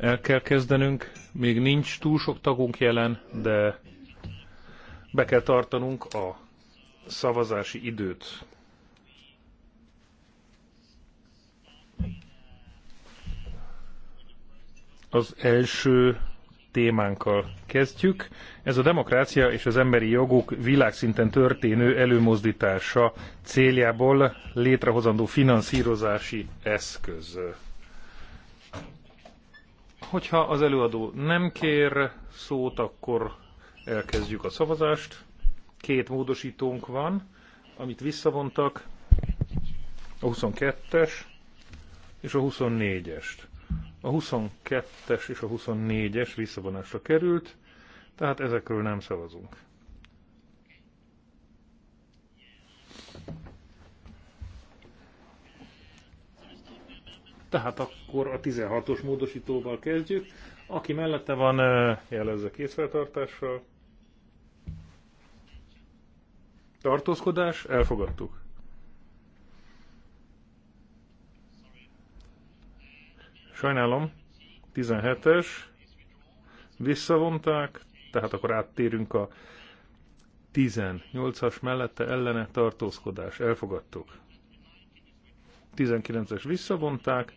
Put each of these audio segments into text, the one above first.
el kell kezdenünk. Még nincs túl sok tagunk jelen, de be kell tartanunk a szavazási időt. Az első témánkkal kezdjük. Ez a demokrácia és az emberi jogok világszinten történő előmozdítása céljából létrehozandó finanszírozási eszköz. Hogyha az előadó nem kér szót, akkor elkezdjük a szavazást. Két módosítónk van, amit visszavontak, a 22-es és a 24-est. A 22-es és a 24-es visszavonásra került, tehát ezekről nem szavazunk. Tehát akkor a 16-os módosítóval kezdjük. Aki mellette van, jelezze készfeltartással. Tartózkodás, elfogadtuk. Sajnálom, 17-es, visszavonták, tehát akkor áttérünk a 18-as mellette ellene tartózkodás, elfogadtuk. 19-es visszavonták,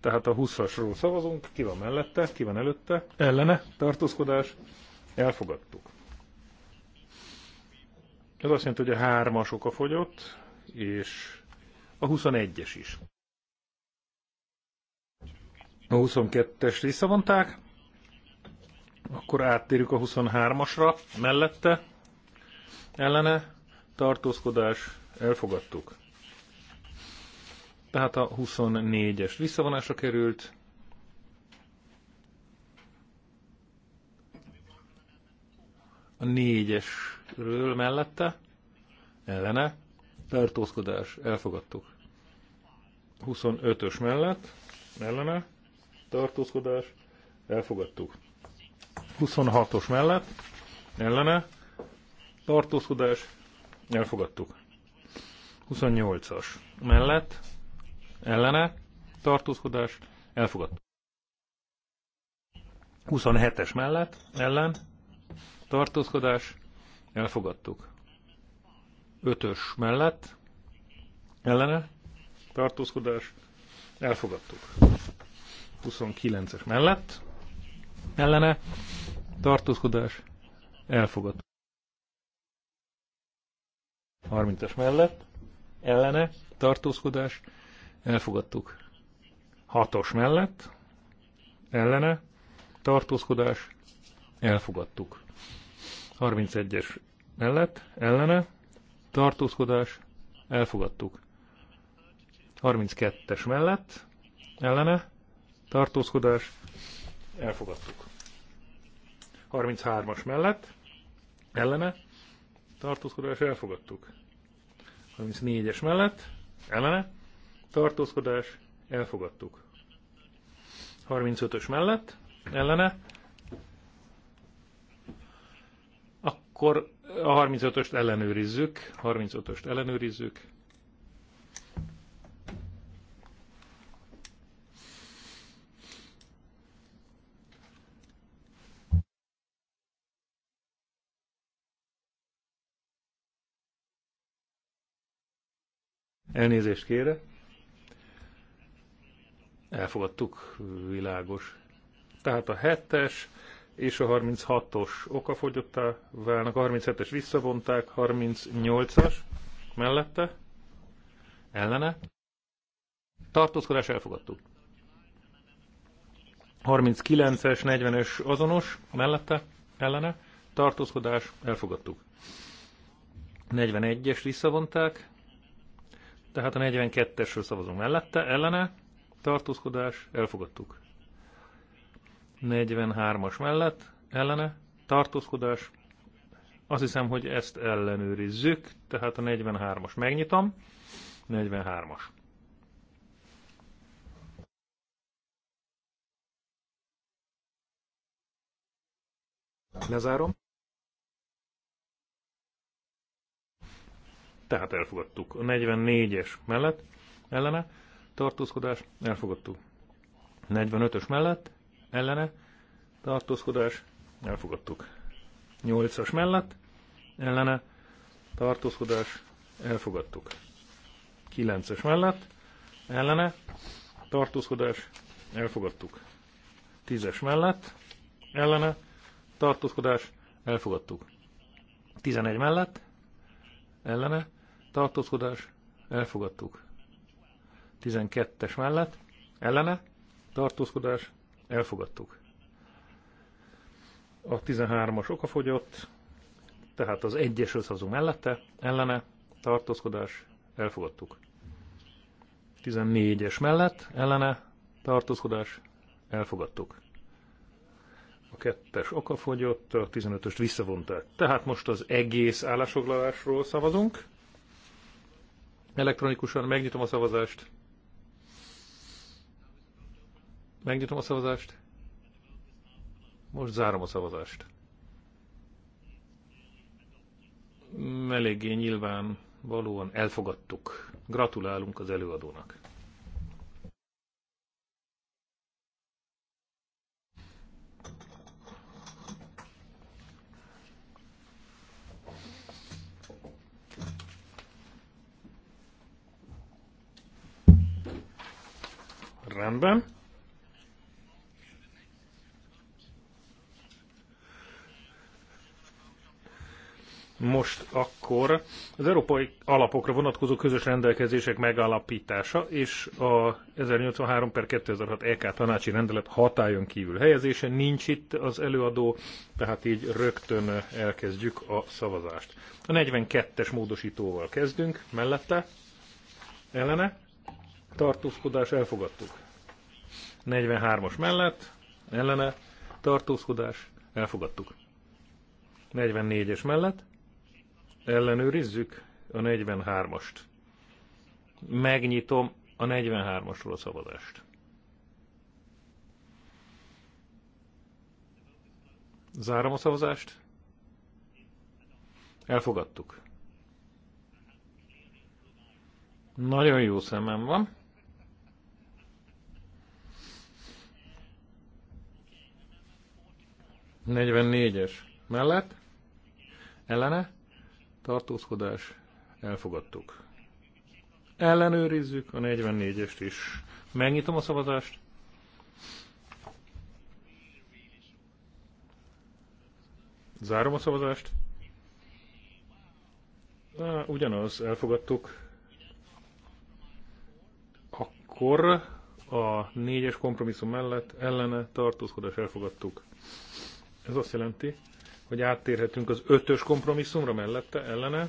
tehát a 20-asról szavazunk, ki van mellette, ki van előtte, ellene, tartózkodás, elfogadtuk. Ez azt jelenti, hogy a 3-as oka fogyott, és a 21-es is. A 22 es visszavonták, akkor áttérjük a 23-asra, mellette, ellene, tartózkodás, elfogadtuk. Tehát a 24-es visszavonásra került. A 4-esről mellette ellene tartózkodás elfogadtuk. 25-ös mellett ellene tartózkodás elfogadtuk. 26-os mellett ellene tartózkodás elfogadtuk. 28-as mellett ellene tartózkodás elfogadtuk. 27-es mellett ellen tartózkodás elfogadtuk. 5-ös mellett ellene tartózkodás elfogadtuk. 29-es mellett ellene tartózkodás elfogadtuk. 30-es mellett ellene tartózkodás Elfogadtuk. Hatos mellett, ellene, tartózkodás, elfogadtuk. 31-es mellett, ellene, tartózkodás, elfogadtuk. 32-es mellett, ellene, tartózkodás, elfogadtuk. 33-as mellett, ellene, tartózkodás, elfogadtuk. 34-es mellett, ellene, tartózkodás, elfogadtuk. 35-ös mellett, ellene. Akkor a 35-öst ellenőrizzük, 35-öst ellenőrizzük. Elnézést kérek. Elfogadtuk, világos. Tehát a 7-es és a 36-os okafogyottá válnak, a 37-es visszavonták, 38-as mellette, ellene. Tartózkodás elfogadtuk. 39-es, 40-es azonos, mellette, ellene. Tartózkodás elfogadtuk. 41-es visszavonták, tehát a 42-esről szavazunk mellette, ellene, tartózkodás, elfogadtuk. 43-as mellett, ellene, tartózkodás, azt hiszem, hogy ezt ellenőrizzük, tehát a 43-as megnyitom, 43-as. Lezárom. Tehát elfogadtuk a 44-es mellett, ellene, tartózkodás, elfogadtuk. 45-ös mellett, ellene, tartózkodás, elfogadtuk. 8-as mellett, ellene, tartózkodás, elfogadtuk. 9-es mellett, ellene, tartózkodás, elfogadtuk. 10-es mellett, ellene, tartózkodás, elfogadtuk. 11 mellett, ellene, tartózkodás, elfogadtuk. 12-es mellett ellene tartózkodás elfogadtuk. A 13-as okafogyott, tehát az 1-es összhozunk mellette ellene tartózkodás elfogadtuk. 14-es mellett ellene tartózkodás elfogadtuk. A kettes okafogyott, a 15-öst visszavonták. Tehát most az egész állásfoglalásról szavazunk. Elektronikusan megnyitom a szavazást. Megnyitom a szavazást. Most zárom a szavazást. Eléggé nyilván valóan elfogadtuk. Gratulálunk az előadónak. Rendben. Most akkor az európai alapokra vonatkozó közös rendelkezések megállapítása és a 1083 per 2006 EK tanácsi rendelet hatályon kívül helyezése nincs itt az előadó, tehát így rögtön elkezdjük a szavazást. A 42-es módosítóval kezdünk, mellette, ellene, tartózkodás elfogadtuk. 43-as mellett, ellene, tartózkodás elfogadtuk. 44-es mellett, Ellenőrizzük a 43-ast. Megnyitom a 43-asról a szavazást. Zárom a szavazást. Elfogadtuk. Nagyon jó szemem van. Negyvennégyes. Mellett? Ellene? tartózkodás, elfogadtuk. Ellenőrizzük a 44-est is. Megnyitom a szavazást. Zárom a szavazást. Na, ugyanaz, elfogadtuk. Akkor a 4-es kompromisszum mellett ellene tartózkodás elfogadtuk. Ez azt jelenti, hogy áttérhetünk az ötös kompromisszumra mellette, ellene,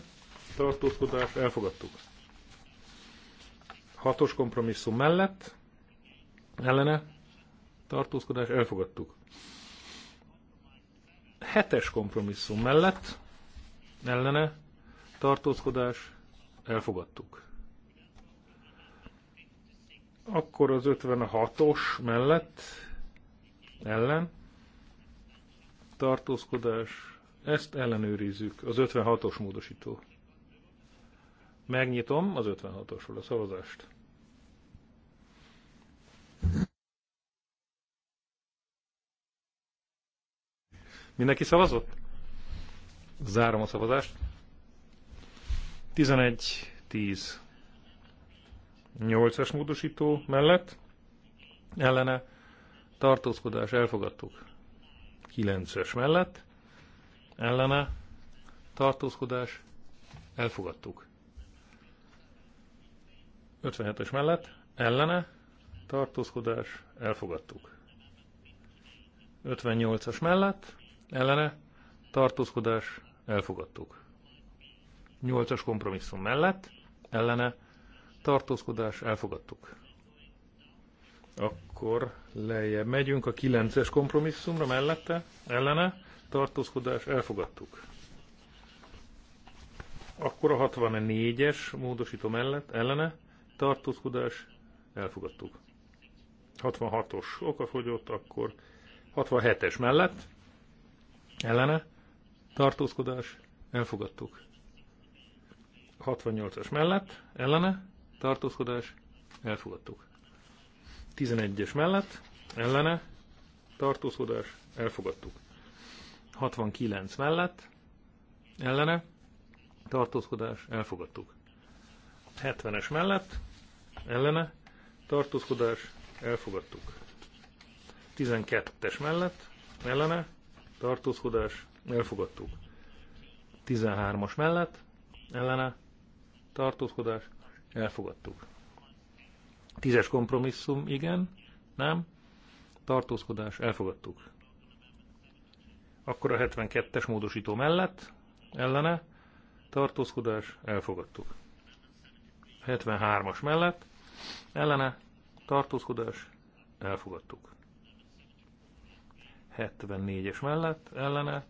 tartózkodás, elfogadtuk. Hatos kompromisszum mellett, ellene, tartózkodás, elfogadtuk. Hetes kompromisszum mellett, ellene, tartózkodás, elfogadtuk. Akkor az 56-os mellett, ellen, tartózkodás, ezt ellenőrizzük, az 56-os módosító. Megnyitom az 56-osról a szavazást. Mindenki szavazott? Zárom a szavazást. 11-10. 8-as módosító mellett ellene tartózkodás elfogadtuk. 9-es mellett, ellene, tartózkodás, elfogadtuk. 57-es mellett, ellene, tartózkodás, elfogadtuk. 58-as mellett, ellene, tartózkodás, elfogadtuk. 8-as kompromisszum mellett, ellene, tartózkodás, elfogadtuk. Akkor lejjebb megyünk a 9-es kompromisszumra mellette, ellene, tartózkodás, elfogadtuk. Akkor a 64-es módosító mellett, ellene, tartózkodás, elfogadtuk. 66-os okafogyott, akkor 67-es mellett, ellene, tartózkodás, elfogadtuk. 68-as mellett, ellene, tartózkodás, elfogadtuk. 11-es mellett, ellene, tartózkodás, elfogadtuk. 69 mellett, ellene, tartózkodás, elfogadtuk. 70-es mellett, ellene, tartózkodás, elfogadtuk. 12-es mellett, ellene, tartózkodás, elfogadtuk. 13-as mellett, ellene, tartózkodás, elfogadtuk. Tízes kompromisszum, igen, nem. Tartózkodás, elfogadtuk. Akkor a 72-es módosító mellett, ellene, tartózkodás, elfogadtuk. 73-as mellett, ellene, tartózkodás, elfogadtuk. 74-es mellett, ellene,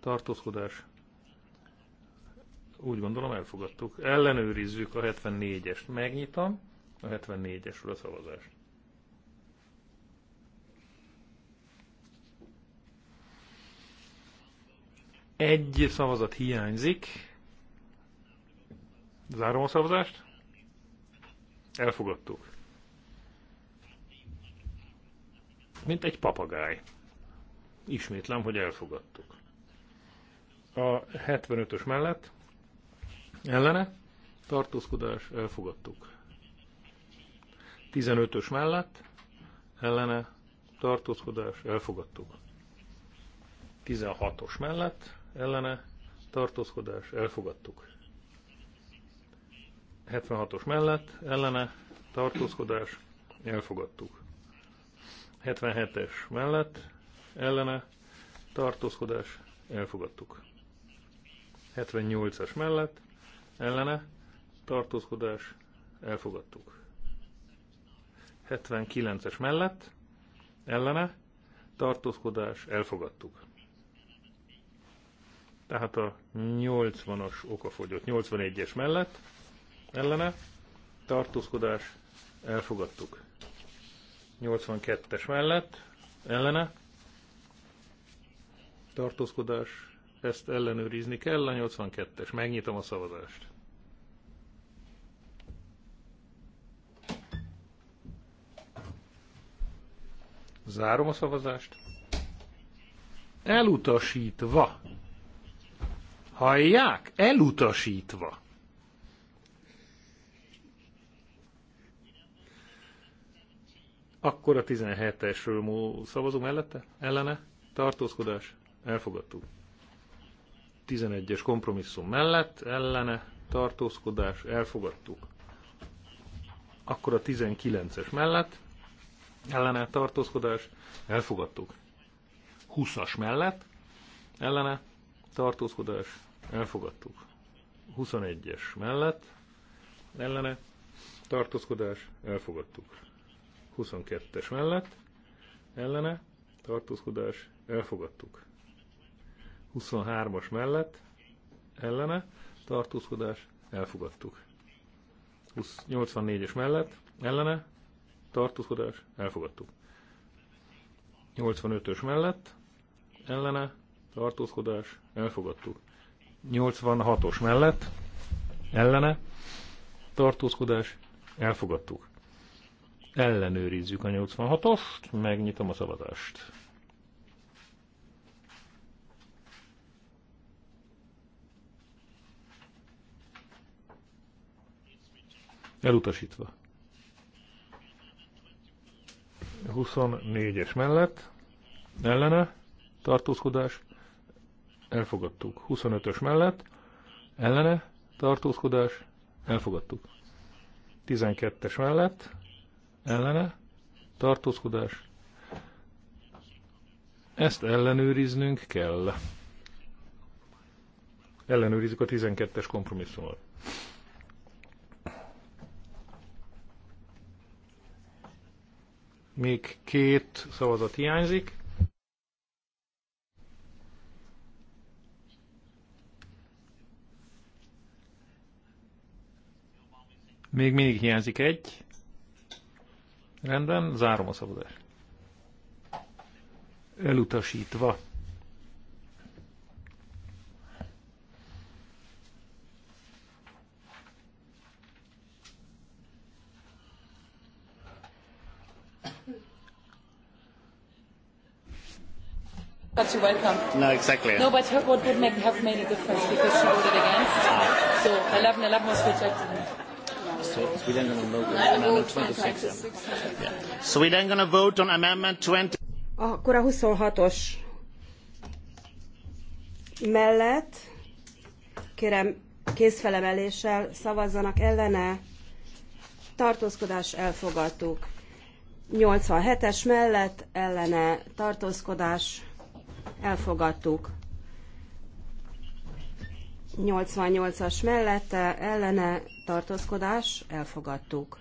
tartózkodás, úgy gondolom elfogadtuk. Ellenőrizzük a 74-est. Megnyitom. A 74-esről a szavazás. Egy szavazat hiányzik. Zárom a szavazást. Elfogadtuk. Mint egy papagáj. Ismétlem, hogy elfogadtuk. A 75-ös mellett ellene tartózkodás elfogadtuk. 15-ös mellett ellene tartózkodás elfogadtuk. 16-os mellett ellene tartózkodás elfogadtuk. 76-os mellett ellene tartózkodás elfogadtuk. 77-es mellett ellene tartózkodás elfogadtuk. 78-as mellett ellene tartózkodás elfogadtuk. 79-es mellett, ellene, tartózkodás, elfogadtuk. Tehát a 80-as okafogyott, 81-es mellett, ellene, tartózkodás, elfogadtuk. 82-es mellett, ellene, tartózkodás, ezt ellenőrizni kell, a 82-es, megnyitom a szavazást. Zárom a szavazást. Elutasítva. Hallják? Elutasítva. Akkor a 17-esről szavazunk mellette? Ellene? Tartózkodás? Elfogadtuk. 11-es kompromisszum mellett, ellene, tartózkodás, elfogadtuk. Akkor a 19-es mellett, ellene tartózkodás, elfogadtuk. 20-as mellett, ellene tartózkodás, elfogadtuk. 21-es mellett, ellene tartózkodás, elfogadtuk. 22-es mellett, ellene tartózkodás, elfogadtuk. 23-as mellett, ellene tartózkodás, elfogadtuk. 84-es mellett, ellene tartózkodás, elfogadtuk. 85-ös mellett, ellene, tartózkodás, elfogadtuk. 86-os mellett, ellene, tartózkodás, elfogadtuk. Ellenőrizzük a 86-ost, megnyitom a szavazást. Elutasítva. 24-es mellett, ellene, tartózkodás, elfogadtuk. 25-ös mellett, ellene, tartózkodás, elfogadtuk. 12-es mellett, ellene, tartózkodás. Ezt ellenőriznünk kell. Ellenőrizzük a 12-es kompromisszumot. Még két szavazat hiányzik. Még mindig hiányzik egy. Rendben, zárom a szavazást. Elutasítva. But you're welcome. No, exactly. No, but her vote would make, have made a difference because she voted against. Ah. So I love and I love most rejected going So we're then going vote on amendment 20. Akkor a 26-os mellett kérem kézfelemeléssel szavazzanak ellene. Tartózkodás elfogadtuk. 87-es mellett ellene tartózkodás elfogadtuk. 88-as mellette ellene tartózkodás, elfogadtuk.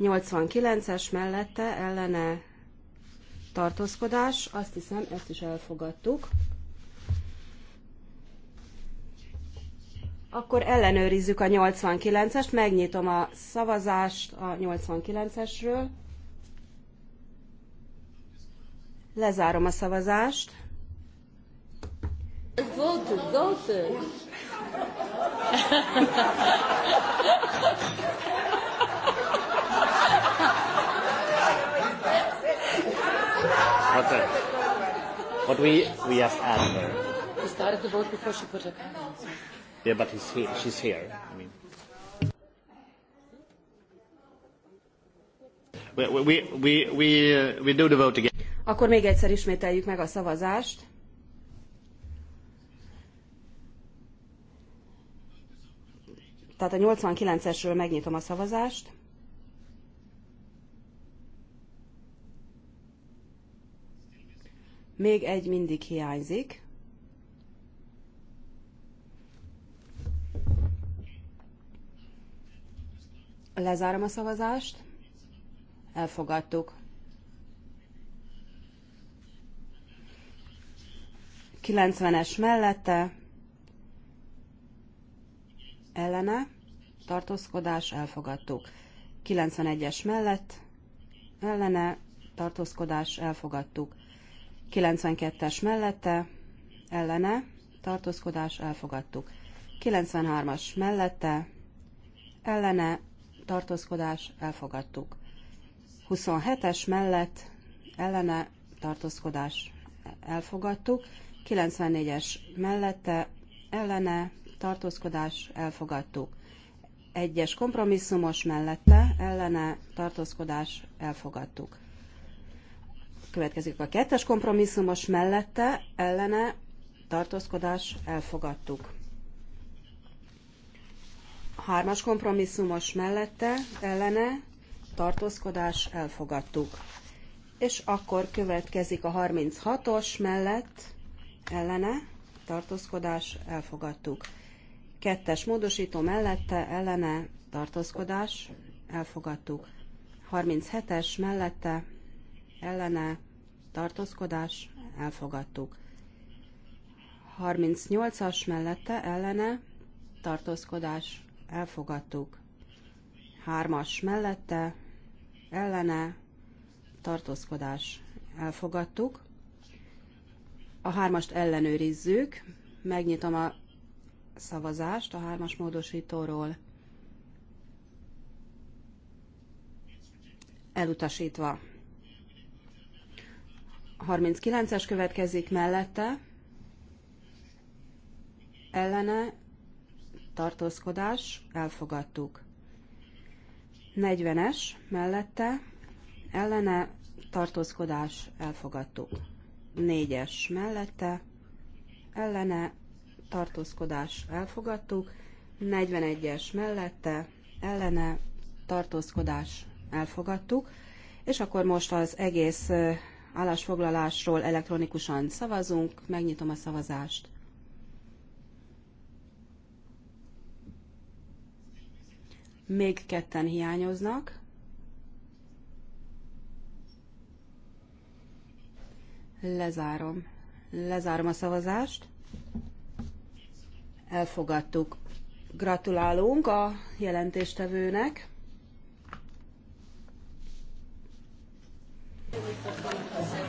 89-es mellette ellene tartózkodás, azt hiszem ezt is elfogadtuk. Akkor ellenőrizzük a 89-est, megnyitom a szavazást a 89-esről. Lezárom a szavazást. Vote, vote. what, the, uh, what we we asked her. He started the vote before she put her hand Yeah, but he's here. She's here. I mean. We, we, we, we, we do the vote again. Akkor még egyszer ismételjük meg a szavazást. Tehát a 89-esről megnyitom a szavazást. Még egy mindig hiányzik. Lezárom a szavazást. Elfogadtuk. 90-es mellette, ellene, tartózkodás, elfogadtuk. 91-es mellett, ellene, tartózkodás, elfogadtuk. 92-es mellette, ellene, tartózkodás, elfogadtuk. 93-as mellette, ellene, tartózkodás, elfogadtuk. 27-es mellett, ellene, tartózkodás, elfogadtuk. 94-es mellette, ellene, tartózkodás elfogadtuk. Egyes kompromisszumos mellette ellene tartózkodás elfogadtuk. Következik a kettes kompromisszumos mellette ellene tartózkodás elfogadtuk. Hármas kompromisszumos mellette ellene tartózkodás elfogadtuk. És akkor következik a 36-os mellett ellene tartózkodás elfogadtuk. Kettes módosító mellette ellene tartózkodás elfogadtuk. 37-es mellette ellene tartózkodás elfogadtuk. 38-as mellette ellene tartózkodás elfogadtuk. 3-as mellette ellene tartózkodás elfogadtuk. A hármast ellenőrizzük, megnyitom a szavazást a hármas módosítóról. Elutasítva. 39-es következik mellette. Ellene tartózkodás, elfogadtuk. 40-es mellette, ellene tartózkodás, elfogadtuk. 4-es mellette, ellene tartózkodás elfogadtuk, 41-es mellette, ellene, tartózkodás elfogadtuk, és akkor most az egész állásfoglalásról elektronikusan szavazunk, megnyitom a szavazást. Még ketten hiányoznak. Lezárom. Lezárom a szavazást. Elfogadtuk. Gratulálunk a jelentéstevőnek. you.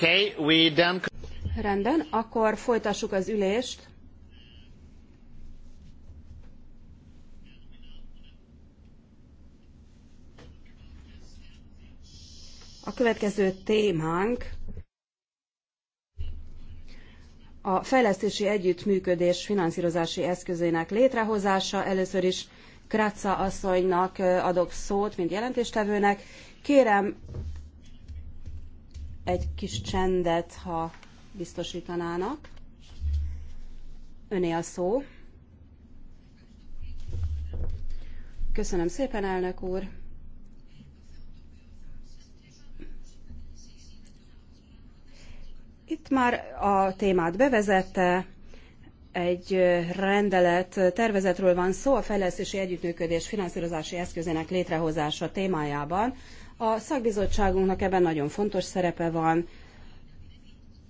Okay, we then... Rendben, akkor folytassuk az ülést. A következő témánk a fejlesztési együttműködés finanszírozási eszközének létrehozása. Először is Kratza asszonynak adok szót, mint jelentéstevőnek. Kérem, egy kis csendet, ha biztosítanának. Öné a szó. Köszönöm szépen, elnök úr. Itt már a témát bevezette, egy rendelet tervezetről van szó a fejlesztési együttműködés finanszírozási eszközének létrehozása témájában, a szakbizottságunknak ebben nagyon fontos szerepe van,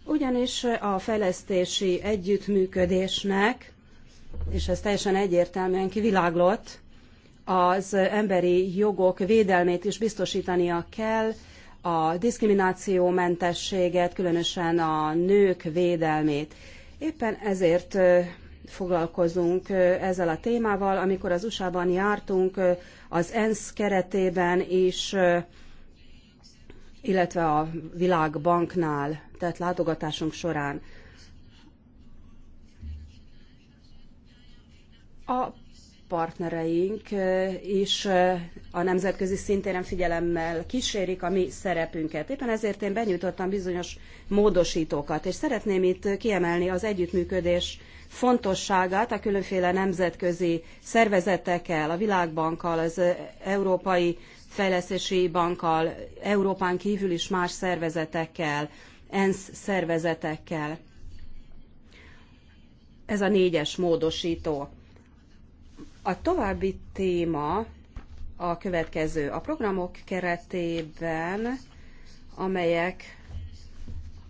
ugyanis a fejlesztési együttműködésnek, és ez teljesen egyértelműen kiviláglott, az emberi jogok védelmét is biztosítania kell, a diszkriminációmentességet, különösen a nők védelmét. Éppen ezért foglalkozunk ezzel a témával. Amikor az USA-ban jártunk, az ENSZ keretében is, illetve a Világbanknál, tehát látogatásunk során. A partnereink is a nemzetközi szintéren figyelemmel kísérik a mi szerepünket. Éppen ezért én benyújtottam bizonyos módosítókat, és szeretném itt kiemelni az együttműködés fontosságát a különféle nemzetközi szervezetekkel, a Világbankkal, az Európai Fejlesztési Bankkal, Európán kívül is más szervezetekkel, ENSZ szervezetekkel. Ez a négyes módosító. A további téma a következő. A programok keretében, amelyek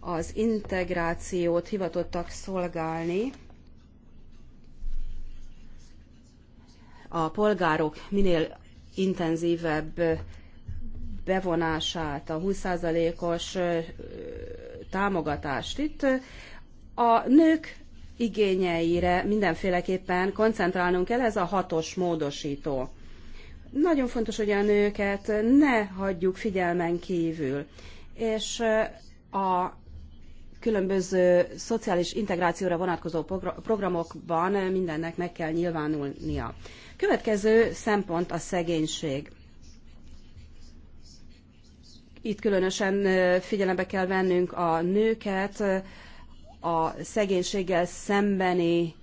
az integrációt hivatottak szolgálni, a polgárok minél intenzívebb bevonását, a 20%-os támogatást. Itt a nők igényeire mindenféleképpen koncentrálnunk kell, ez a hatos módosító. Nagyon fontos, hogy a nőket ne hagyjuk figyelmen kívül, és a különböző szociális integrációra vonatkozó programokban mindennek meg kell nyilvánulnia. Következő szempont a szegénység. Itt különösen figyelembe kell vennünk a nőket, a szegénységgel szembeni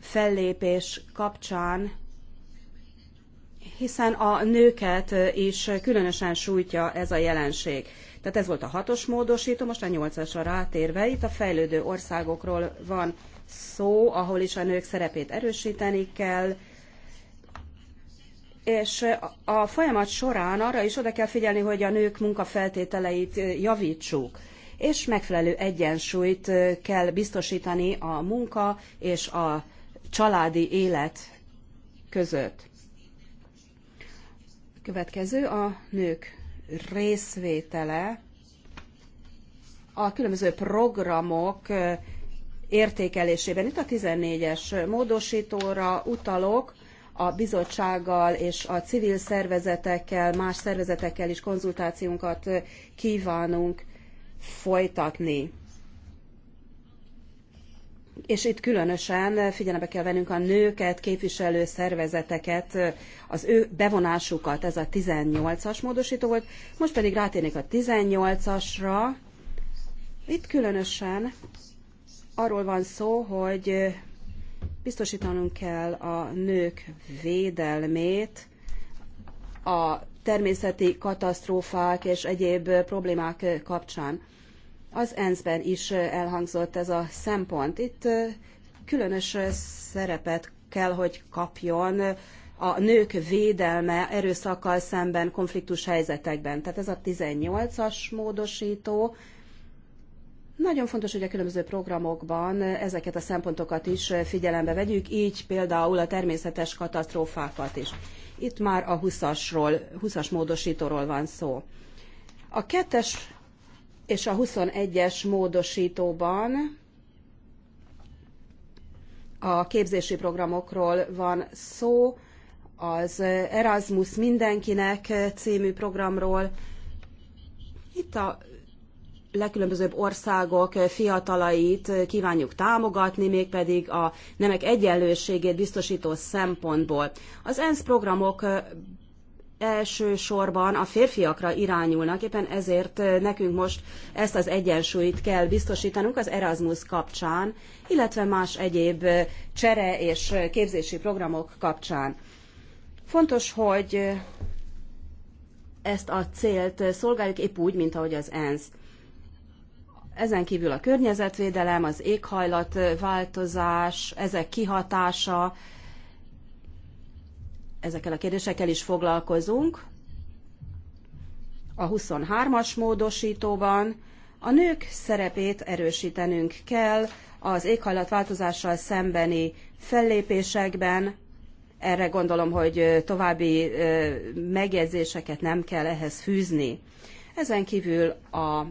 fellépés kapcsán, hiszen a nőket is különösen sújtja ez a jelenség. Tehát ez volt a hatos módosító, most a nyolcasra rátérve, itt a fejlődő országokról van szó, ahol is a nők szerepét erősíteni kell, és a folyamat során arra is oda kell figyelni, hogy a nők munkafeltételeit javítsuk, és megfelelő egyensúlyt kell biztosítani a munka és a családi élet között. Következő a nők részvétele a különböző programok értékelésében. Itt a 14-es módosítóra utalok, a bizottsággal és a civil szervezetekkel, más szervezetekkel is konzultációnkat kívánunk folytatni. És itt különösen figyelembe kell vennünk a nőket, képviselő szervezeteket, az ő bevonásukat, ez a 18-as módosító volt. Most pedig rátérnék a 18-asra. Itt különösen arról van szó, hogy biztosítanunk kell a nők védelmét a természeti katasztrófák és egyéb problémák kapcsán. Az ENSZ-ben is elhangzott ez a szempont. Itt különös szerepet kell, hogy kapjon a nők védelme erőszakkal szemben konfliktus helyzetekben. Tehát ez a 18-as módosító, nagyon fontos, hogy a különböző programokban ezeket a szempontokat is figyelembe vegyük, így például a természetes katasztrófákat is. Itt már a 20-asról, 20-as módosítóról van szó. A 2-es és a 21-es módosítóban a képzési programokról van szó, az Erasmus mindenkinek című programról. Itt a legkülönbözőbb országok fiatalait kívánjuk támogatni, mégpedig a nemek egyenlőségét biztosító szempontból. Az ENSZ programok elsősorban a férfiakra irányulnak, éppen ezért nekünk most ezt az egyensúlyt kell biztosítanunk az Erasmus kapcsán, illetve más egyéb csere és képzési programok kapcsán. Fontos, hogy ezt a célt szolgáljuk épp úgy, mint ahogy az ENSZ. Ezen kívül a környezetvédelem, az éghajlatváltozás, ezek kihatása, ezekkel a kérdésekkel is foglalkozunk. A 23-as módosítóban a nők szerepét erősítenünk kell az éghajlatváltozással szembeni fellépésekben. Erre gondolom, hogy további megjegyzéseket nem kell ehhez fűzni. Ezen kívül a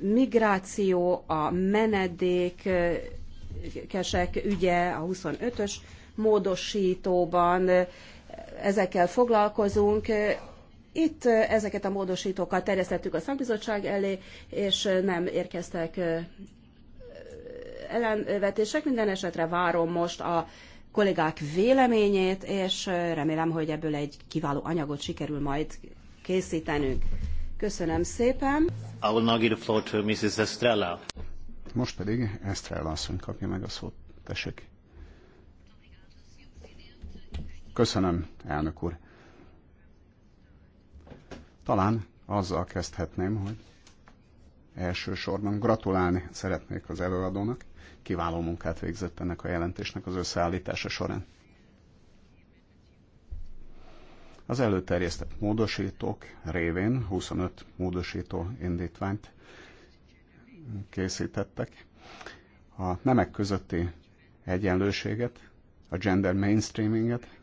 migráció, a menedékesek ügye a 25-ös módosítóban, ezekkel foglalkozunk. Itt ezeket a módosítókat terjesztettük a szakbizottság elé, és nem érkeztek ellenvetések. Minden esetre várom most a kollégák véleményét, és remélem, hogy ebből egy kiváló anyagot sikerül majd készítenünk. Köszönöm szépen. I will now give the floor to Mrs. Estrella. Most pedig Estrella asszony kapja meg a szót. Tessék. Köszönöm, elnök úr. Talán azzal kezdhetném, hogy elsősorban gratulálni szeretnék az előadónak. Kiváló munkát végzett ennek a jelentésnek az összeállítása során. Az előterjesztett módosítók révén 25 módosító indítványt készítettek. A nemek közötti egyenlőséget, a gender mainstreaminget,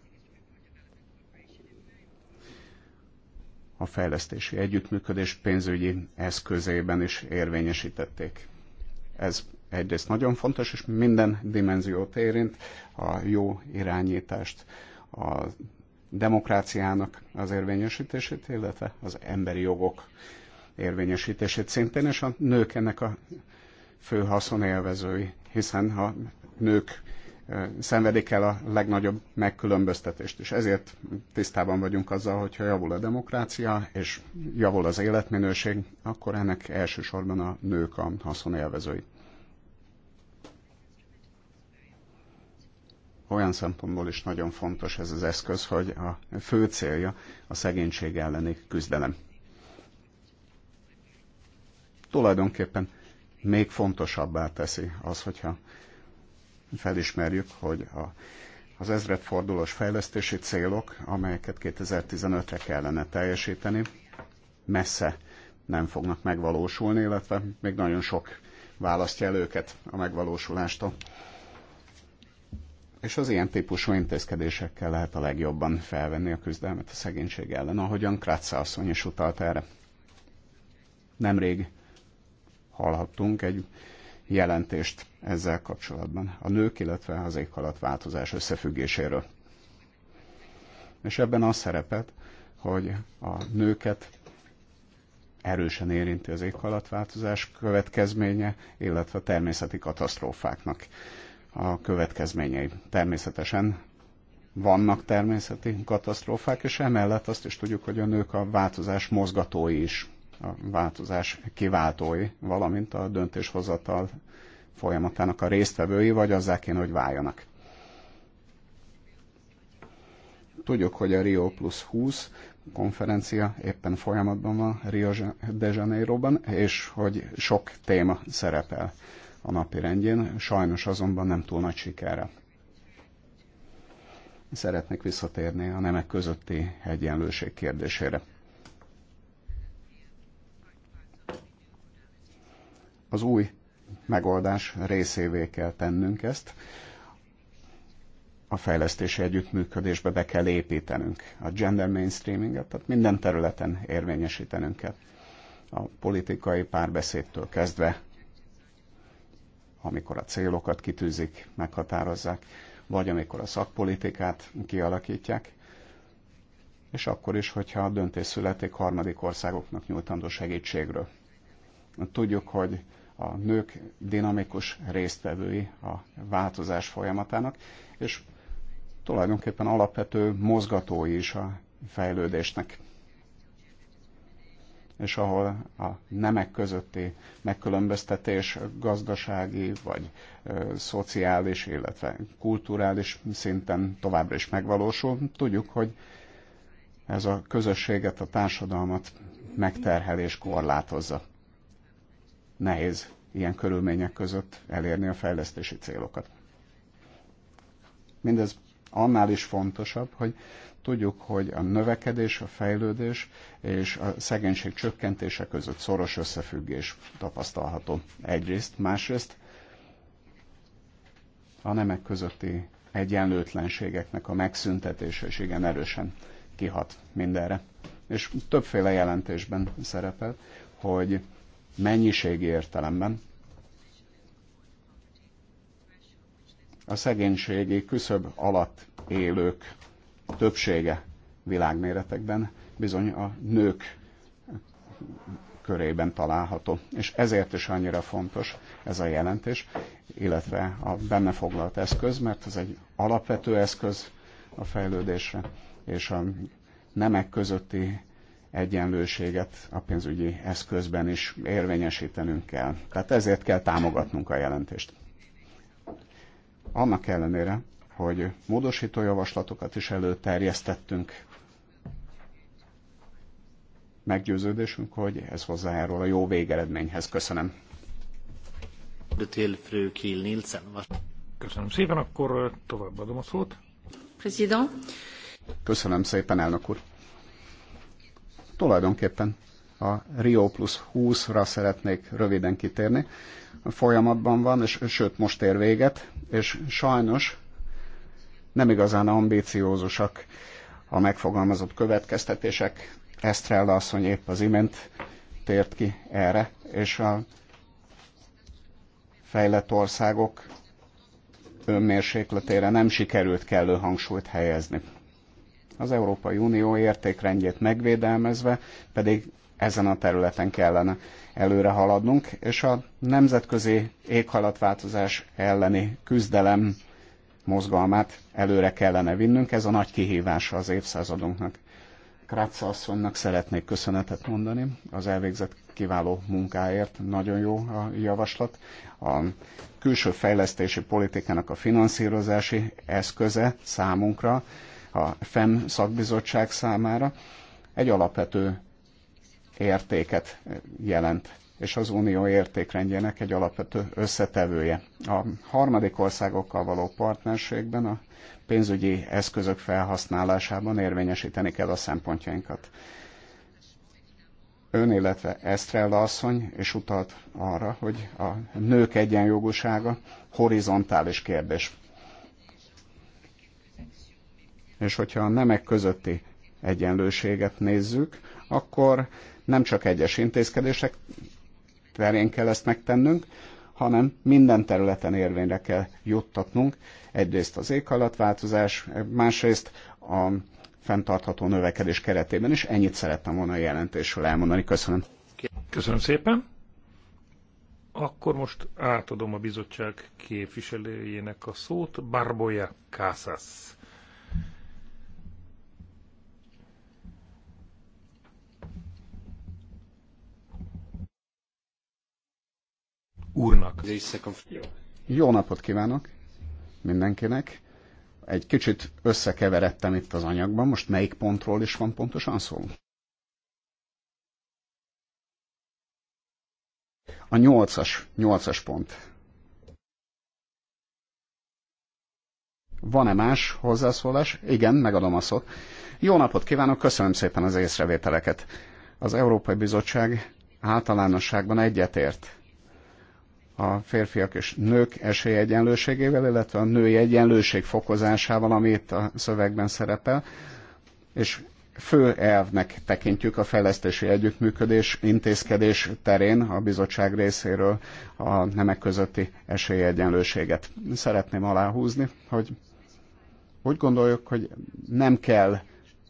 a fejlesztési együttműködés pénzügyi eszközében is érvényesítették. Ez egyrészt nagyon fontos, és minden dimenziót érint, a jó irányítást, a demokráciának az érvényesítését, illetve az emberi jogok érvényesítését szintén, és a nők ennek a fő haszonélvezői, hiszen ha nők szenvedik el a legnagyobb megkülönböztetést, és ezért tisztában vagyunk azzal, hogyha javul a demokrácia, és javul az életminőség, akkor ennek elsősorban a nők a haszonélvezői. olyan szempontból is nagyon fontos ez az eszköz, hogy a fő célja a szegénység elleni küzdelem. Tulajdonképpen még fontosabbá teszi az, hogyha felismerjük, hogy a, az ezredfordulós fejlesztési célok, amelyeket 2015-re kellene teljesíteni, messze nem fognak megvalósulni, illetve még nagyon sok választja el őket a megvalósulástól és az ilyen típusú intézkedésekkel lehet a legjobban felvenni a küzdelmet a szegénység ellen, ahogyan Kratza asszony is utalt erre. Nemrég hallhattunk egy jelentést ezzel kapcsolatban, a nők, illetve az változás összefüggéséről. És ebben az szerepet, hogy a nőket erősen érinti az éghalatváltozás következménye, illetve a természeti katasztrófáknak a következményei. Természetesen vannak természeti katasztrófák, és emellett azt is tudjuk, hogy a nők a változás mozgatói is, a változás kiváltói, valamint a döntéshozatal folyamatának a résztvevői, vagy azzá kéne, hogy váljanak. Tudjuk, hogy a Rio Plus 20 konferencia éppen folyamatban van Rio de Janeiroban, és hogy sok téma szerepel a napi rendjén, sajnos azonban nem túl nagy sikerre. Szeretnék visszatérni a nemek közötti egyenlőség kérdésére. Az új megoldás részévé kell tennünk ezt, a fejlesztési együttműködésbe be kell építenünk a gender mainstreaminget, tehát minden területen érvényesítenünk kell. A politikai párbeszédtől kezdve amikor a célokat kitűzik, meghatározzák, vagy amikor a szakpolitikát kialakítják, és akkor is, hogyha a döntés születik harmadik országoknak nyújtandó segítségről. Tudjuk, hogy a nők dinamikus résztvevői a változás folyamatának, és tulajdonképpen alapvető mozgatói is a fejlődésnek és ahol a nemek közötti megkülönböztetés gazdasági vagy szociális, illetve kulturális szinten továbbra is megvalósul. Tudjuk, hogy ez a közösséget, a társadalmat megterhelés korlátozza. Nehéz ilyen körülmények között elérni a fejlesztési célokat. Mindez annál is fontosabb, hogy Tudjuk, hogy a növekedés, a fejlődés és a szegénység csökkentése között szoros összefüggés tapasztalható egyrészt, másrészt a nemek közötti egyenlőtlenségeknek a megszüntetése is igen erősen kihat mindenre. És többféle jelentésben szerepel, hogy mennyiségi értelemben a szegénységi küszöb alatt élők többsége világméretekben bizony a nők körében található. És ezért is annyira fontos ez a jelentés, illetve a benne foglalt eszköz, mert ez egy alapvető eszköz a fejlődésre, és a nemek közötti egyenlőséget a pénzügyi eszközben is érvényesítenünk kell. Tehát ezért kell támogatnunk a jelentést. Annak ellenére, hogy módosító javaslatokat is előterjesztettünk. Meggyőződésünk, hogy ez hozzájárul a jó végeredményhez. Köszönöm. Köszönöm szépen, akkor továbbadom a szót. President. Köszönöm szépen, elnök úr. Tulajdonképpen a Rio Plus 20-ra szeretnék röviden kitérni. Folyamatban van, és sőt most ér véget, és sajnos nem igazán ambíciózusak a megfogalmazott következtetések. Esztrella asszony épp az imént tért ki erre, és a fejlett országok önmérsékletére nem sikerült kellő hangsúlyt helyezni. Az Európai Unió értékrendjét megvédelmezve pedig ezen a területen kellene előre haladnunk, és a nemzetközi éghalatváltozás elleni küzdelem mozgalmát előre kellene vinnünk. Ez a nagy kihívása az évszázadunknak. Kratza asszonynak szeretnék köszönetet mondani az elvégzett kiváló munkáért. Nagyon jó a javaslat. A külső fejlesztési politikának a finanszírozási eszköze számunkra, a FEM szakbizottság számára egy alapvető értéket jelent és az unió értékrendjének egy alapvető összetevője. A harmadik országokkal való partnerségben a pénzügyi eszközök felhasználásában érvényesíteni kell a szempontjainkat. Ön, illetve Esztrella asszony és utalt arra, hogy a nők egyenjogúsága horizontális kérdés. És hogyha a nemek közötti egyenlőséget nézzük, akkor nem csak egyes intézkedések terén kell ezt megtennünk, hanem minden területen érvényre kell juttatnunk. Egyrészt az éghajlatváltozás, másrészt a fenntartható növekedés keretében is. Ennyit szerettem volna a jelentésről elmondani. Köszönöm. Köszönöm szépen. Akkor most átadom a bizottság képviselőjének a szót, Barboja Kászász úrnak. Jó napot kívánok mindenkinek. Egy kicsit összekeveredtem itt az anyagban, most melyik pontról is van pontosan szó? A nyolcas, nyolcas pont. Van-e más hozzászólás? Igen, megadom a szót. Jó napot kívánok, köszönöm szépen az észrevételeket. Az Európai Bizottság általánosságban egyetért a férfiak és nők esélyegyenlőségével, illetve a női egyenlőség fokozásával, ami itt a szövegben szerepel, és fő elvnek tekintjük a fejlesztési együttműködés intézkedés terén a bizottság részéről a nemek közötti esélyegyenlőséget. Szeretném aláhúzni, hogy úgy gondoljuk, hogy nem kell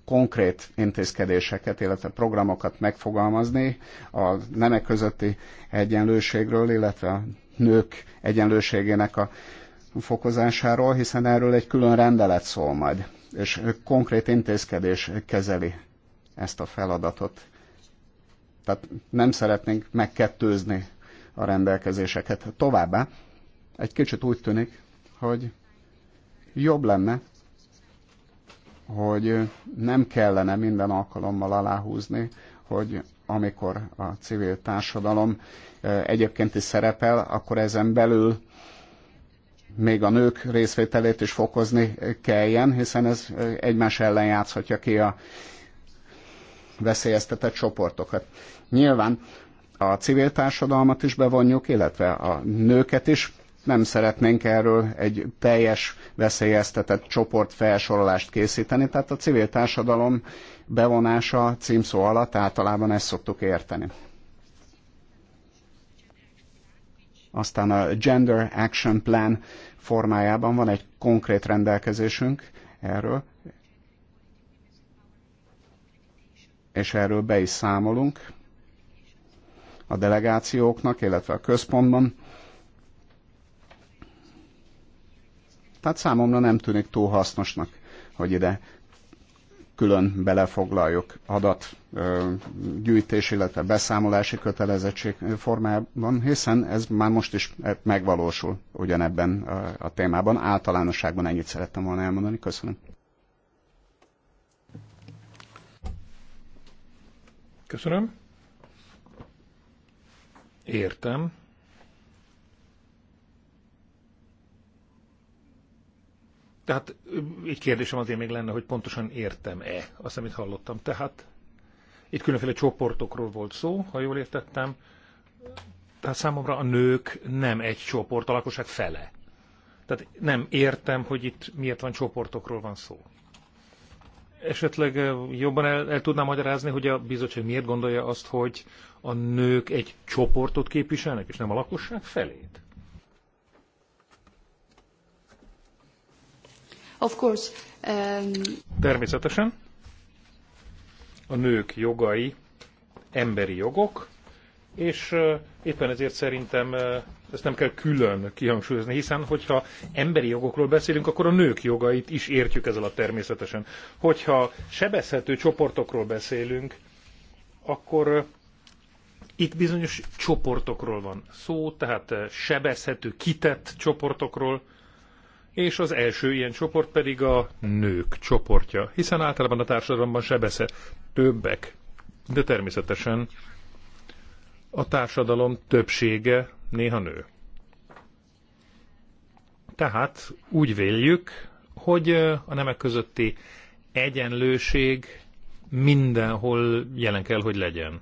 konkrét intézkedéseket, illetve programokat megfogalmazni a nemek közötti egyenlőségről, illetve a nők egyenlőségének a fokozásáról, hiszen erről egy külön rendelet szól majd, és konkrét intézkedés kezeli ezt a feladatot. Tehát nem szeretnénk megkettőzni a rendelkezéseket. Továbbá egy kicsit úgy tűnik, hogy jobb lenne, hogy nem kellene minden alkalommal aláhúzni, hogy amikor a civil társadalom egyébként is szerepel, akkor ezen belül még a nők részvételét is fokozni kelljen, hiszen ez egymás ellen játszhatja ki a veszélyeztetett csoportokat. Nyilván a civil társadalmat is bevonjuk, illetve a nőket is, nem szeretnénk erről egy teljes veszélyeztetett csoport felsorolást készíteni, tehát a civil társadalom bevonása címszó alatt általában ezt szoktuk érteni. Aztán a Gender Action Plan formájában van egy konkrét rendelkezésünk erről, és erről be is számolunk a delegációknak, illetve a központban Tehát számomra nem tűnik túl hasznosnak, hogy ide külön belefoglaljuk adatgyűjtés, illetve beszámolási kötelezettség formában, hiszen ez már most is megvalósul ugyanebben a témában. Általánosságban ennyit szerettem volna elmondani. Köszönöm. Köszönöm. Értem. Tehát egy kérdésem azért még lenne, hogy pontosan értem-e azt, amit hallottam. Tehát itt különféle csoportokról volt szó, ha jól értettem. Tehát számomra a nők nem egy csoport, a lakosság fele. Tehát nem értem, hogy itt miért van csoportokról van szó. Esetleg jobban el, el tudnám magyarázni, hogy a bizottság miért gondolja azt, hogy a nők egy csoportot képviselnek, és nem a lakosság felét? Of course, um... Természetesen a nők jogai emberi jogok, és éppen ezért szerintem ezt nem kell külön kihangsúlyozni, hiszen hogyha emberi jogokról beszélünk, akkor a nők jogait is értjük ezzel a természetesen. Hogyha sebezhető csoportokról beszélünk, akkor itt bizonyos csoportokról van szó, tehát sebezhető, kitett csoportokról, és az első ilyen csoport pedig a nők csoportja, hiszen általában a társadalomban sebesze többek, de természetesen a társadalom többsége néha nő. Tehát úgy véljük, hogy a nemek közötti egyenlőség mindenhol jelen kell, hogy legyen.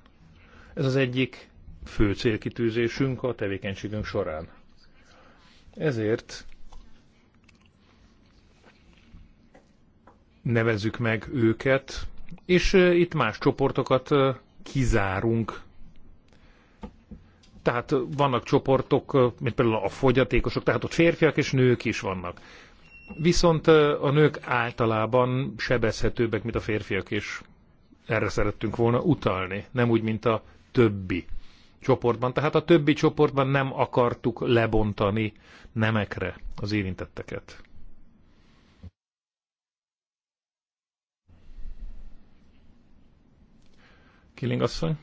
Ez az egyik fő célkitűzésünk a tevékenységünk során. Ezért nevezzük meg őket, és itt más csoportokat kizárunk. Tehát vannak csoportok, mint például a fogyatékosok, tehát ott férfiak és nők is vannak. Viszont a nők általában sebezhetőbbek, mint a férfiak, és erre szerettünk volna utalni, nem úgy, mint a többi csoportban. Tehát a többi csoportban nem akartuk lebontani nemekre az érintetteket. Killing asszony.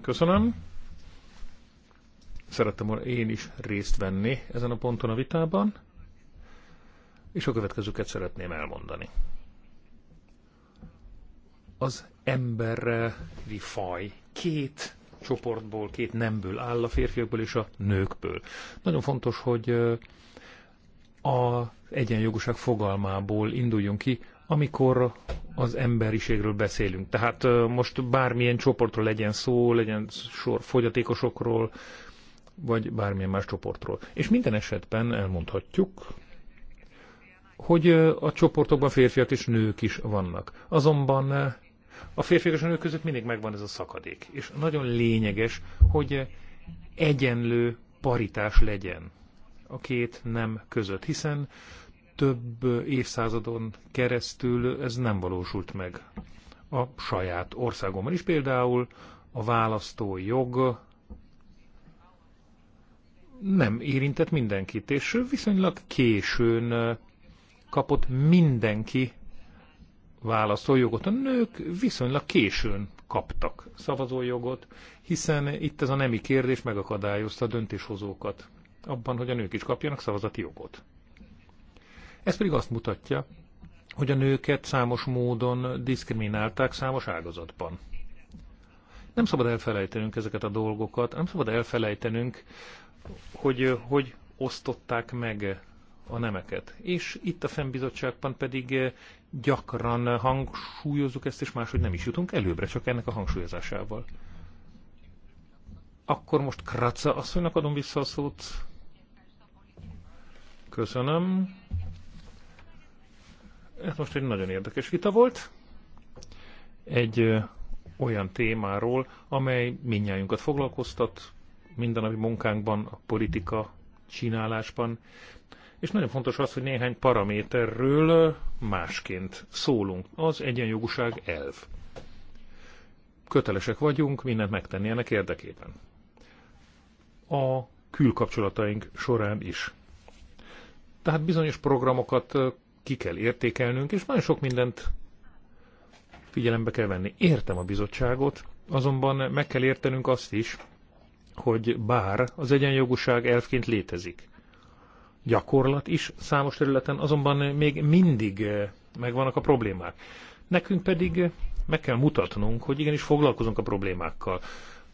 Köszönöm. Szerettem volna én is részt venni ezen a ponton a vitában, és a következőket szeretném elmondani. Az emberi faj két csoportból, két nemből áll, a férfiakból és a nőkből. Nagyon fontos, hogy a egyenjogúság fogalmából induljunk ki, amikor az emberiségről beszélünk. Tehát most bármilyen csoportról legyen szó, legyen sor fogyatékosokról, vagy bármilyen más csoportról. És minden esetben elmondhatjuk, hogy a csoportokban férfiak és nők is vannak. Azonban a férfiak és a nők között mindig megvan ez a szakadék. És nagyon lényeges, hogy egyenlő paritás legyen a két nem között, hiszen több évszázadon keresztül ez nem valósult meg. A saját országomban is például a választó jog nem érintett mindenkit, és viszonylag későn kapott mindenki választójogot. A nők viszonylag későn kaptak szavazójogot, hiszen itt ez a nemi kérdés megakadályozta a döntéshozókat abban, hogy a nők is kapjanak szavazati jogot. Ez pedig azt mutatja, hogy a nőket számos módon diszkriminálták számos ágazatban. Nem szabad elfelejtenünk ezeket a dolgokat, nem szabad elfelejtenünk, hogy hogy osztották meg a nemeket. És itt a fennbizottságban pedig gyakran hangsúlyozzuk ezt, és máshogy nem is jutunk előbbre, csak ennek a hangsúlyozásával. Akkor most Kraca asszonynak adom vissza a szót. Köszönöm. Ez most egy nagyon érdekes vita volt. Egy olyan témáról, amely minnyájunkat foglalkoztat mindennapi munkánkban, a politika csinálásban. És nagyon fontos az, hogy néhány paraméterről másként szólunk. Az egyenjogúság elv. Kötelesek vagyunk mindent megtenni ennek érdekében. A külkapcsolataink során is. Tehát bizonyos programokat ki kell értékelnünk, és nagyon sok mindent figyelembe kell venni. Értem a bizottságot, azonban meg kell értenünk azt is, hogy bár az egyenjogúság elfként létezik, gyakorlat is számos területen, azonban még mindig eh, megvannak a problémák. Nekünk pedig meg kell mutatnunk, hogy igenis foglalkozunk a problémákkal,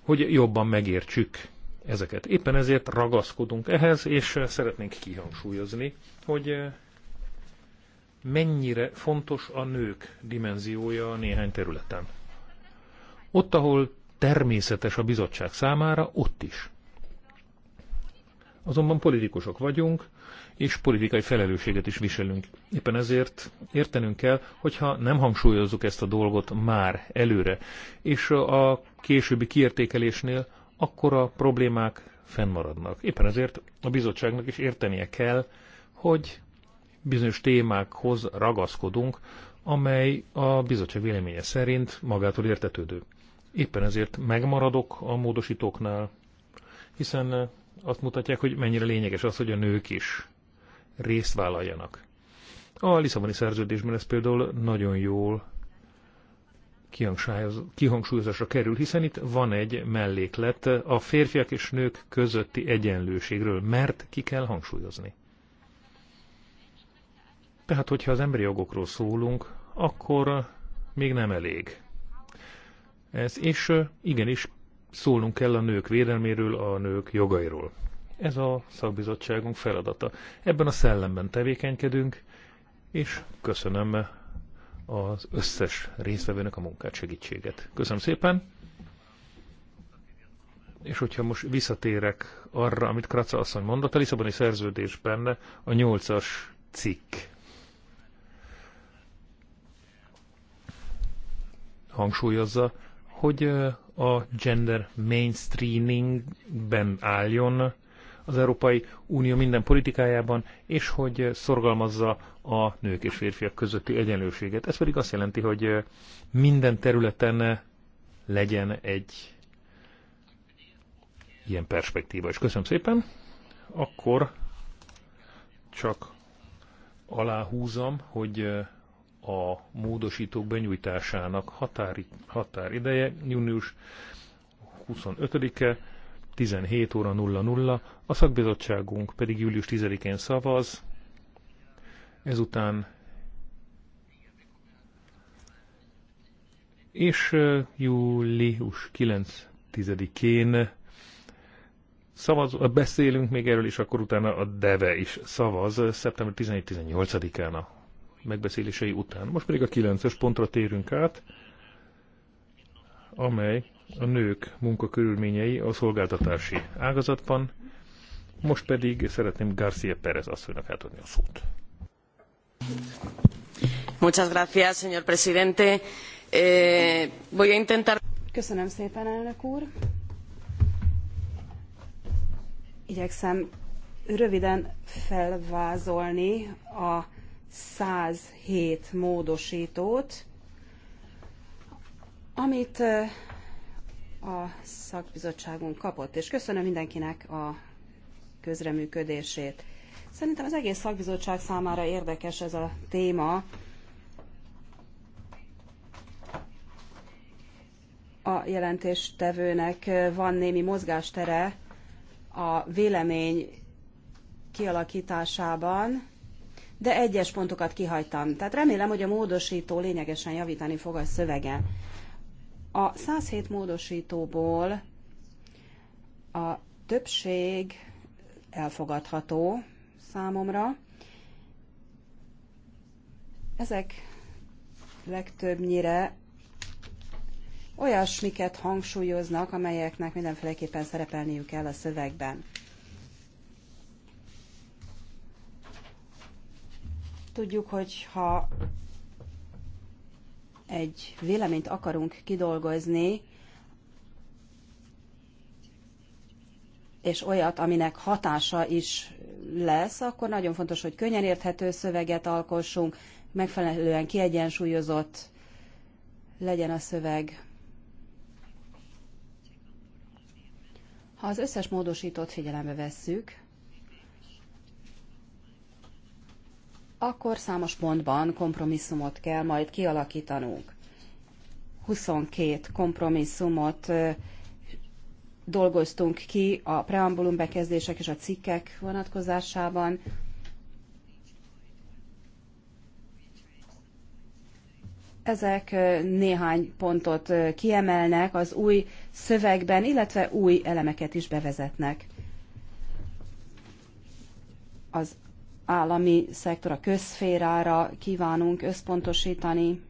hogy jobban megértsük ezeket. Éppen ezért ragaszkodunk ehhez, és eh, szeretnénk kihangsúlyozni, hogy eh, mennyire fontos a nők dimenziója a néhány területen. Ott, ahol természetes a bizottság számára, ott is. Azonban politikusok vagyunk, és politikai felelősséget is viselünk. Éppen ezért értenünk kell, hogyha nem hangsúlyozzuk ezt a dolgot már előre, és a későbbi kiértékelésnél, akkor a problémák fennmaradnak. Éppen ezért a bizottságnak is értenie kell, hogy bizonyos témákhoz ragaszkodunk, amely a bizottság véleménye szerint magától értetődő. Éppen ezért megmaradok a módosítóknál, hiszen eh, azt mutatják, hogy mennyire lényeges az, hogy a nők is részt vállaljanak. A Lisszaboni szerződésben ez például nagyon jól kihangsúlyozásra kerül, hiszen itt van egy melléklet a férfiak és nők közötti egyenlőségről, mert ki kell hangsúlyozni. Tehát, hogyha az emberi jogokról szólunk, akkor még nem elég. Ez, és igenis szólnunk kell a nők védelméről, a nők jogairól. Ez a szakbizottságunk feladata. Ebben a szellemben tevékenykedünk, és köszönöm az összes résztvevőnek a munkát, segítséget. Köszönöm szépen! És hogyha most visszatérek arra, amit Kraca asszony mondott, a Lisszaboni szerződésben a nyolcas cikk hangsúlyozza, hogy a gender mainstreamingben álljon az Európai Unió minden politikájában, és hogy szorgalmazza a nők és férfiak közötti egyenlőséget. Ez pedig azt jelenti, hogy minden területen legyen egy ilyen perspektíva. És köszönöm szépen, akkor csak aláhúzom, hogy a módosítók benyújtásának határi, határideje június 25-e 17 óra 00, a szakbizottságunk pedig július 10-én szavaz, ezután és július 9-10-én szavaz, beszélünk még erről, és akkor utána a DEVE is szavaz szeptember 17-18-án a megbeszélései után. Most pedig a 9-es pontra térünk át, amely a nők munkakörülményei a szolgáltatási ágazatban. Most pedig szeretném García Pérez asszonynak átadni a szót. Muchas gracias, señor presidente. Eh, voy a intentar... Köszönöm szépen, elnök úr. Igyekszem röviden felvázolni a 107 módosítót, amit a szakbizottságunk kapott, és köszönöm mindenkinek a közreműködését. Szerintem az egész szakbizottság számára érdekes ez a téma. A jelentéstevőnek van némi mozgástere a vélemény kialakításában, de egyes pontokat kihagytam. Tehát remélem, hogy a módosító lényegesen javítani fog a szövegen. A 107 módosítóból a többség elfogadható számomra. Ezek legtöbbnyire olyasmiket hangsúlyoznak, amelyeknek mindenféleképpen szerepelniük kell a szövegben. Tudjuk, hogy ha egy véleményt akarunk kidolgozni, és olyat, aminek hatása is lesz, akkor nagyon fontos, hogy könnyen érthető szöveget alkossunk, megfelelően kiegyensúlyozott legyen a szöveg. Ha az összes módosítót figyelembe vesszük, akkor számos pontban kompromisszumot kell majd kialakítanunk. 22 kompromisszumot dolgoztunk ki a preambulum bekezdések és a cikkek vonatkozásában. Ezek néhány pontot kiemelnek az új szövegben, illetve új elemeket is bevezetnek. Az állami szektor, a közszférára kívánunk összpontosítani,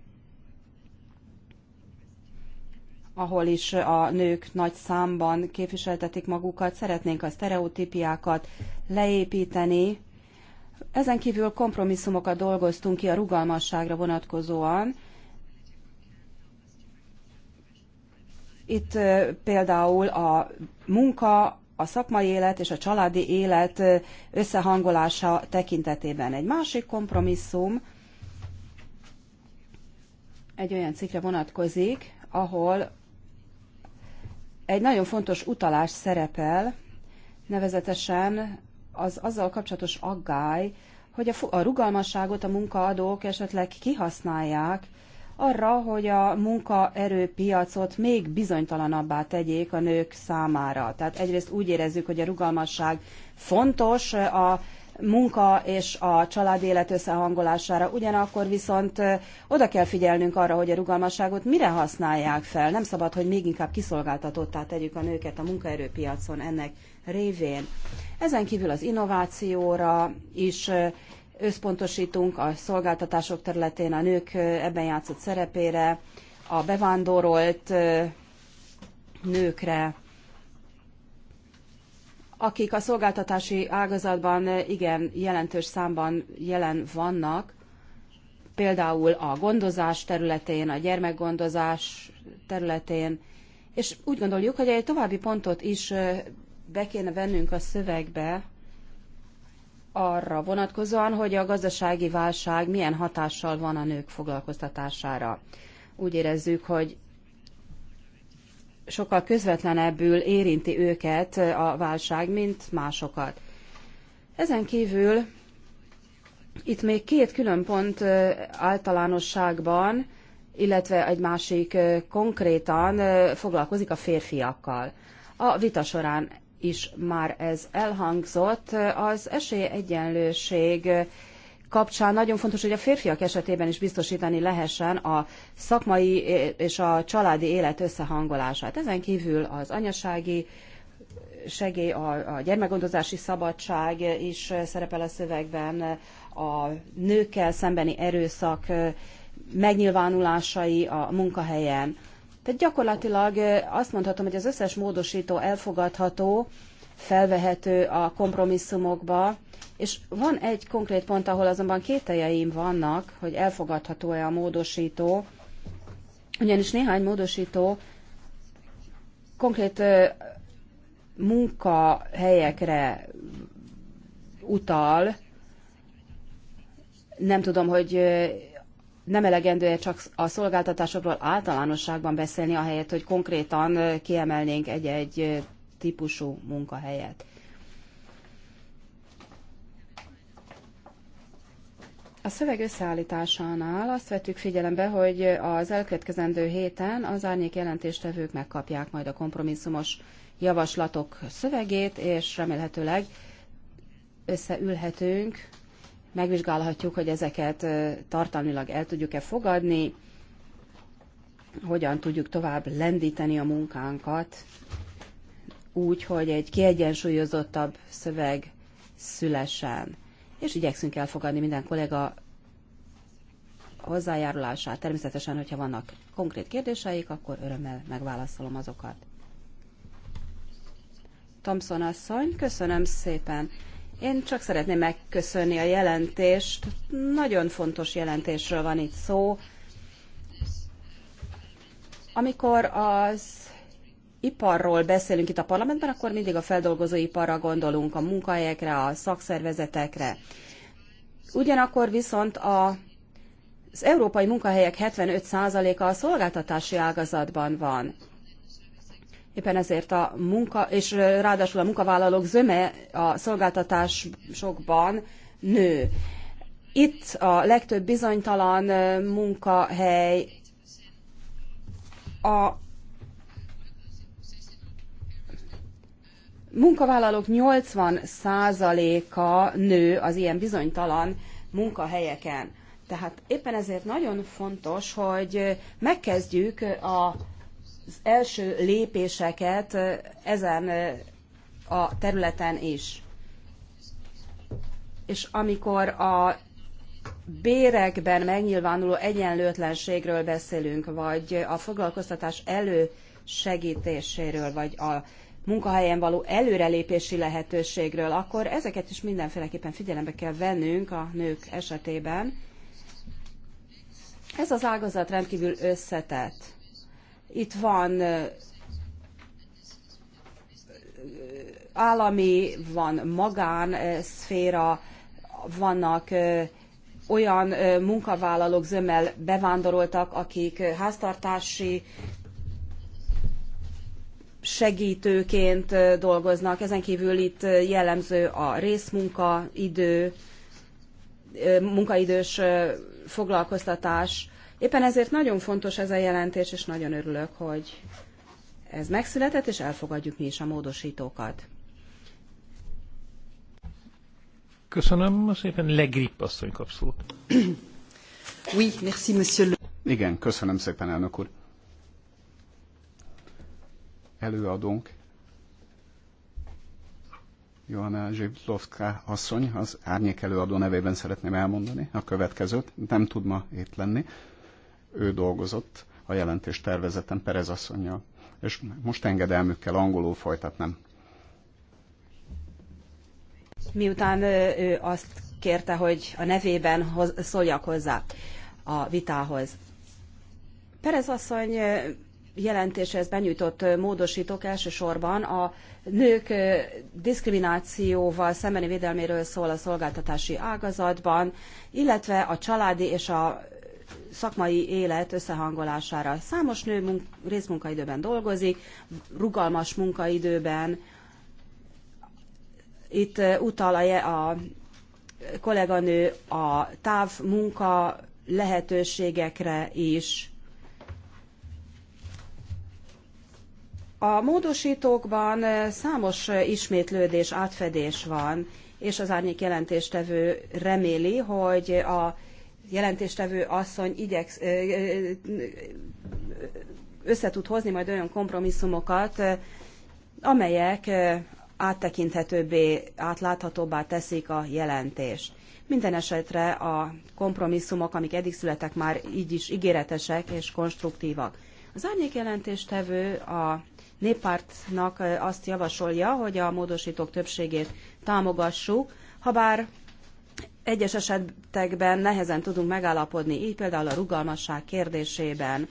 ahol is a nők nagy számban képviseltetik magukat, szeretnénk a sztereotípiákat leépíteni. Ezen kívül kompromisszumokat dolgoztunk ki a rugalmasságra vonatkozóan. Itt például a munka a szakmai élet és a családi élet összehangolása tekintetében. Egy másik kompromisszum egy olyan cikkre vonatkozik, ahol egy nagyon fontos utalás szerepel, nevezetesen az azzal kapcsolatos aggály, hogy a, rugalmasságot a munkaadók esetleg kihasználják, arra, hogy a munkaerőpiacot még bizonytalanabbá tegyék a nők számára. Tehát egyrészt úgy érezzük, hogy a rugalmasság fontos a munka és a család élet összehangolására, ugyanakkor viszont oda kell figyelnünk arra, hogy a rugalmasságot mire használják fel. Nem szabad, hogy még inkább kiszolgáltatottá tegyük a nőket a munkaerőpiacon ennek révén. Ezen kívül az innovációra is összpontosítunk a szolgáltatások területén a nők ebben játszott szerepére, a bevándorolt nőkre, akik a szolgáltatási ágazatban igen jelentős számban jelen vannak, például a gondozás területén, a gyermekgondozás területén, és úgy gondoljuk, hogy egy további pontot is be kéne vennünk a szövegbe, arra vonatkozóan, hogy a gazdasági válság milyen hatással van a nők foglalkoztatására. Úgy érezzük, hogy sokkal közvetlenebbül érinti őket a válság, mint másokat. Ezen kívül itt még két külön pont általánosságban, illetve egy másik konkrétan foglalkozik a férfiakkal. A vita során is már ez elhangzott. Az esélyegyenlőség kapcsán nagyon fontos, hogy a férfiak esetében is biztosítani lehessen a szakmai és a családi élet összehangolását. Ezen kívül az anyasági segély, a, a gyermekgondozási szabadság is szerepel a szövegben, a nőkkel szembeni erőszak megnyilvánulásai a munkahelyen. Tehát gyakorlatilag azt mondhatom, hogy az összes módosító elfogadható, felvehető a kompromisszumokba, és van egy konkrét pont, ahol azonban kételjeim vannak, hogy elfogadható-e a módosító, ugyanis néhány módosító konkrét munkahelyekre utal, nem tudom, hogy nem elegendő -e csak a szolgáltatásokról általánosságban beszélni, ahelyett, hogy konkrétan kiemelnénk egy-egy típusú munkahelyet. A szöveg összeállításánál azt vettük figyelembe, hogy az elkövetkezendő héten az árnyék jelentéstevők megkapják majd a kompromisszumos javaslatok szövegét, és remélhetőleg összeülhetünk megvizsgálhatjuk, hogy ezeket tartalmilag el tudjuk-e fogadni, hogyan tudjuk tovább lendíteni a munkánkat, úgy, hogy egy kiegyensúlyozottabb szöveg szülessen. És igyekszünk elfogadni minden kollega hozzájárulását. Természetesen, hogyha vannak konkrét kérdéseik, akkor örömmel megválaszolom azokat. Thompson asszony, köszönöm szépen. Én csak szeretném megköszönni a jelentést. Nagyon fontos jelentésről van itt szó. Amikor az iparról beszélünk itt a parlamentben, akkor mindig a feldolgozóiparra gondolunk, a munkahelyekre, a szakszervezetekre. Ugyanakkor viszont a az európai munkahelyek 75%-a a szolgáltatási ágazatban van. Éppen ezért a munka, és ráadásul a munkavállalók zöme a szolgáltatásokban nő. Itt a legtöbb bizonytalan munkahely a munkavállalók 80%-a nő az ilyen bizonytalan munkahelyeken. Tehát éppen ezért nagyon fontos, hogy megkezdjük a első lépéseket ezen a területen is. És amikor a bérekben megnyilvánuló egyenlőtlenségről beszélünk, vagy a foglalkoztatás elősegítéséről, vagy a munkahelyen való előrelépési lehetőségről, akkor ezeket is mindenféleképpen figyelembe kell vennünk a nők esetében. Ez az ágazat rendkívül összetett. Itt van állami, van magán szféra, vannak olyan munkavállalók zömmel bevándoroltak, akik háztartási segítőként dolgoznak, ezen kívül itt jellemző a részmunkaidő, munkaidős foglalkoztatás, Éppen ezért nagyon fontos ez a jelentés, és nagyon örülök, hogy ez megszületett, és elfogadjuk mi is a módosítókat. Köszönöm szépen, Legrip asszony kap Oui, merci, monsieur le... Igen, köszönöm szépen, elnök úr. Előadónk. Johanna Zsiblovská asszony, az árnyék előadó nevében szeretném elmondani a következőt. Nem tud ma itt lenni, ő dolgozott a jelentés tervezeten Perez asszonynal. És most engedelmükkel angolul folytatnám. Miután ő azt kérte, hogy a nevében hoz, szóljak hozzá a vitához. Perez asszony jelentéshez benyújtott módosítók elsősorban a nők diszkriminációval szembeni védelméről szól a szolgáltatási ágazatban, illetve a családi és a szakmai élet összehangolására. Számos nő munk- részmunkaidőben dolgozik, rugalmas munkaidőben. Itt utal a, a kolléganő a távmunka lehetőségekre is. A módosítókban számos ismétlődés, átfedés van, és az árnyék jelentéstevő reméli, hogy a jelentéstevő asszony igyeksz, összetud hozni majd olyan kompromisszumokat, amelyek áttekinthetőbbé, átláthatóbbá teszik a jelentést. Minden esetre a kompromisszumok, amik eddig születtek, már így is ígéretesek és konstruktívak. Az árnyék jelentéstevő a néppártnak azt javasolja, hogy a módosítók többségét támogassuk, habár egyes esetekben nehezen tudunk megállapodni, így például a rugalmasság kérdésében,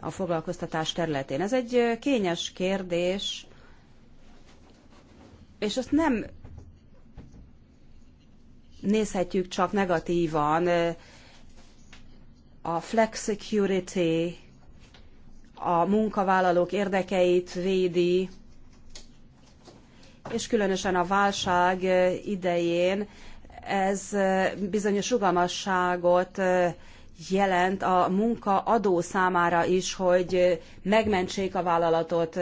a foglalkoztatás területén. Ez egy kényes kérdés, és azt nem nézhetjük csak negatívan. A flex security a munkavállalók érdekeit védi, és különösen a válság idején ez bizonyos rugalmasságot jelent a munkaadó számára is, hogy megmentsék a vállalatot,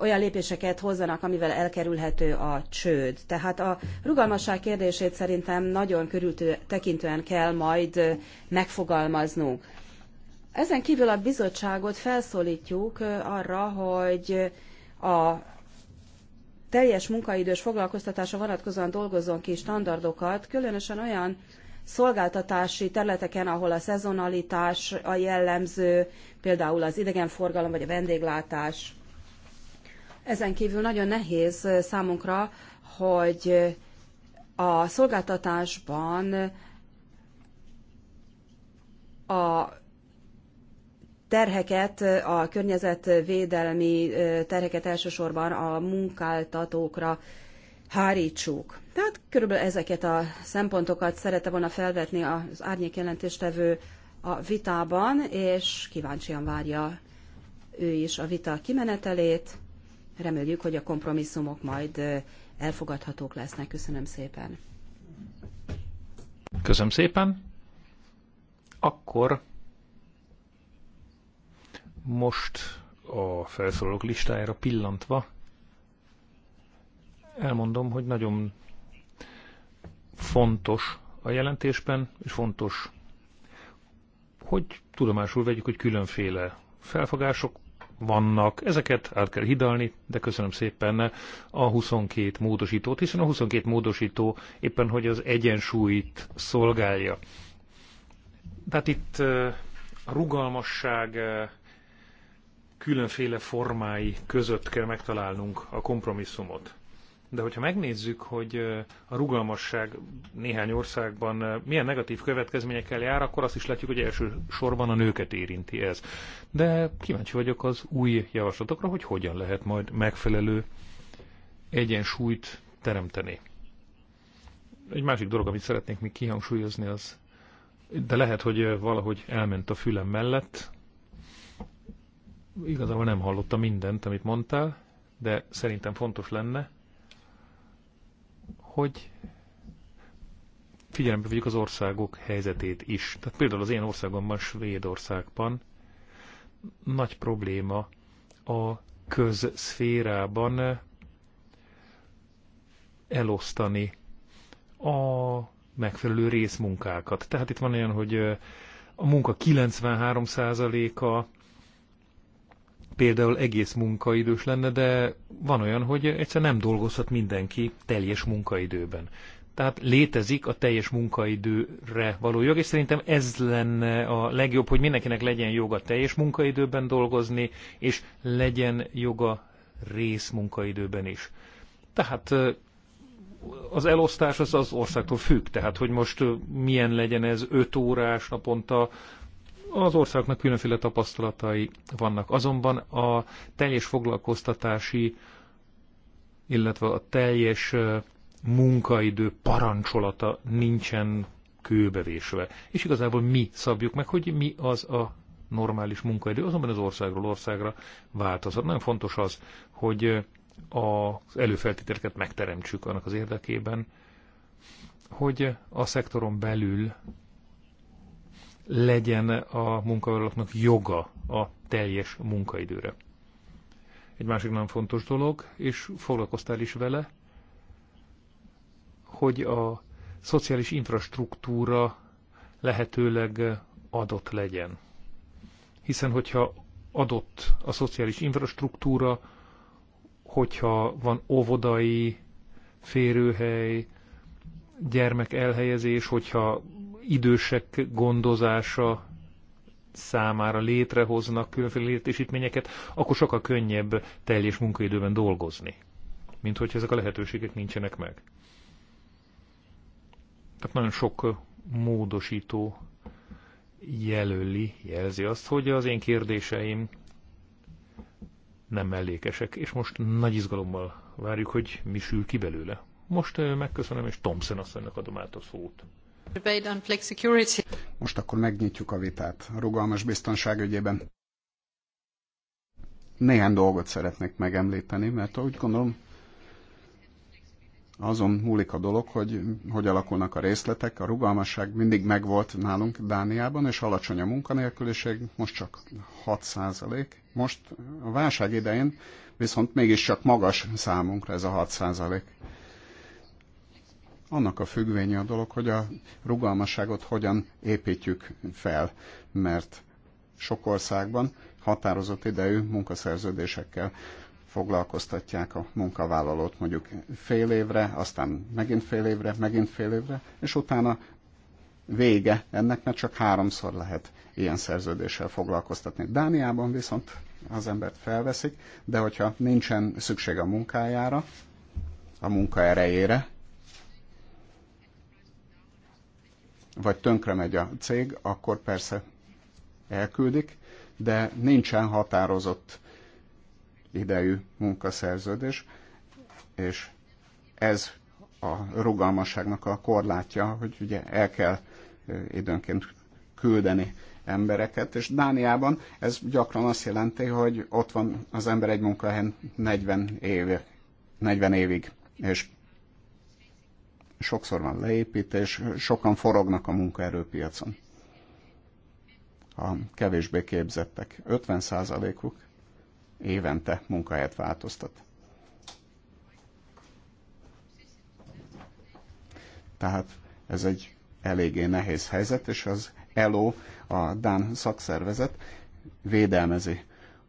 olyan lépéseket hozzanak, amivel elkerülhető a csőd. Tehát a rugalmasság kérdését szerintem nagyon körültekintően kell majd megfogalmaznunk. Ezen kívül a bizottságot felszólítjuk arra, hogy a teljes munkaidős foglalkoztatása vonatkozóan dolgozzon ki standardokat, különösen olyan szolgáltatási területeken, ahol a szezonalitás a jellemző, például az idegenforgalom vagy a vendéglátás. Ezen kívül nagyon nehéz számunkra, hogy a szolgáltatásban a terheket, a környezetvédelmi terheket elsősorban a munkáltatókra hárítsuk. Tehát körülbelül ezeket a szempontokat szerette volna felvetni az árnyék jelentéstevő a vitában, és kíváncsian várja ő is a vita kimenetelét. Reméljük, hogy a kompromisszumok majd elfogadhatók lesznek. Köszönöm szépen. Köszönöm szépen. Akkor most a felszólalók listájára pillantva elmondom, hogy nagyon fontos a jelentésben, és fontos, hogy tudomásul vegyük, hogy különféle felfogások vannak, ezeket át kell hidalni, de köszönöm szépen a 22 módosítót, hiszen a 22 módosító éppen, hogy az egyensúlyt szolgálja. Tehát itt eh, rugalmasság eh, különféle formái között kell megtalálnunk a kompromisszumot. De hogyha megnézzük, hogy a rugalmasság néhány országban milyen negatív következményekkel jár, akkor azt is látjuk, hogy elsősorban a nőket érinti ez. De kíváncsi vagyok az új javaslatokra, hogy hogyan lehet majd megfelelő egyensúlyt teremteni. Egy másik dolog, amit szeretnék még kihangsúlyozni, az, de lehet, hogy valahogy elment a fülem mellett, Igazából nem hallottam mindent, amit mondtál, de szerintem fontos lenne, hogy figyelembe vegyük az országok helyzetét is. Tehát például az én országomban, Svédországban nagy probléma a közszférában elosztani a megfelelő részmunkákat. Tehát itt van olyan, hogy a munka 93%-a például egész munkaidős lenne, de van olyan, hogy egyszer nem dolgozhat mindenki teljes munkaidőben. Tehát létezik a teljes munkaidőre való jog, és szerintem ez lenne a legjobb, hogy mindenkinek legyen joga teljes munkaidőben dolgozni, és legyen joga részmunkaidőben is. Tehát az elosztás az az országtól függ, tehát hogy most milyen legyen ez 5 órás naponta, az országnak különféle tapasztalatai vannak, azonban a teljes foglalkoztatási, illetve a teljes munkaidő parancsolata nincsen kőbevésve. És igazából mi szabjuk meg, hogy mi az a normális munkaidő, azonban az országról országra változhat. Nagyon fontos az, hogy az előfeltételeket megteremtsük annak az érdekében, hogy a szektoron belül legyen a munkavállalóknak joga a teljes munkaidőre. Egy másik nagyon fontos dolog, és foglalkoztál is vele, hogy a szociális infrastruktúra lehetőleg adott legyen. Hiszen, hogyha adott a szociális infrastruktúra, hogyha van óvodai, férőhely, gyermek elhelyezés, hogyha idősek gondozása számára létrehoznak különféle létesítményeket, akkor sokkal könnyebb teljes munkaidőben dolgozni, mint hogyha ezek a lehetőségek nincsenek meg. Tehát nagyon sok módosító jelöli, jelzi azt, hogy az én kérdéseim nem mellékesek, és most nagy izgalommal várjuk, hogy mi sül ki belőle. Most megköszönöm, és Thompson asszonynak adom át a szót. Most akkor megnyitjuk a vitát a rugalmas biztonság ügyében. Néhány dolgot szeretnék megemlíteni, mert úgy gondolom, azon múlik a dolog, hogy hogy alakulnak a részletek. A rugalmasság mindig megvolt nálunk Dániában, és alacsony a munkanélküliség, most csak 6 százalék. Most a válság idején viszont mégiscsak magas számunkra ez a 6 százalék annak a függvénye a dolog, hogy a rugalmasságot hogyan építjük fel, mert sok országban határozott idejű munkaszerződésekkel foglalkoztatják a munkavállalót mondjuk fél évre, aztán megint fél évre, megint fél évre, és utána vége ennek, mert csak háromszor lehet ilyen szerződéssel foglalkoztatni. Dániában viszont az embert felveszik, de hogyha nincsen szükség a munkájára, a munka erejére, vagy tönkre megy a cég, akkor persze elküldik, de nincsen határozott idejű munkaszerződés, és ez a rugalmasságnak a korlátja, hogy ugye el kell időnként küldeni embereket, és Dániában ez gyakran azt jelenti, hogy ott van az ember egy munkahelyen 40, év, 40 évig, és sokszor van leépítés, sokan forognak a munkaerőpiacon. A kevésbé képzettek 50%-uk évente munkahelyet változtat. Tehát ez egy eléggé nehéz helyzet, és az ELO, a Dán szakszervezet védelmezi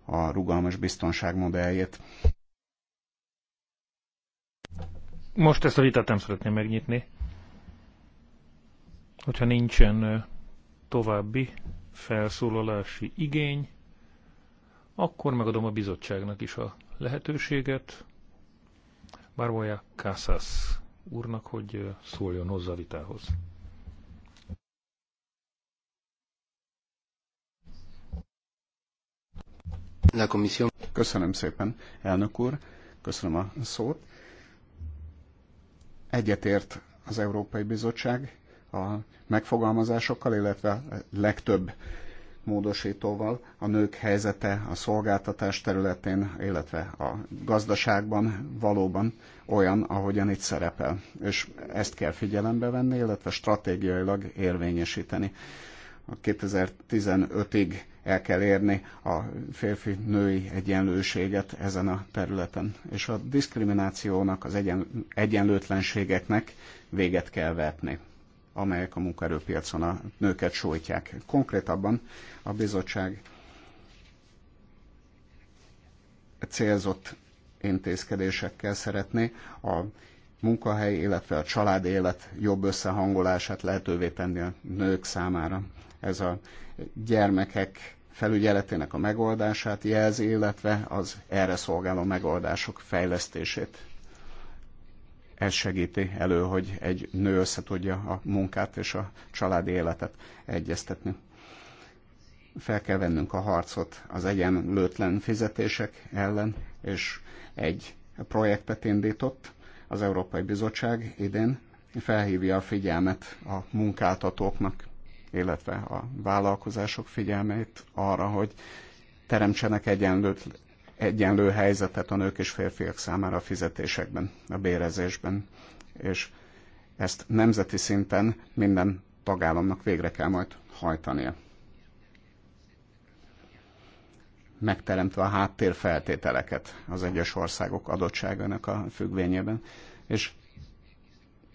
a rugalmas biztonság modelljét. Most ezt a vitát nem szeretném megnyitni. Hogyha nincsen további felszólalási igény, akkor megadom a bizottságnak is a lehetőséget. Barboja Casas úrnak, hogy szóljon hozzá a vitához. Köszönöm szépen, elnök úr, köszönöm a szót egyetért az Európai Bizottság a megfogalmazásokkal, illetve legtöbb módosítóval a nők helyzete a szolgáltatás területén, illetve a gazdaságban valóban olyan, ahogyan itt szerepel. És ezt kell figyelembe venni, illetve stratégiailag érvényesíteni. A 2015-ig el kell érni a férfi-női egyenlőséget ezen a területen. És a diszkriminációnak, az egyen, egyenlőtlenségeknek véget kell vetni amelyek a munkaerőpiacon a nőket sújtják. Konkrétabban a bizottság célzott intézkedésekkel szeretné a munkahely, illetve a család élet jobb összehangolását lehetővé tenni a nők számára. Ez a gyermekek felügyeletének a megoldását jelzi, illetve az erre szolgáló megoldások fejlesztését. Ez segíti elő, hogy egy nő összetudja a munkát és a családi életet egyeztetni. Fel kell vennünk a harcot az egyenlőtlen fizetések ellen, és egy projektet indított az Európai Bizottság idén, felhívja a figyelmet a munkáltatóknak illetve a vállalkozások figyelmét arra, hogy teremtsenek egyenlőt, egyenlő helyzetet a nők és férfiak számára a fizetésekben, a bérezésben. És ezt nemzeti szinten minden tagállamnak végre kell majd hajtania. Megteremtve a háttérfeltételeket az egyes országok adottságának a függvényében, és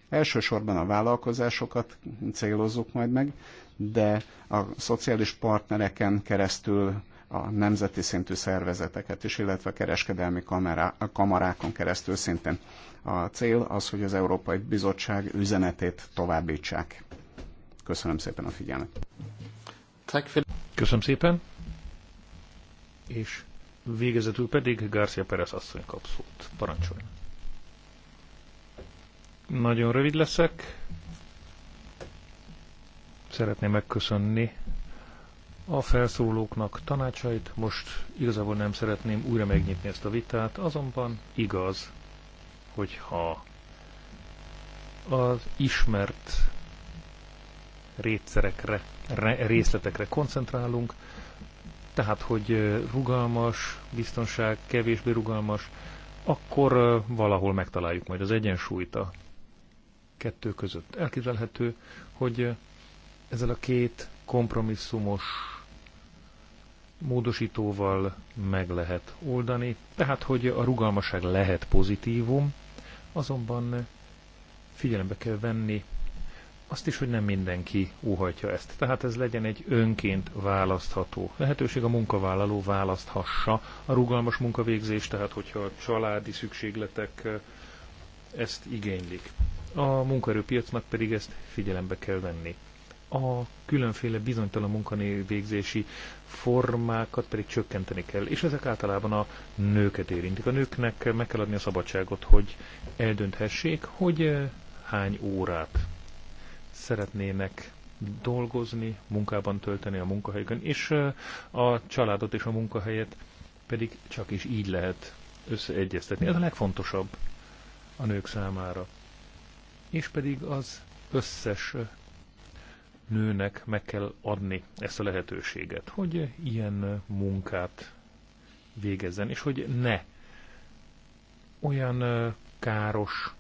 elsősorban a vállalkozásokat célozzuk majd meg, de a szociális partnereken keresztül a nemzeti szintű szervezeteket is, illetve a kereskedelmi kamerá, a kamarákon keresztül szintén. A cél az, hogy az Európai Bizottság üzenetét továbbítsák. Köszönöm szépen a figyelmet. Köszönöm szépen. És végezetül pedig Garcia Perez asszony kap szót. Parancsoljon. Nagyon rövid leszek szeretném megköszönni a felszólóknak tanácsait. Most igazából nem szeretném újra megnyitni ezt a vitát, azonban igaz, hogyha az ismert rétszerekre, részletekre koncentrálunk, tehát hogy rugalmas, biztonság kevésbé rugalmas, akkor valahol megtaláljuk majd az egyensúlyt a kettő között. Elképzelhető, hogy ezzel a két kompromisszumos módosítóval meg lehet oldani. Tehát, hogy a rugalmaság lehet pozitívum, azonban figyelembe kell venni azt is, hogy nem mindenki óhajtja ezt. Tehát ez legyen egy önként választható lehetőség, a munkavállaló választhassa a rugalmas munkavégzést, tehát hogyha a családi szükségletek eh, ezt igénylik. A munkaerőpiacnak pedig ezt figyelembe kell venni a különféle bizonytalan munkanévégzési formákat pedig csökkenteni kell, és ezek általában a nőket érintik. A nőknek meg kell adni a szabadságot, hogy eldönthessék, hogy eh, hány órát szeretnének dolgozni, munkában tölteni a munkahelyükön, és eh, a családot és a munkahelyet pedig csak is így lehet összeegyeztetni. Ez a legfontosabb a nők számára. És pedig az összes eh, nőnek meg kell adni ezt a lehetőséget, hogy ilyen munkát végezzen, és hogy ne olyan káros,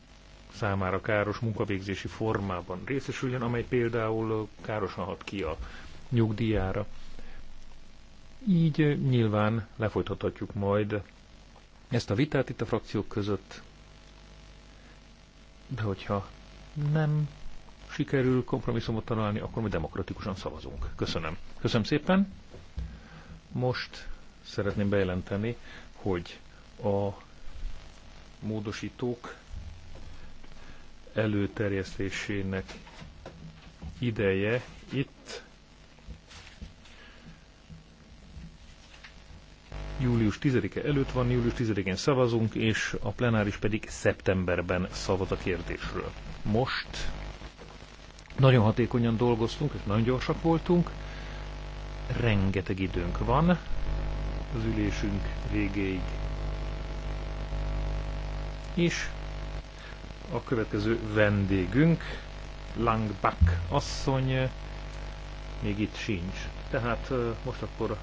számára káros munkavégzési formában részesüljön, amely például károsan hat ki a nyugdíjára. Így nyilván lefolytathatjuk majd ezt a vitát itt a frakciók között, de hogyha nem sikerül kompromisszumot találni, akkor mi demokratikusan szavazunk. Köszönöm. Köszönöm szépen. Most szeretném bejelenteni, hogy a módosítók előterjesztésének ideje itt július 10-e előtt van, július 10-én szavazunk, és a plenáris pedig szeptemberben szavaz a kérdésről. Most nagyon hatékonyan dolgoztunk, és nagyon gyorsak voltunk. Rengeteg időnk van az ülésünk végéig. És a következő vendégünk, Langbach asszony, még itt sincs. Tehát most akkor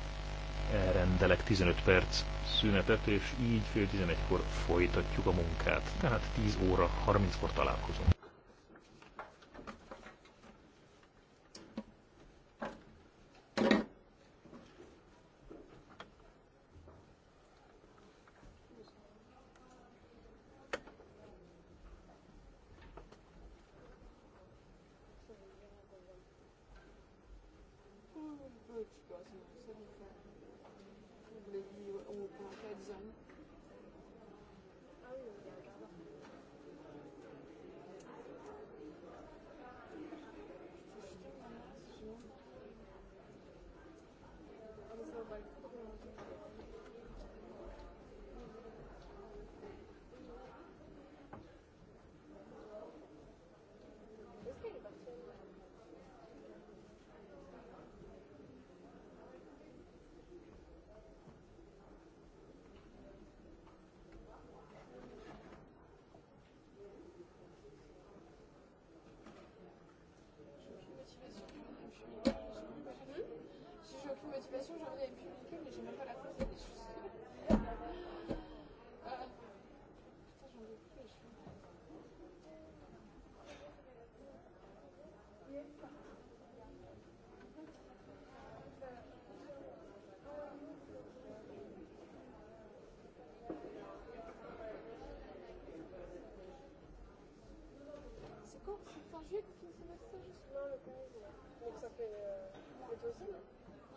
elrendelek 15 perc szünetet, és így fél 11-kor folytatjuk a munkát. Tehát 10 óra 30-kor találkozunk. toi aussi,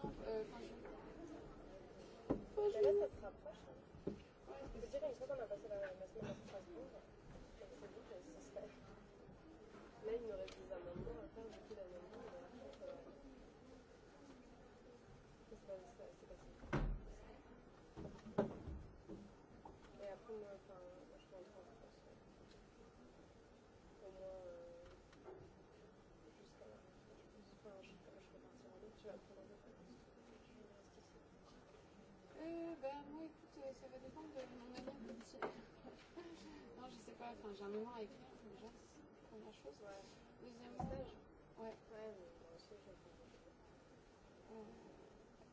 non euh, fin juin. Fin bon, écoute, euh, ça va dépendre de mon manière de dire. non, je sais pas, enfin, j'ai un mémoire à écrire, déjà, première chose. Ouais. Deuxième stage Ouais. Ouais, mais moi aussi, je euh,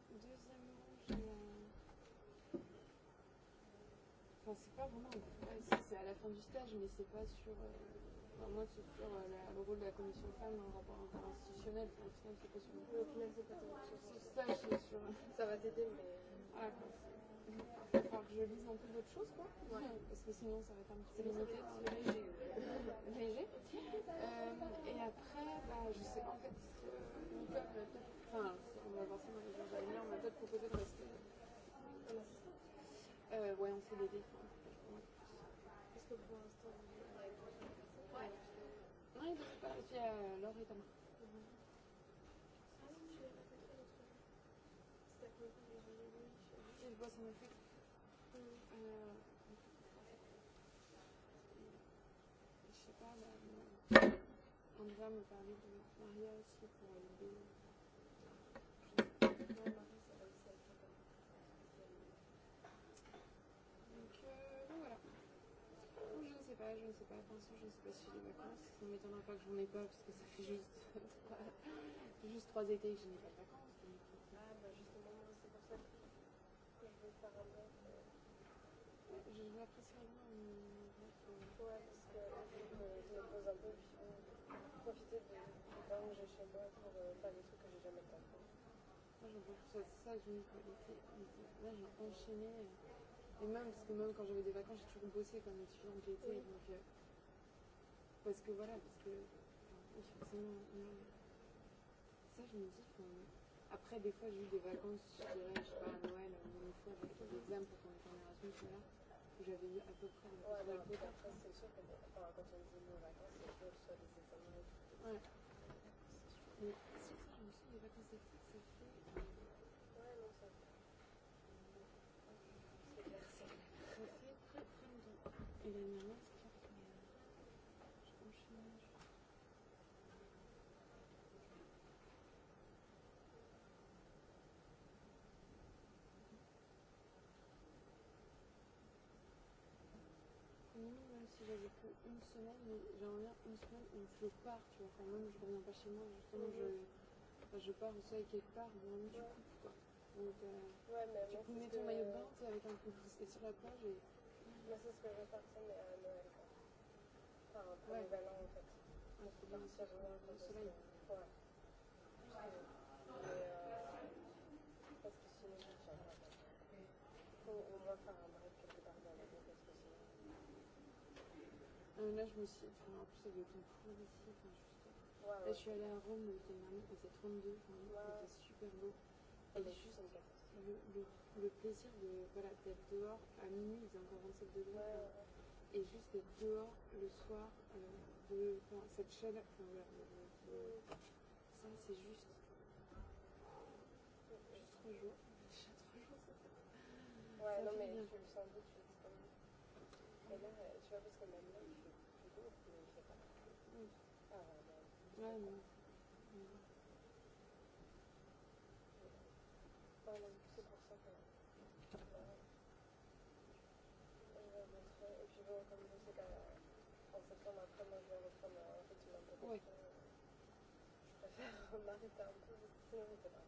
Deuxièmement, j'ai. Euh... Enfin, c'est pas vraiment. Ouais, si, c'est à la fin du stage, mais c'est pas sur. Euh... Enfin, moi, c'est sur euh, la, le rôle de la commission femme dans le rapport interinstitutionnel. Enfin, au final, c'est pas sur. Au final, c'est pas sur. Ce stage, c'est sur. Ça va t'aider, mais. Voilà, quoi. Il que je lise un peu d'autres choses, quoi. Ouais. Parce que sinon, ça va être un petit peu limité. Léger. Léger. Euh, et après, bah, je sais, en fait, mon peut-être. Enfin, on va voir venir. On peut-être de rester Euh, ouais, on fait que pour l'instant, euh, Ouais. Non, il ne pas. Et puis, euh, Laure et dois sont magnifiques. Euh, je sais pas, là, Andrea me parlait de Maria aussi pour l'aider. pas, je ne sais pas, pour l'instant je ne sais pas si j'ai des vacances, ça ne m'étonnera pas que j'en ai pas parce que ça fait juste trois, juste trois étés que je n'ai pas de vacances. parallèle. Ouais, je vois pas mais Ouais, parce que je me pose un peu, puis profiter du temps que j'ai chez moi pour euh, faire des trucs que j'ai jamais fait. Moi, j'en profite, c'est ça que je me dis, là, j'ai enchaîné. Et même, parce que même quand j'avais des vacances, j'ai toujours bossé comme étudiante que Oui. Donc, euh, parce que voilà, parce que. Enfin, forcément. ça, je me dis, enfin, Après, des fois, j'ai eu des vacances, je dirais, je sais pas, à Noël, ou une fois, j'ai fait des examens pour qu'on était en Erasmus, mais là, j'avais eu à peu près le ouais, non, quota. Après, c'est sûr que enfin, quand on est venu aux vacances, c'est sûr que soit des examens et Ouais. Mais si ça, je me suis des vacances d'été, ça fait. Euh, ouais, non, ça fait. C'est clair, ça fait De très longtemps. Et l'année dernière, si j'avais que une semaine, mais j'aimerais bien une semaine où je pars, tu vois. Enfin, même je ne reviens pas chez moi, justement, je, enfin, je pars aussi avec quelque part, mais même tu ouais. coupes, quoi. Donc, euh, ouais, mais tu moi, mets ton maillot de bain, tu avec un peu de et sur la plage et. Moi, c'est ce que je vais partir, mais à Noël, quoi. Enfin, pour ouais. Nouvel An, en fait. Ah, c'est bien, c'est le soleil. Ouais. ouais. Et, euh, parce que sinon, je ne tiens pas. Il faut au moins faire un Euh, là, je me suis. Enfin, en plus, avec une foule ici. Enfin, juste... ouais, ouais. Là, je suis allée à Rome, il était, il était 32. Enfin, ouais. C'était super beau. Et ouais, juste le, le, le plaisir de voilà d'être dehors à minuit, il faisait encore 27 degrés. Ouais, ouais. Et juste d'être dehors le soir, euh, de, enfin, cette chaleur. Enfin, voilà, de, de, de, ça, c'est juste. Juste trois jours. Déjà trois jours, ça fait. Ouais, ça non, fait mais bien. tu le sens vite, tu le sens vite. Et là, tu vois, parce que même là, Oui. Je préfère m'arrêter un peu, sinon je ne là,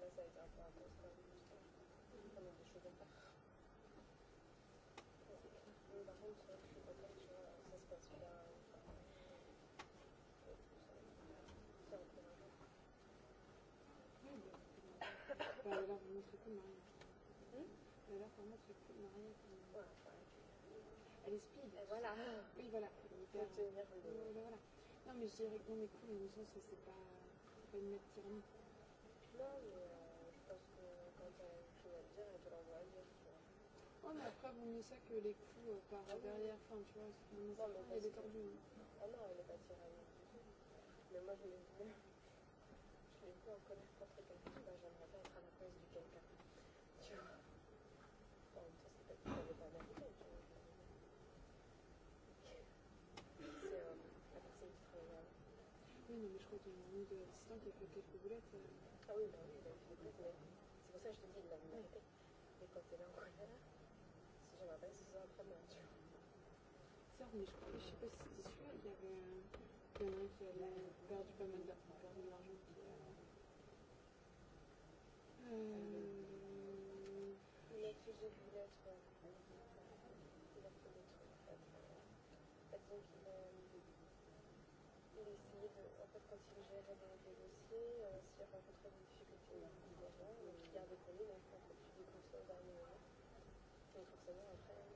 ça a été un peu intense quand même. On a des choses à faire. لا مش هيكون معايا لا لا مش هيكون معايا السبيد voilà oui voilà voilà non mais je dirais que non mais cool mais ça c'est pas c'est pas une note tyrannique non mais euh, je pense que quand t'as une chose à dire elle te l'envoie à dire tu vois oh mais après vaut mieux ça que les coups euh, par ah, derrière enfin tu vois non, mais elle est tordue ah non elle est pas tyrannique mais moi je l'ai peu un connaître contre quelqu'un, ben, j'aimerais bien être à la place du quelqu'un. Tu vois En même temps, c'est pas tout à fait pas américain. Tu vois c'est euh, la personne qui travaille là. Oui, non, mais je ne a une de l'assistant qui a fait quelques boulettes. Euh... Ah oui, bah oui, il a fait des boulettes, mais c'est pour ça je te dis, il l'a même arrêté. Mais quand t'es là en colère, si je me rappelle, c'est ça après moi, tu vois. Certes, mais je, crois, je sais pas si c'était celui il y avait. Euh, il y a un qui avait perdu pas mal d'argent. Hmm. Il accusait lui d'être. Il a fait des trucs pas très. Donc il a. Il essayait de. En fait, quand il gérait des, des dossiers, euh, s'il rencontrait des difficultés, il les gardait pour lui, mais il ne plus des consoles dernier moment. Donc forcément, après.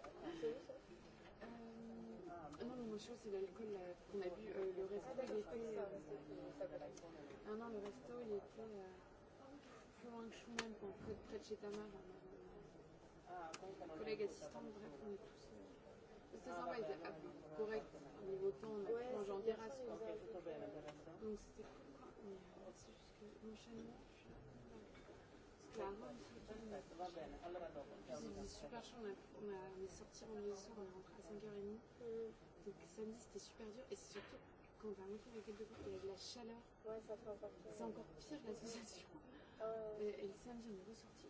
euh, Non, le mocho, c'est l'alcool euh, qu'on a bu. Euh, le resto, il était. Euh, ah non, le resto, il était euh, plus loin que Schumann, quoi, près, près de chez Tamar. Mon collègue assistant, bref, on est tous. Euh, C'était sympa, il était ah, correct. Au niveau temps, on a ouais, mangé en terrasse. Quoi. Donc c'était cool, quoi. Mais euh, c'est juste que l'enchaînement plan. J'ai super chaud, on, a, on est sorti en maison, on est rentré à 5h30. Donc samedi c'était super dur et surtout quand on va monter dans quelques groupes, il y a de la chaleur. Ouais, ça fait encore pire. C'est encore pire l'association. Euh... Et, et le samedi on est ressorti.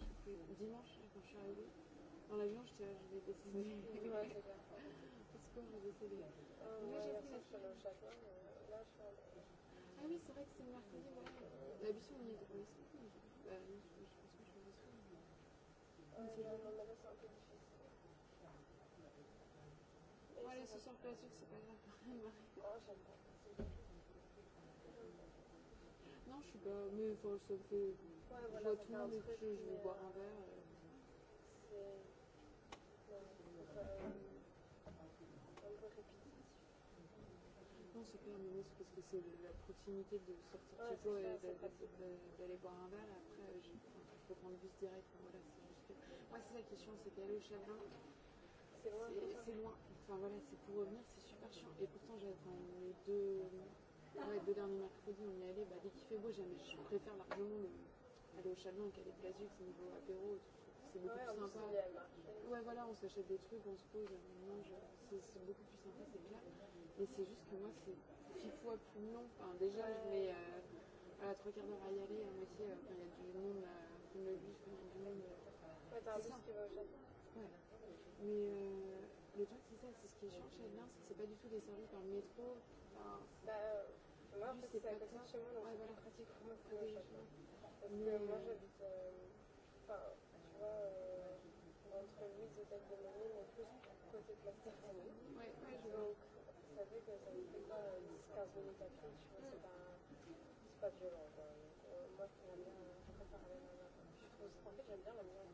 Dimanche quand je suis arrivée, dans l'avion j'étais là, je vais décider. Ouais, c'est clair. Parce que je vais décider. Euh, là j'ai pris la chaleur chacun, mais là je suis en... Ah oui, c'est vrai que c'est le mercredi, ouais. L'habitude on y est. Euh, je, je, Oare se sono preso il Non, je suis pas, mais enfin, ça me fait. Ouais, voilà, je vois tout le monde et puis je vais boire un verre. Euh. Non, c'est clair, mais moi, c'est parce que c'est la proximité de sortir ouais, chez toi et d'aller boire un verre. Après, il faut prendre le bus direct. Voilà, c'est. Moi, ah, c'est ça qui est chiant, c'est qu'aller au château, c'est loin. Enfin voilà, c'est pour revenir, c'est super chiant. Et pourtant, j'ai enfin, les deux, euh, ouais, deux derniers mercredis, on y allait. Bah, dès qu'il fait beau, j'aime, je préfère largement le, aller au château qu'aller Plazux niveau apéro. C'est beaucoup ouais, plus sympa. Ouais, voilà, on s'achète des trucs, on se pose, on mange. C'est, beaucoup plus sympa, c'est clair. Mais c'est juste que moi, c'est six fois plus long. Enfin, déjà, je mets euh, voilà, trois quarts d'heure à y aller, à moitié, euh, quand il y a du monde, euh, comme le bus, quand il y a du monde. Euh, Ouais, dans euh, c'est ça. Tu vas Mais euh, les gens qui savent, c'est ce qui est cherché bien, c'est que c'est pas du tout des services le métro. Enfin, bah, euh, moi, en c'est à côté de chez moi, donc ouais, voilà. c'est pratique pour Parce Mais... que moi, euh, j'habite, euh, tu vois, euh, entre Louise et Tête de Monnier, mais plus côté de la station. Ouais, ouais, je vois. ça fait que ça me fait quoi, 10-15 minutes à pied, tu vois, c'est pas, c'est pas violent, quoi. Donc, euh, moi, je préfère bien, je préfère aller En fait, j'aime bien la maison.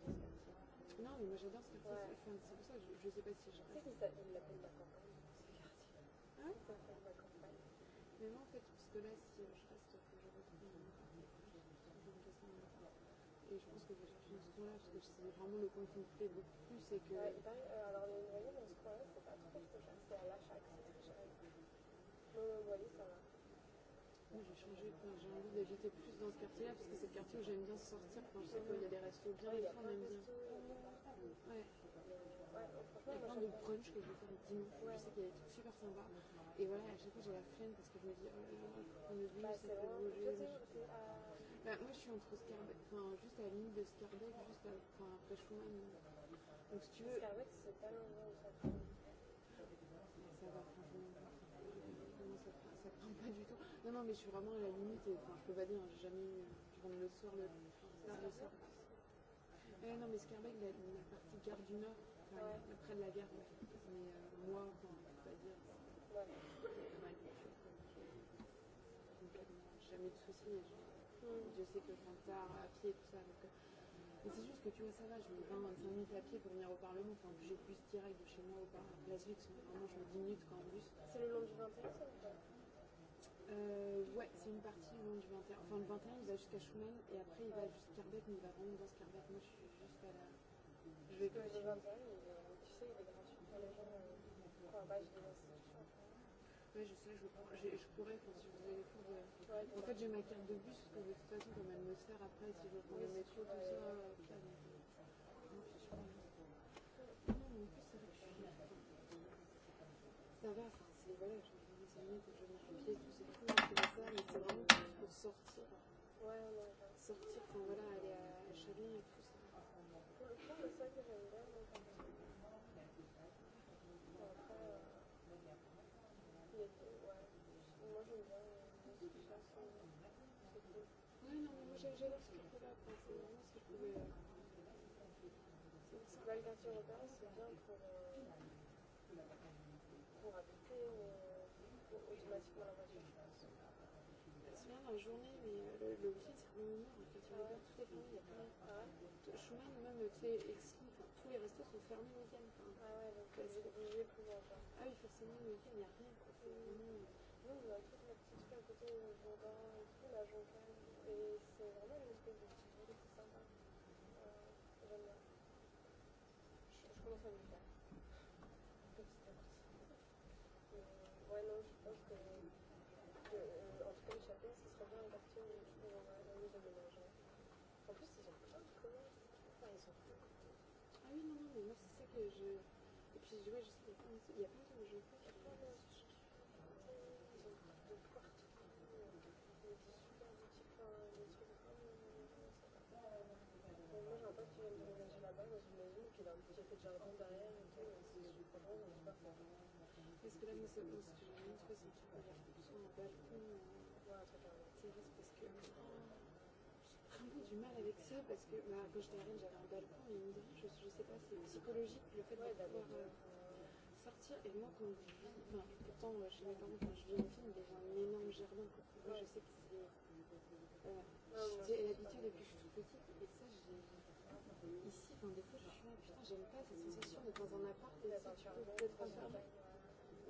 Non, mais moi j'adore cet artiste. Ouais. Enfin, c'est pour ça que je ne sais pas si je. Tu sais qu'ils s'appellent la peine de la campagne. Hein Ils s'appellent la campagne. Mais moi en fait, parce que là, si je reste, faut que je retrouve une question. Et je pense que je vais chercher une question là, parce que c'est vraiment le point qui me plaît le plus. C'est que. Ouais, il paraît, euh, alors le noyer, on se croirait, c'est pas trop cher, c'est à l'achat que c'est très cher. Le noyer, ça va. Moi, j'ai changé, j'ai envie d'habiter plus dans ce quartier-là, parce que c'est le quartier où j'aime bien sortir. Quand je sais qu'il y a des restos bien, les gens aiment bien. Ouais. Il y a plein de brunchs que je vais faire le dimanche. Ouais. Je sais qu'il y a des trucs super sympas. Et voilà, à chaque fois, j'ai la flemme parce que je me dis, oh là là, il faut prendre le bus, il faut bouger. Bah, moi, je suis entre Scarbeck, enfin, juste à la limite de Scarbeck, juste à, enfin, après Schumann. Donc, si tu veux. Scarbeck, c'est pas l'endroit où ça Non, non, mais je suis vraiment à la limite. Et, enfin, je peux pas dire, j'ai jamais eu. Euh, je rentre le soir, le, le soir. Euh, non, mais Scarbeck, la, la partie gare du Nord, enfin, ouais. près de la gare, Mais euh, moi, enfin, je peux pas dire. Ouais. Pas mal. Jamais de soucis. Je, mm. je sais que quand tard, à pied, tout ça. Donc, euh, mais c'est juste que tu vois, ça va, je mets 20, 25 minutes à pied pour venir au Parlement. Enfin, j'ai plus direct de chez moi au Parlement. La Zux, vraiment, je mets 10 minutes quand en bus. C'est le long du 21, ou pas Euh, ouais, c'est une partie donc, du 21. Enfin, le 21, il va jusqu'à Schumann et après, il va jusqu'à Scarbeck, mais il va vraiment dans Scarbeck. Moi, je suis juste à la. Je vais Le 21, euh, tu sais, il est gratuit pour les enfin, euh, bah, Ouais, je sais, je, je, je pourrais, si vous avez les cours En fait, j'ai ma carte de bus, parce que de toute façon, comme après, si je prends le métro, tout ça. ça va, enfin, c'est voilà, je que je pied, tout là, mais c'est vraiment plus pour sortir. Ouais, ouais, ouais. Sortir, enfin voilà, aller à Chalon et tout ça. Pour le coup, c'est ça que j'aime bien. Moi j'aime bien les chansons. Ouais, non, mais moi j'adore ce que je pouvais apprendre. C'est vraiment ce que je pouvais. C'est pas le quartier européen, c'est bien pour, euh, pour habiter euh, ou automatiquement la voiture la journée, mais euh, le, le week-end, c'est quand mort. En fait, il y a toutes les familles, il y a plein de Schumann, même tu sais, Exli, enfin, tous les restos sont fermés le week-end. Enfin, ah ouais, donc euh, vous êtes obligé de pouvoir. Ah oui, forcément, le week-end, il n'y a rien. Quoi. C'est vraiment. Nous, euh, on a toute notre petite rue à côté du Jourdain et tout, la Jonquin, et c'est vraiment une espèce de petit Ah oui, non, non, mais moi, c'est ça que je. Et puis, je je sais pas, il y a plein de trucs que je fais. Je crois, là, je... Moi, j'ai un pote qui vient de déménager là-bas dans une maison qui a un petit café de jardin derrière et tout. Et je comprends, mais je pas comment. Parce que là, moi, c'est bon, une fois, c'est faire sur mon balcon. Ouais, un truc C'est juste parce que. Euh, toujours du mal avec ça parce que bah, quand j'étais reine, j'avais un balcon et une je, je sais pas, c'est psychologique le fait ouais, de pouvoir euh, sortir. Et moi, quand je vis, enfin, pourtant euh, chez mes parents, quand je vis en ville, j'ai un énorme jardin. Quoi. Moi, je sais que c'est. Euh, j'ai l'habitude depuis que je suis toute petite et ça, j'ai. Ici, enfin, des fois, je suis là, putain, j'aime pas cette sensation d'être dans un appart et ça, tu peux peut-être enfermé.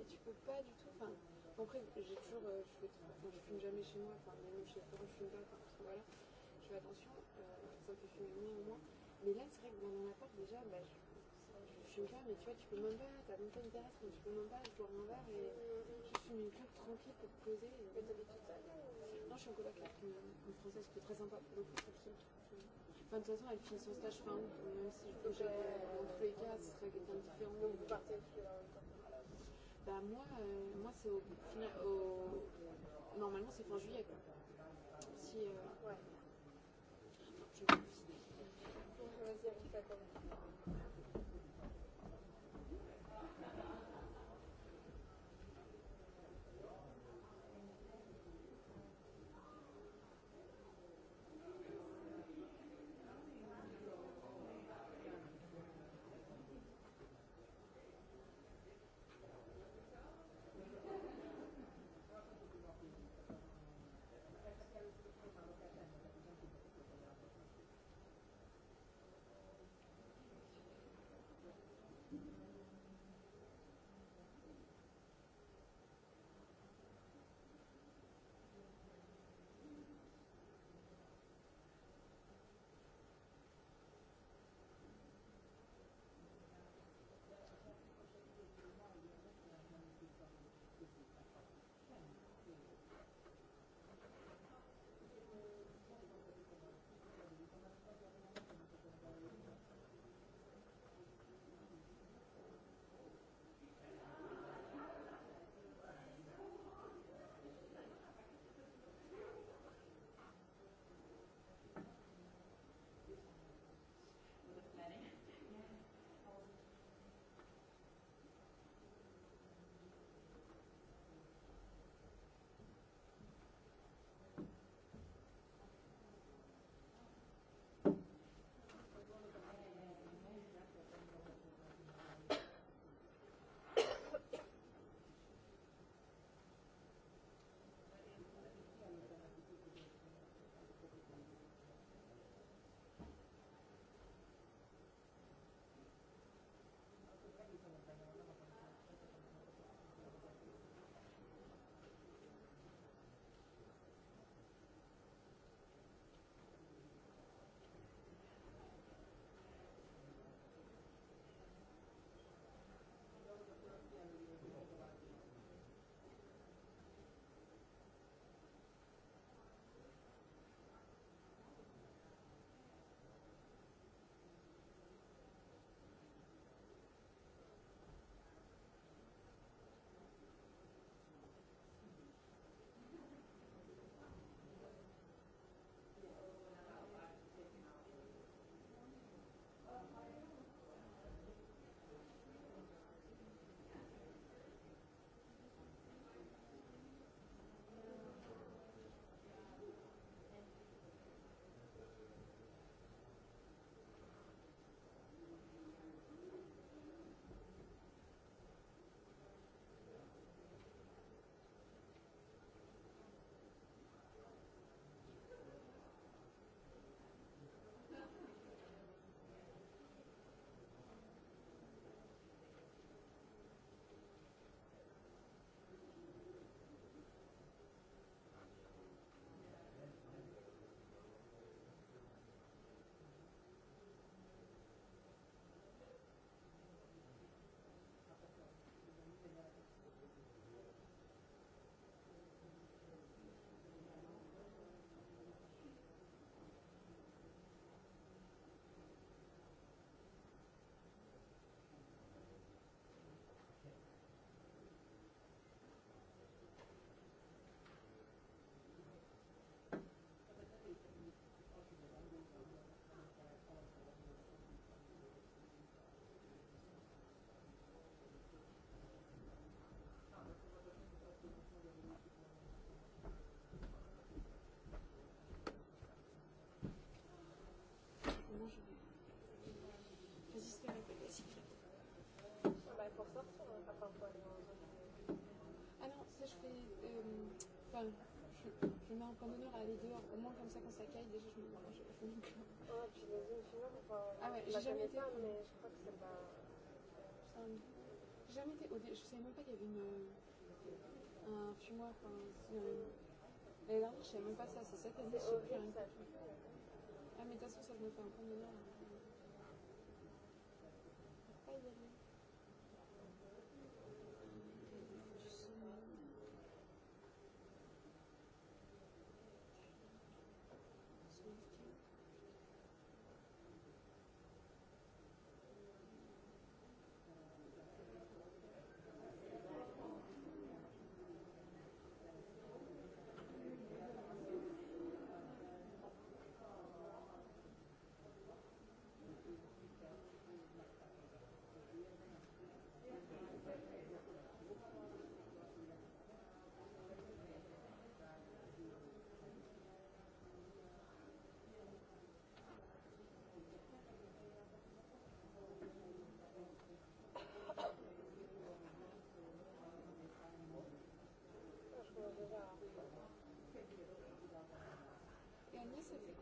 Et tu peux pas du tout. Enfin, après, j'ai toujours. Euh, je, fais, enfin, je fume jamais chez moi, enfin, même chez les parents, je fume pas, enfin, voilà tu fais attention, euh, ça me fait féminin au moins. Mais là, c'est vrai que dans mon appart, déjà, bah, je, je suis une femme, mais tu vois, tu peux même pas, t'as même pas une terrasse, mais tu peux même pas, je bois mon verre et je suis une club tranquille pour te poser. Et... Mais t'habites toute seule Non, je suis en coloc avec une, une française qui est très sympa pour le coup, c'est qui Enfin, de toute façon, elle finit son stage fin août, même si je bougeais euh, dans tous les cas, ce serait quelqu'un de différent. Donc, vous partez euh, Bah, moi, euh, moi c'est au, au. Normalement, c'est fin juillet, quoi. Si. Euh, ouais. Köszönöm szépen. quand mon heure à aller dehors, au moins comme ça quand ça caille, déjà je me dis, Ouais, puis les zones enfin, ah ouais, j'ai jamais été. mais je crois que c'est pas. J'ai jamais été. Au dé... Je savais même pas qu'il y avait une. un fumoir, enfin, si L'année dernière, je savais même pas ça, c'est cette année, je sais plus Ah, mais de toute façon, ça me fais un point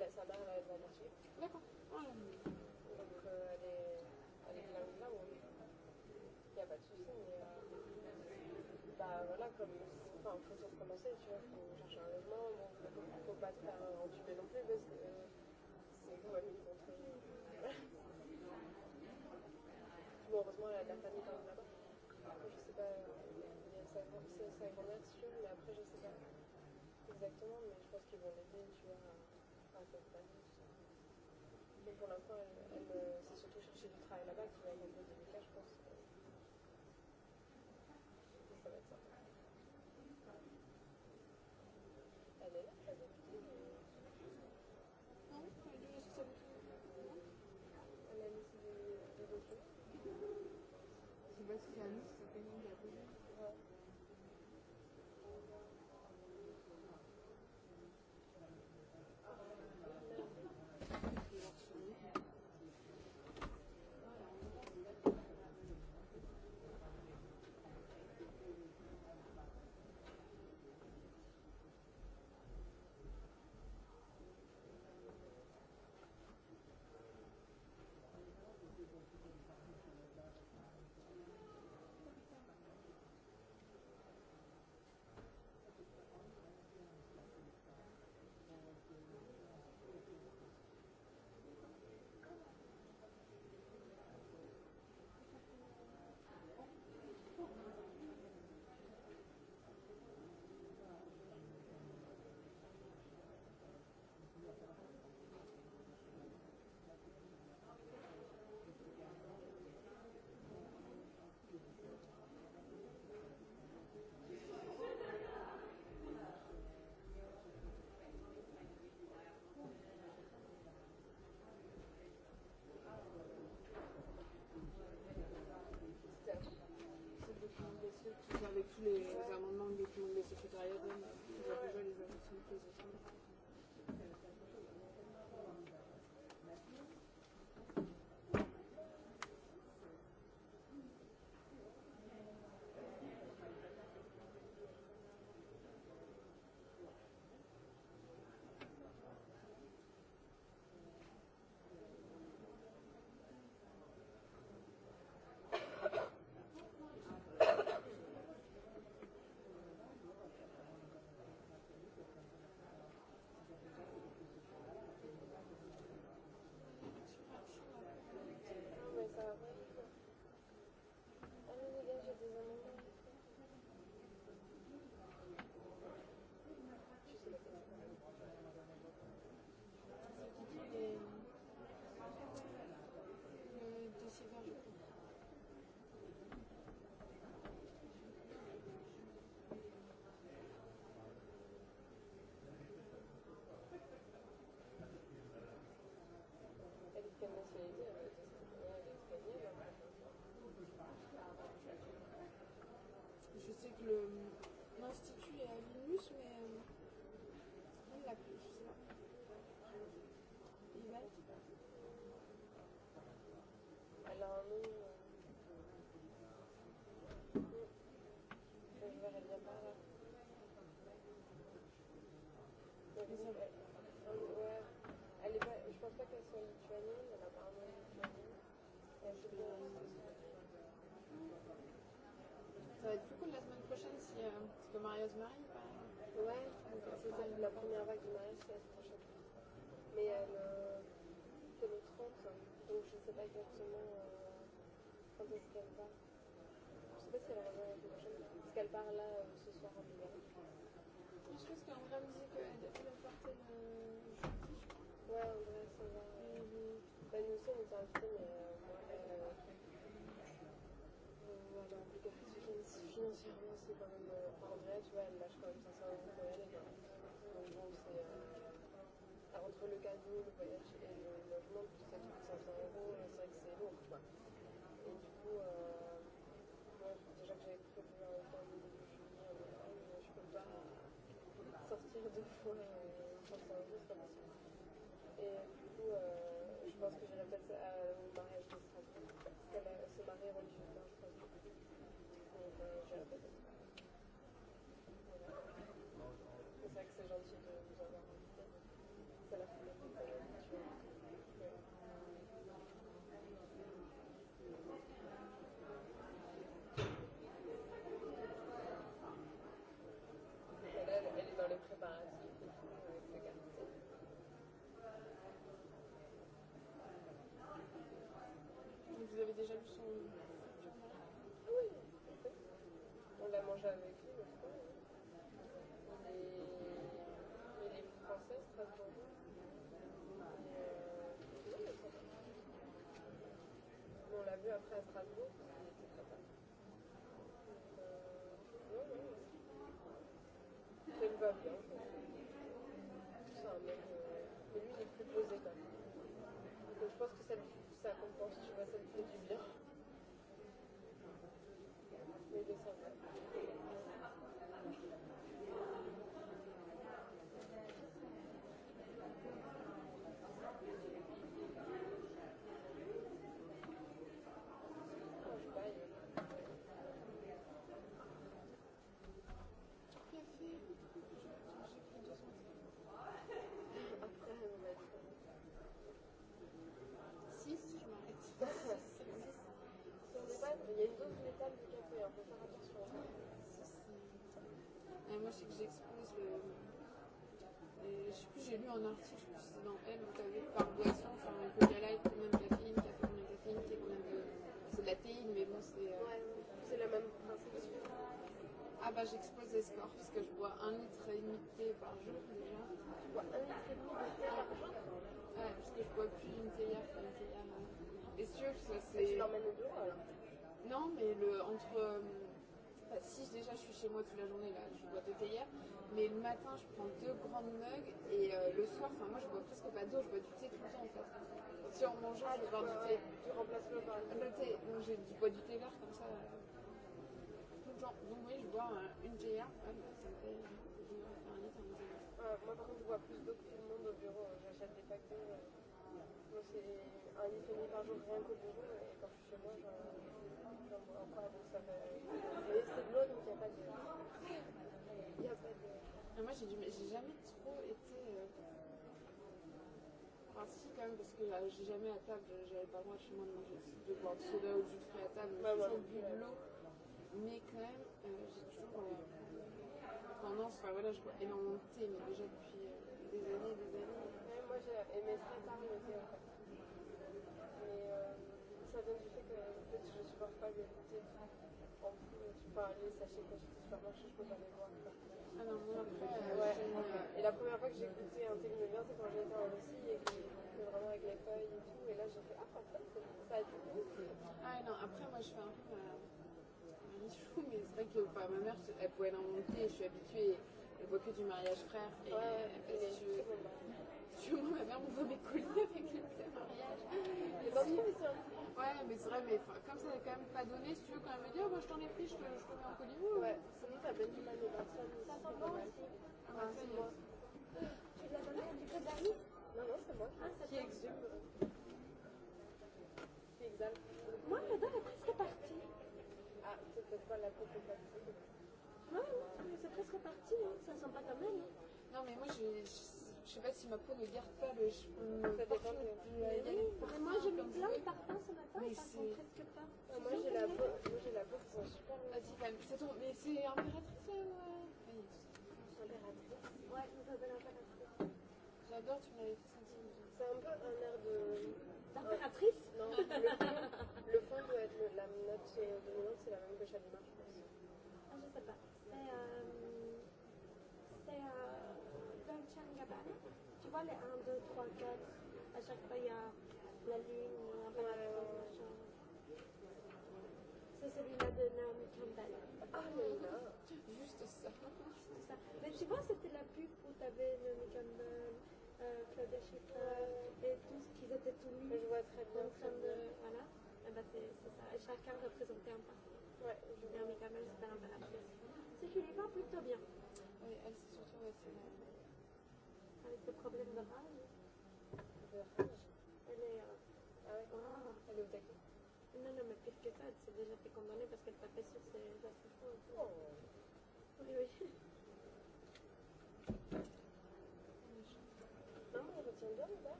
elle, sa mère, elle va marcher. D'accord. Ah, Donc euh, elle est, elle est là, là où il n'y a pas de souci, mais euh, bah voilà, comme enfin, faut se recommencer, tu vois, faut chercher un logement, donc faut, faut pas se faire entuber non plus parce que euh, c'est quand même une contre. Bon, heureusement, elle a de la famille quand même là-bas. Je sais pas, il y a sa, sa grand-mère, sûr, mais après, je sais pas exactement, mais je pense qu'ils vont l'aider, tu vois. À, Mais pour l'instant, elle, elle, euh, c'est surtout chercher du travail là-bas qui va aider le cas, je pense. Et ça va être ça. Elle est là, la députée. Mais... Non, elle est responsable. Elle a laissé des documents. Je sais pas si c'est à Je sais que l'Institut est à Vilnius, mais euh, on l'a plus. Parce que Mario marie bah... Ouais, c'est ça, la première vague du mariage, c'est la prochaine. Mais elle, euh, c'est le 30, donc je ne sais pas exactement euh, quand est-ce qu'elle part. Je ne sais pas si elle revient la prochaine, parce qu'elle part là euh, ce soir en Bulgarie. Je pense qu'en vrai, elle me dit qu'elle elle de Ouais, en vrai, ça va. Mm -hmm. Ben, nous aussi, on était invités, mais. Euh, actuelles, je crois que ça sera en fin d'année. Donc bon, c'est euh, entre le cadeau, le voyage et le logement, tout ça coûte 500 euros, euh, c'est vrai que c'est lourd quoi. Et du coup, euh, moi, déjà que j'avais prévu un week-end début juillet en Espagne, je peux pas sortir deux fois euh, 500 euros, c'est pas possible. Et après Strasbourg, parce qu'on était très tard. euh, ouais, ouais, ouais. Ça me va bien. C'est un Euh, mais lui, il est plus posé quand même. Donc je pense que ça, ça compense, tu vois, ça lui fait du bien. Et euh, moi, je sais que j'expose le. Euh, et euh, je sais plus, j'ai lu un article, je pense dans Elle, vous avez par boisson, enfin, le coca light, combien de caféine, café, a de caféine, c'est combien de. C'est de la théine, mais bon, c'est. Euh... Ouais, c'est le même principe. Ah bah j'explose les scores parce que je bois un litre et demi de thé par jour déjà. Tu bois un litre et demi de thé par jour Ouais, parce que je bois plus une théière qu'une théière. Et sûr, ça c'est. Tu l'emmènes au bureau alors Non, mais le, entre. Euh, si déjà je suis chez moi toute la journée, là, je bois deux théières, mais le matin je prends deux grandes mugs et euh, le soir, enfin moi je bois presque pas d'eau, je bois du thé tout le temps en fait. Si en mangeant, ah, je bois du thé. Tu remplaces le par Le thé, donc je bois du thé vert comme ça. Euh, tout le temps. Donc oui, je bois euh, une théière, ouais, ah, bah, ça me fait. Euh, moi par contre je bois plus d'eau que tout le monde au bureau, euh, j'achète des paquets. Euh, moi c'est un litre et demi par jour rien qu'au bureau et quand je suis chez moi, je en quoi nous sommes. Euh, c'est de l'eau, donc il n'y a pas de. Il n'y a pas de. Mais moi, j'ai, dû, j'ai jamais trop été. Euh, enfin, si, quand même, parce que là, euh, j'ai jamais à table, j'avais pas le droit chez moi de manger de boire du soda ou du fruit à table, mais bah, j'ai toujours bu de l'eau. Mais quand même, euh, j'ai toujours euh, tendance, enfin voilà, je bois énormément de thé, mais déjà depuis euh, des années et des années. Même moi, j'ai aimé ça tard, le thé, en fait. Mais euh, ça vient du fait je ne supporte pas d'écouter on peut parler, sachez que je ne supporte pas, je ne peux pas les voir. Ah non, moi, après, ouais. Et la première fois que j'ai écouté un film bien, c'est quand j'étais en Russie et que j'écoutais vraiment avec les feuilles et tout. Et là, j'ai fait Ah, en fait, ça a du Ah non, après, moi, je fais un peu ma, ma nichou, mais c'est vrai que enfin, ma mère, elle pouvait l'en monter, je suis habituée, elle voit que du mariage frère. Et, ouais, et, et je. Bon, bah effectivement, ma mère m'ouvre mes colliers avec les mariages. Ouais, mais c'est vrai, mais comme ça n'est quand même pas donné, si tu veux quand même me dire, ah, moi je t'en ai pris, je te, je te mets en collier. Ouais, sinon ça donne du mal aux personnes. Ça sent bon aussi. Ah, bah, c'est moi. Tu l'as donné à quelqu'un de Non, non, c'est moi. Ah, qui exhume. Qui exhale. Moi, la dame est presque partie. Ah, c'est peut-être pas la coupe partie. Non, non, c'est presque parti, hein. ça sent pas comme elle. Hein. Non, mais moi, je, je Je sais pas si ma peau ne garde pas le, le ça parfum de la nuit. Mais moi j'ai mis plein de parfums ce matin, mais ça sent presque pas. Ah, moi j'ai la peau, moi j'ai la peau qui sent super bon. Vas-y, calme. Ça tombe, mais c'est impératrice ou euh... Impératrice. Ouais, ça s'appelle impératrice. J'adore, tu m'avais fait sentir. C'est un peu un air de. D'impératrice Non, le fond, doit être le, la note dominante, c'est la même que Chalimar, je pense. Ah, je sais pas. C'est. Euh... vois les 1, 2, 3, 4, à chaque fois il y a la lune. un peu ouais, machin. C'est celui-là de Naomi Campbell. Ah oh là là, juste ça. Juste ça. Mais tu vois, c'était la pub où t'avais Naomi Campbell, euh, Claudia Schiffer et tous qu'ils étaient tous nus. Je vois très bien. En train de... Voilà. Et bah c'est ça. Et chacun représentait un parti. Ouais. Naomi Campbell, c'était un l'impératrice. C'est qu'ils les voient plutôt bien. Oui, elle s'est surtout restée ce problème de rage Elle est. Euh... Ah ouais Elle est au taquet. Non, non, mais pire que ça, elle s'est déjà fait condamner parce qu'elle tapait sur ses assistants. Oh. Oui, oui.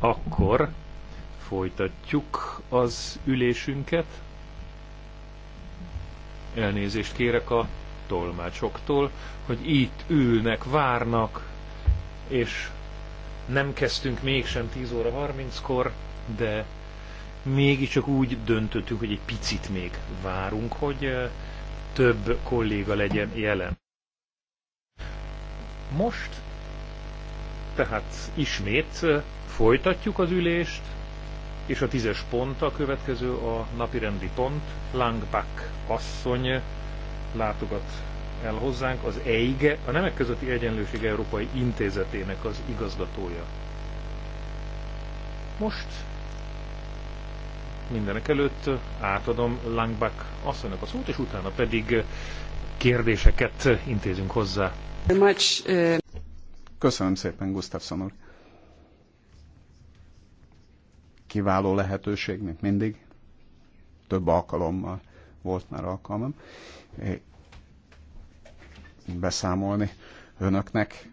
Akkor folytatjuk az ülésünket. Elnézést kérek a tolmácsoktól, hogy itt ülnek, várnak, és nem kezdtünk mégsem 10 óra 30-kor, de mégiscsak úgy döntöttünk, hogy egy picit még várunk, hogy több kolléga legyen jelen. Most tehát ismét folytatjuk az ülést, és a tízes pont a következő a napirendi pont. Langbach asszony látogat el hozzánk, az EIGE, a Nemek Közötti Egyenlőség Európai Intézetének az igazgatója. Most mindenek előtt átadom Langbach asszonynak a szót, és utána pedig kérdéseket intézünk hozzá. Köszönöm szépen, Gustafsson úr. Kiváló lehetőség, mint mindig. Több alkalommal volt már alkalmam beszámolni önöknek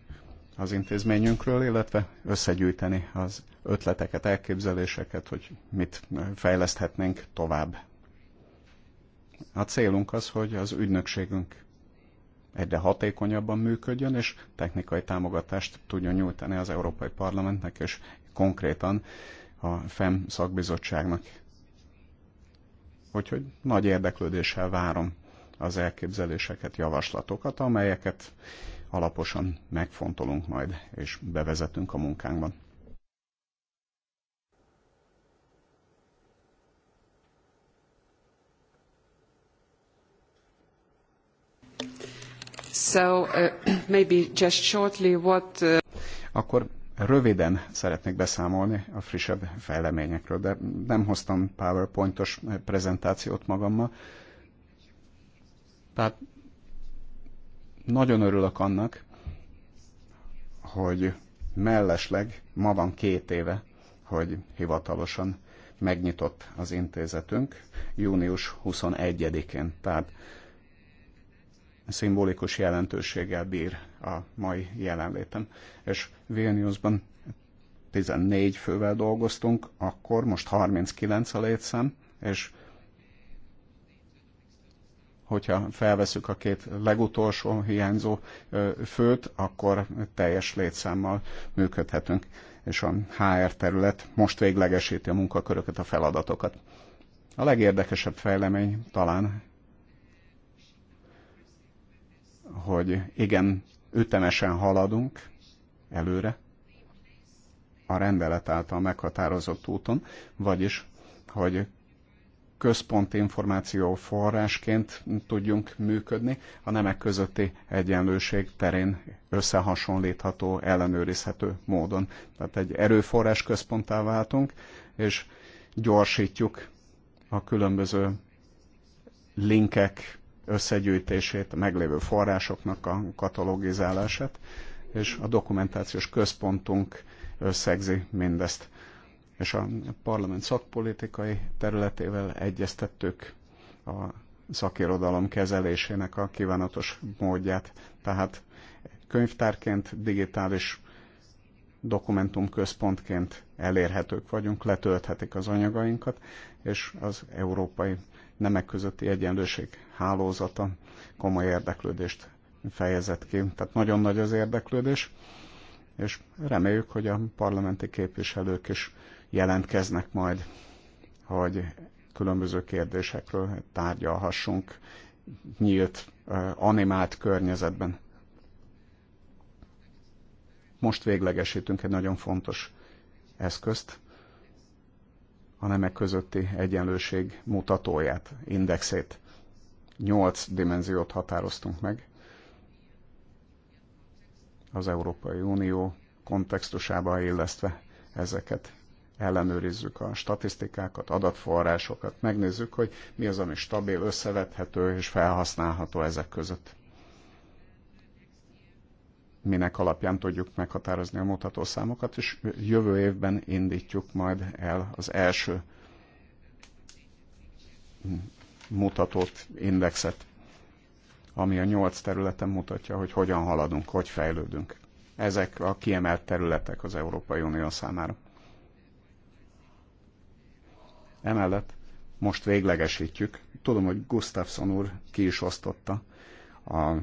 az intézményünkről, illetve összegyűjteni az ötleteket, elképzeléseket, hogy mit fejleszthetnénk tovább. A célunk az, hogy az ügynökségünk egyre hatékonyabban működjön, és technikai támogatást tudjon nyújtani az Európai Parlamentnek, és konkrétan a FEM szakbizottságnak. Úgyhogy nagy érdeklődéssel várom az elképzeléseket, javaslatokat, amelyeket alaposan megfontolunk majd, és bevezetünk a munkánkban. So uh, maybe just shortly what... Uh... Akkor röviden szeretnék beszámolni a frissebb fejleményekről, de nem hoztam PowerPointos prezentációt magammal. Tehát nagyon örülök annak, hogy mellesleg ma van két éve, hogy hivatalosan megnyitott az intézetünk június 21-én. Tehát szimbolikus jelentőséggel bír a mai jelenlétem. És Vilniusban 14 fővel dolgoztunk, akkor most 39 a létszám, és hogyha felveszük a két legutolsó hiányzó főt, akkor teljes létszámmal működhetünk, és a HR terület most véglegesíti a munkaköröket, a feladatokat. A legérdekesebb fejlemény talán hogy igen, ütemesen haladunk előre a rendelet által meghatározott úton, vagyis, hogy központi információ forrásként tudjunk működni, a nemek közötti egyenlőség terén összehasonlítható, ellenőrizhető módon. Tehát egy erőforrás központtá váltunk, és gyorsítjuk a különböző linkek összegyűjtését, a meglévő forrásoknak a katalogizálását, és a dokumentációs központunk összegzi mindezt. És a parlament szakpolitikai területével egyeztettük a szakirodalom kezelésének a kívánatos módját. Tehát könyvtárként, digitális dokumentumközpontként elérhetők vagyunk, letölthetik az anyagainkat, és az európai nemek közötti egyenlőség hálózata komoly érdeklődést fejezett ki. Tehát nagyon nagy az érdeklődés, és reméljük, hogy a parlamenti képviselők is jelentkeznek majd, hogy különböző kérdésekről tárgyalhassunk nyílt, animált környezetben. Most véglegesítünk egy nagyon fontos eszközt, a nemek közötti egyenlőség mutatóját, indexét. Nyolc dimenziót határoztunk meg az Európai Unió kontextusába illesztve ezeket ellenőrizzük a statisztikákat, adatforrásokat, megnézzük, hogy mi az, ami stabil, összevethető és felhasználható ezek között minek alapján tudjuk meghatározni a mutató számokat, és jövő évben indítjuk majd el az első mutatót, indexet, ami a nyolc területen mutatja, hogy hogyan haladunk, hogy fejlődünk. Ezek a kiemelt területek az Európai Unió számára. Emellett most véglegesítjük. Tudom, hogy Gustafsson úr ki is osztotta a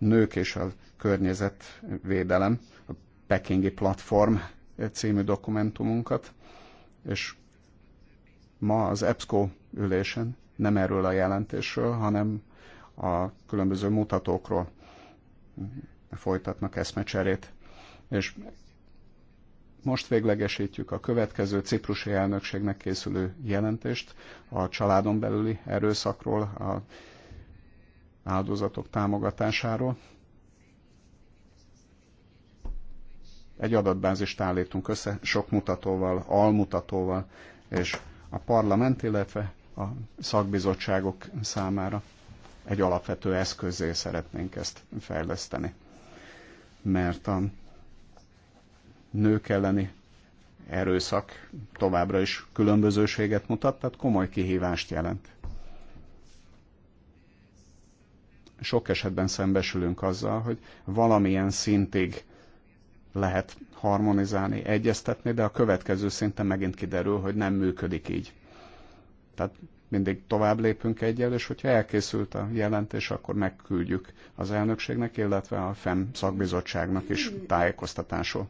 nők és a környezetvédelem, a Pekingi Platform című dokumentumunkat, és ma az EBSCO ülésen nem erről a jelentésről, hanem a különböző mutatókról folytatnak eszmecserét. És most véglegesítjük a következő ciprusi elnökségnek készülő jelentést a családon belüli erőszakról, a áldozatok támogatásáról. Egy adatbázist állítunk össze sok mutatóval, almutatóval, és a parlament, illetve a szakbizottságok számára egy alapvető eszközé szeretnénk ezt fejleszteni. Mert a nők elleni erőszak továbbra is különbözőséget mutat, tehát komoly kihívást jelent sok esetben szembesülünk azzal, hogy valamilyen szintig lehet harmonizálni, egyeztetni, de a következő szinten megint kiderül, hogy nem működik így. Tehát mindig tovább lépünk egyel, és hogyha elkészült a jelentés, akkor megküldjük az elnökségnek, illetve a FEM szakbizottságnak is tájékoztatásul.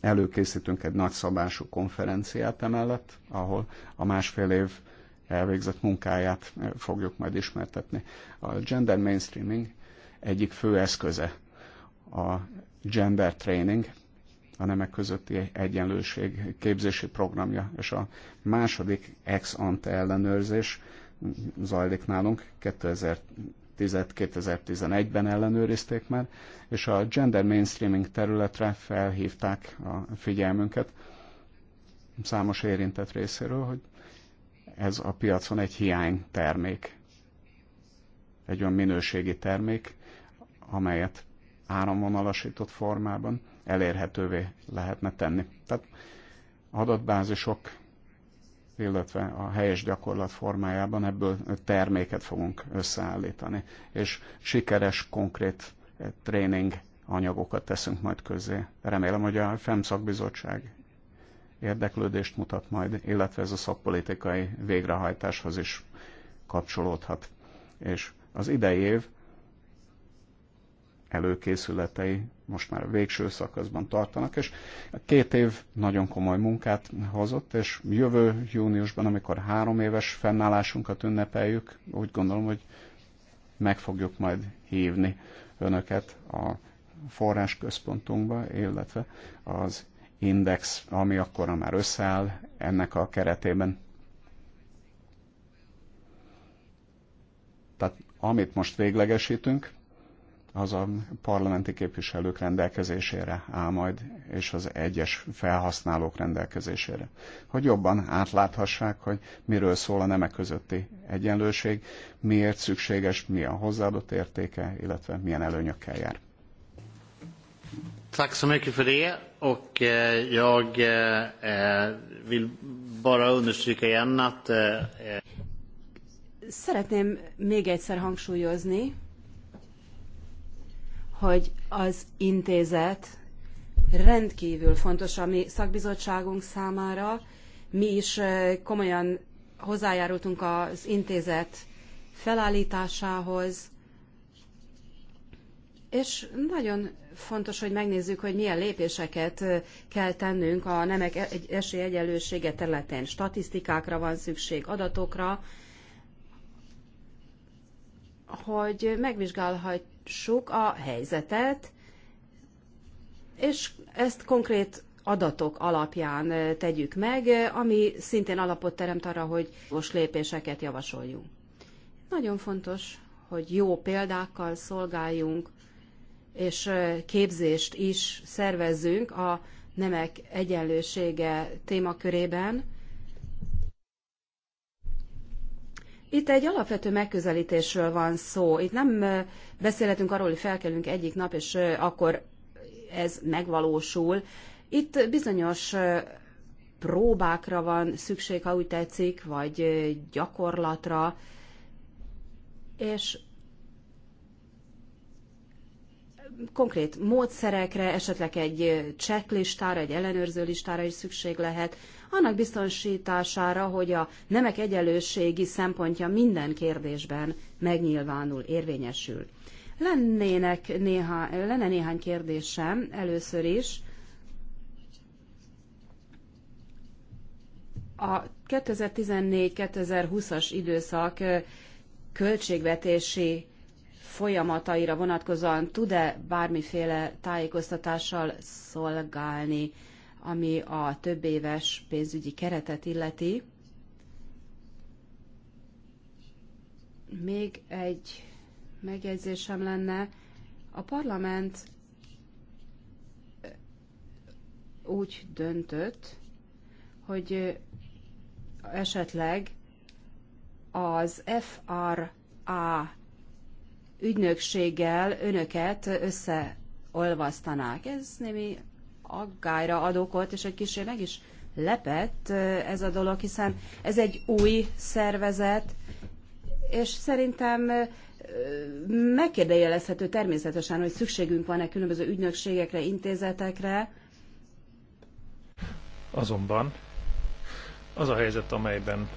Előkészítünk egy nagyszabású konferenciát emellett, ahol a másfél év elvégzett munkáját eh, fogjuk majd ismertetni. A gender mainstreaming egyik fő eszköze a gender training, a nemek közötti egyenlőség képzési programja, és a második ex-ante ellenőrzés zajlik nálunk 2010-2011-ben ellenőrizték már, és a gender mainstreaming területre felhívták a figyelmünket számos érintett részéről, hogy ez a piacon egy hiány termék. Egy olyan minőségi termék, amelyet áramvonalasított formában elérhetővé lehetne tenni. Tehát adatbázisok, illetve a helyes gyakorlat formájában ebből terméket fogunk összeállítani, és sikeres, konkrét tréning anyagokat teszünk majd közé. Remélem, hogy a FEM szakbizottság érdeklődést mutat majd, illetve ez a szakpolitikai végrehajtáshoz is kapcsolódhat. És az idei év előkészületei most már a végső szakaszban tartanak, és a két év nagyon komoly munkát hozott, és jövő júniusban, amikor három éves fennállásunkat ünnepeljük, úgy gondolom, hogy meg fogjuk majd hívni önöket a forrásközpontunkba, illetve az index, ami akkor már összeáll ennek a keretében. Tehát amit most véglegesítünk, az a parlamenti képviselők rendelkezésére áll majd, és az egyes felhasználók rendelkezésére. Hogy jobban átláthassák, hogy miről szól a nemek közötti egyenlőség, miért szükséges, mi a hozzáadott értéke, illetve milyen előnyökkel jár. Tack så mycket för det. Och eh, jag eh, eh, vill bara understryka igen att... Szeretném még egyszer hangsúlyozni, hogy az intézet rendkívül fontos a mi szakbizottságunk számára. Mi is komolyan hozzájárultunk az intézet felállításához, és nagyon fontos, hogy megnézzük, hogy milyen lépéseket kell tennünk a nemek e-, esélyegyenlősége területén. Statisztikákra van szükség, adatokra, hogy megvizsgálhassuk a helyzetet, és ezt konkrét adatok alapján tegyük meg, ami szintén alapot teremt arra, hogy most lépéseket javasoljunk. Nagyon fontos, hogy jó példákkal szolgáljunk, és képzést is szervezzünk a nemek egyenlősége témakörében. Itt egy alapvető megközelítésről van szó. Itt nem beszélhetünk arról, hogy felkelünk egyik nap, és akkor ez megvalósul. Itt bizonyos próbákra van szükség, ha úgy tetszik, vagy gyakorlatra, és konkrét módszerekre, esetleg egy checklistára, egy ellenőrző listára is szükség lehet, annak biztonsítására, hogy a nemek egyenlőségi szempontja minden kérdésben megnyilvánul, érvényesül. Lennének néha, lenne néhány kérdésem először is. A 2014-2020-as időszak költségvetési folyamataira vonatkozóan tud-e bármiféle tájékoztatással szolgálni, ami a több éves pénzügyi keretet illeti? Még egy megjegyzésem lenne. A parlament úgy döntött, hogy esetleg az FRA ügynökséggel önöket összeolvasztanák. Ez némi aggályra ad okot, és egy kicsit meg is lepett ez a dolog, hiszen ez egy új szervezet, és szerintem megkérdőjelezhető természetesen, hogy szükségünk van-e különböző ügynökségekre, intézetekre. Azonban az a helyzet, amelyben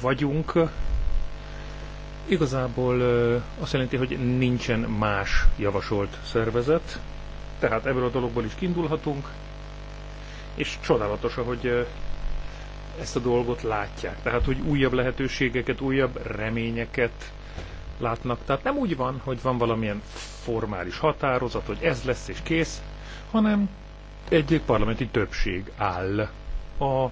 vagyunk, Igazából azt jelenti, hogy nincsen más javasolt szervezet, tehát ebből a dologból is kiindulhatunk, és csodálatos, hogy ezt a dolgot látják. Tehát, hogy újabb lehetőségeket, újabb reményeket látnak. Tehát nem úgy van, hogy van valamilyen formális határozat, hogy ez lesz és kész, hanem egy parlamenti többség áll a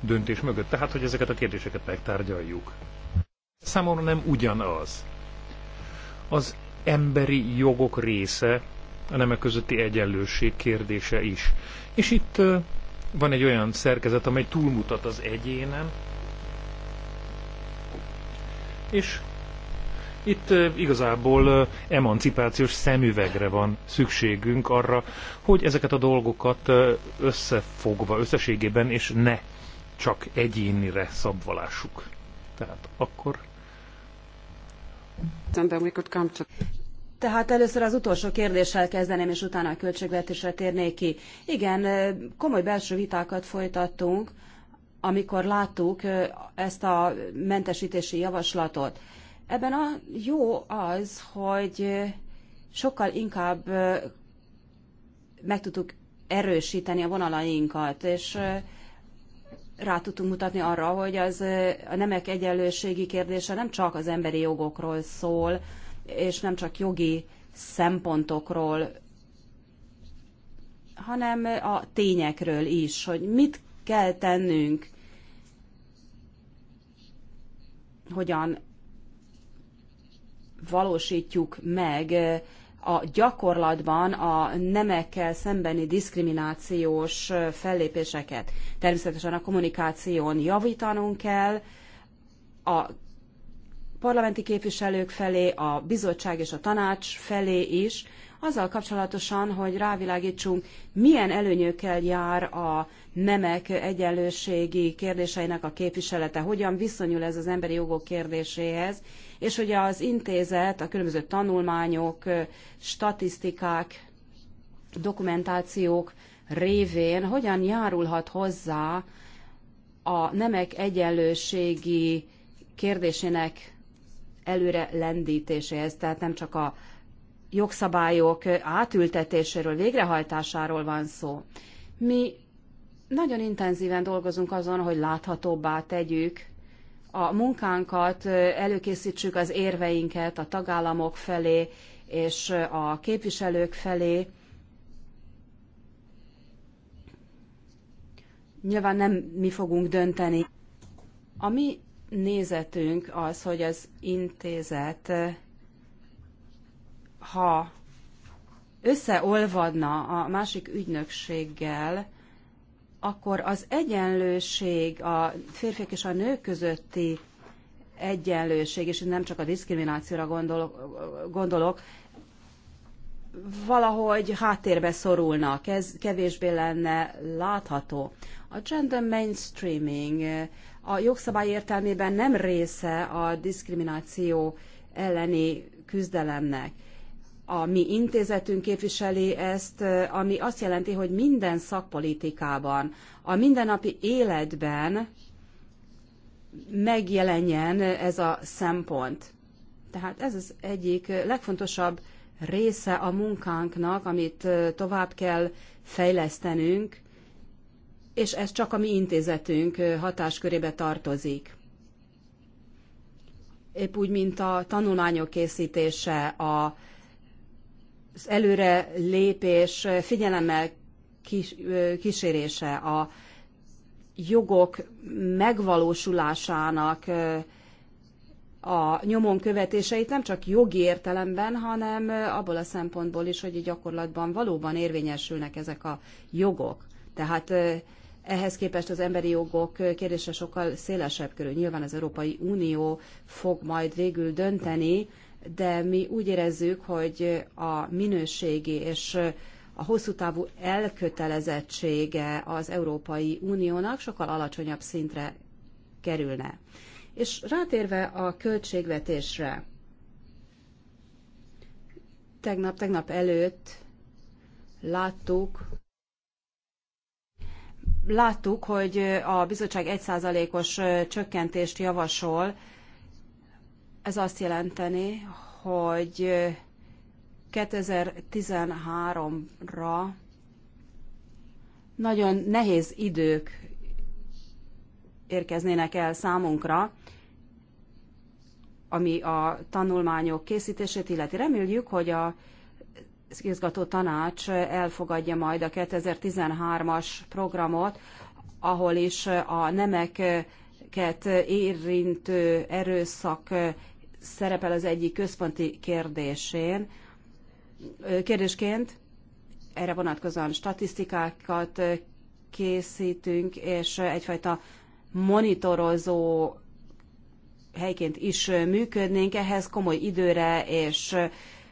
döntés mögött. Tehát, hogy ezeket a kérdéseket megtárgyaljuk számomra nem ugyanaz. Az emberi jogok része a nemek közötti egyenlőség kérdése is. És itt van egy olyan szerkezet, amely túlmutat az egyénen, és itt igazából emancipációs szemüvegre van szükségünk arra, hogy ezeket a dolgokat összefogva, összességében, és ne csak egyénire szabvalásuk. Tehát akkor tehát először az utolsó kérdéssel kezdeném, és utána a költségvetésre térnék ki. Igen, komoly belső vitákat folytattunk, amikor láttuk ezt a mentesítési javaslatot. Ebben a jó az, hogy sokkal inkább meg tudtuk erősíteni a vonalainkat, és rá tudtunk mutatni arra, hogy az a nemek egyenlőségi kérdése nem csak az emberi jogokról szól, és nem csak jogi szempontokról, hanem a tényekről is, hogy mit kell tennünk, hogyan valósítjuk meg a gyakorlatban a nemekkel szembeni diszkriminációs fellépéseket. Természetesen a kommunikáción javítanunk kell, a parlamenti képviselők felé, a bizottság és a tanács felé is, azzal kapcsolatosan, hogy rávilágítsunk, milyen előnyökkel jár a nemek egyenlőségi kérdéseinek a képviselete, hogyan viszonyul ez az emberi jogok kérdéséhez, és hogy az intézet, a különböző tanulmányok, statisztikák, dokumentációk révén hogyan járulhat hozzá a nemek egyenlőségi kérdésének előre lendítéséhez, tehát nem csak a jogszabályok átültetéséről, végrehajtásáról van szó. Mi nagyon intenzíven dolgozunk azon, hogy láthatóbbá tegyük a munkánkat, előkészítsük az érveinket a tagállamok felé és a képviselők felé. Nyilván nem mi fogunk dönteni. A mi nézetünk az, hogy az intézet, ha összeolvadna a másik ügynökséggel, akkor az egyenlőség, a férfiak és a nők közötti egyenlőség, és nem csak a diszkriminációra gondolok, gondolok valahogy háttérbe szorulna kez, kevésbé lenne látható. A gender mainstreaming a jogszabály értelmében nem része a diszkrimináció elleni küzdelemnek a mi intézetünk képviseli ezt, eh, ami azt jelenti, hogy minden szakpolitikában, a mindennapi életben megjelenjen ez a szempont. Tehát ez az egyik eh, legfontosabb része a munkánknak, amit eh, tovább kell fejlesztenünk, és ez csak a mi intézetünk hatáskörébe tartozik. Épp úgy, mint a tanulmányok készítése, a az előre lépés figyelemmel kísérése, a jogok megvalósulásának a nyomon követéseit nem csak jogi értelemben, hanem abból a szempontból is, hogy gyakorlatban valóban érvényesülnek ezek a jogok. Tehát ehhez képest az emberi jogok kérdése sokkal szélesebb körül. Nyilván az Európai Unió fog majd végül dönteni, de mi úgy érezzük, hogy a minőségi és a hosszú távú elkötelezettsége az Európai Uniónak sokkal alacsonyabb szintre kerülne. És rátérve a költségvetésre, tegnap, tegnap előtt láttuk, láttuk, hogy a bizottság 1%-os csökkentést javasol, ez azt jelenteni, hogy 2013-ra nagyon nehéz idők érkeznének el számunkra, ami a tanulmányok készítését illeti. Reméljük, hogy a igazgató tanács elfogadja majd a 2013-as programot, ahol is a nemeket érintő erőszak szerepel az egyik központi kérdésén, kérdésként, erre vonatkozóan statisztikákat készítünk, és egyfajta monitorozó helyként is működnénk, ehhez komoly időre és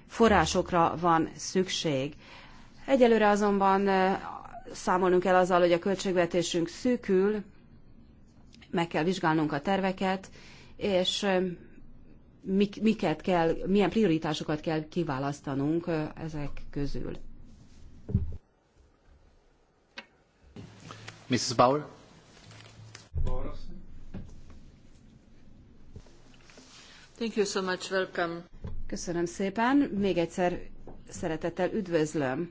forrásokra van szükség. Egyelőre azonban számolnunk kell azzal, hogy a költségvetésünk szűkül, meg kell vizsgálnunk a terveket, és mik, miket kell, milyen prioritásokat kell kiválasztanunk eh, ezek közül. Mrs. Bauer. Thank you so much. Welcome. Köszönöm szépen. Még egyszer szeretettel üdvözlöm.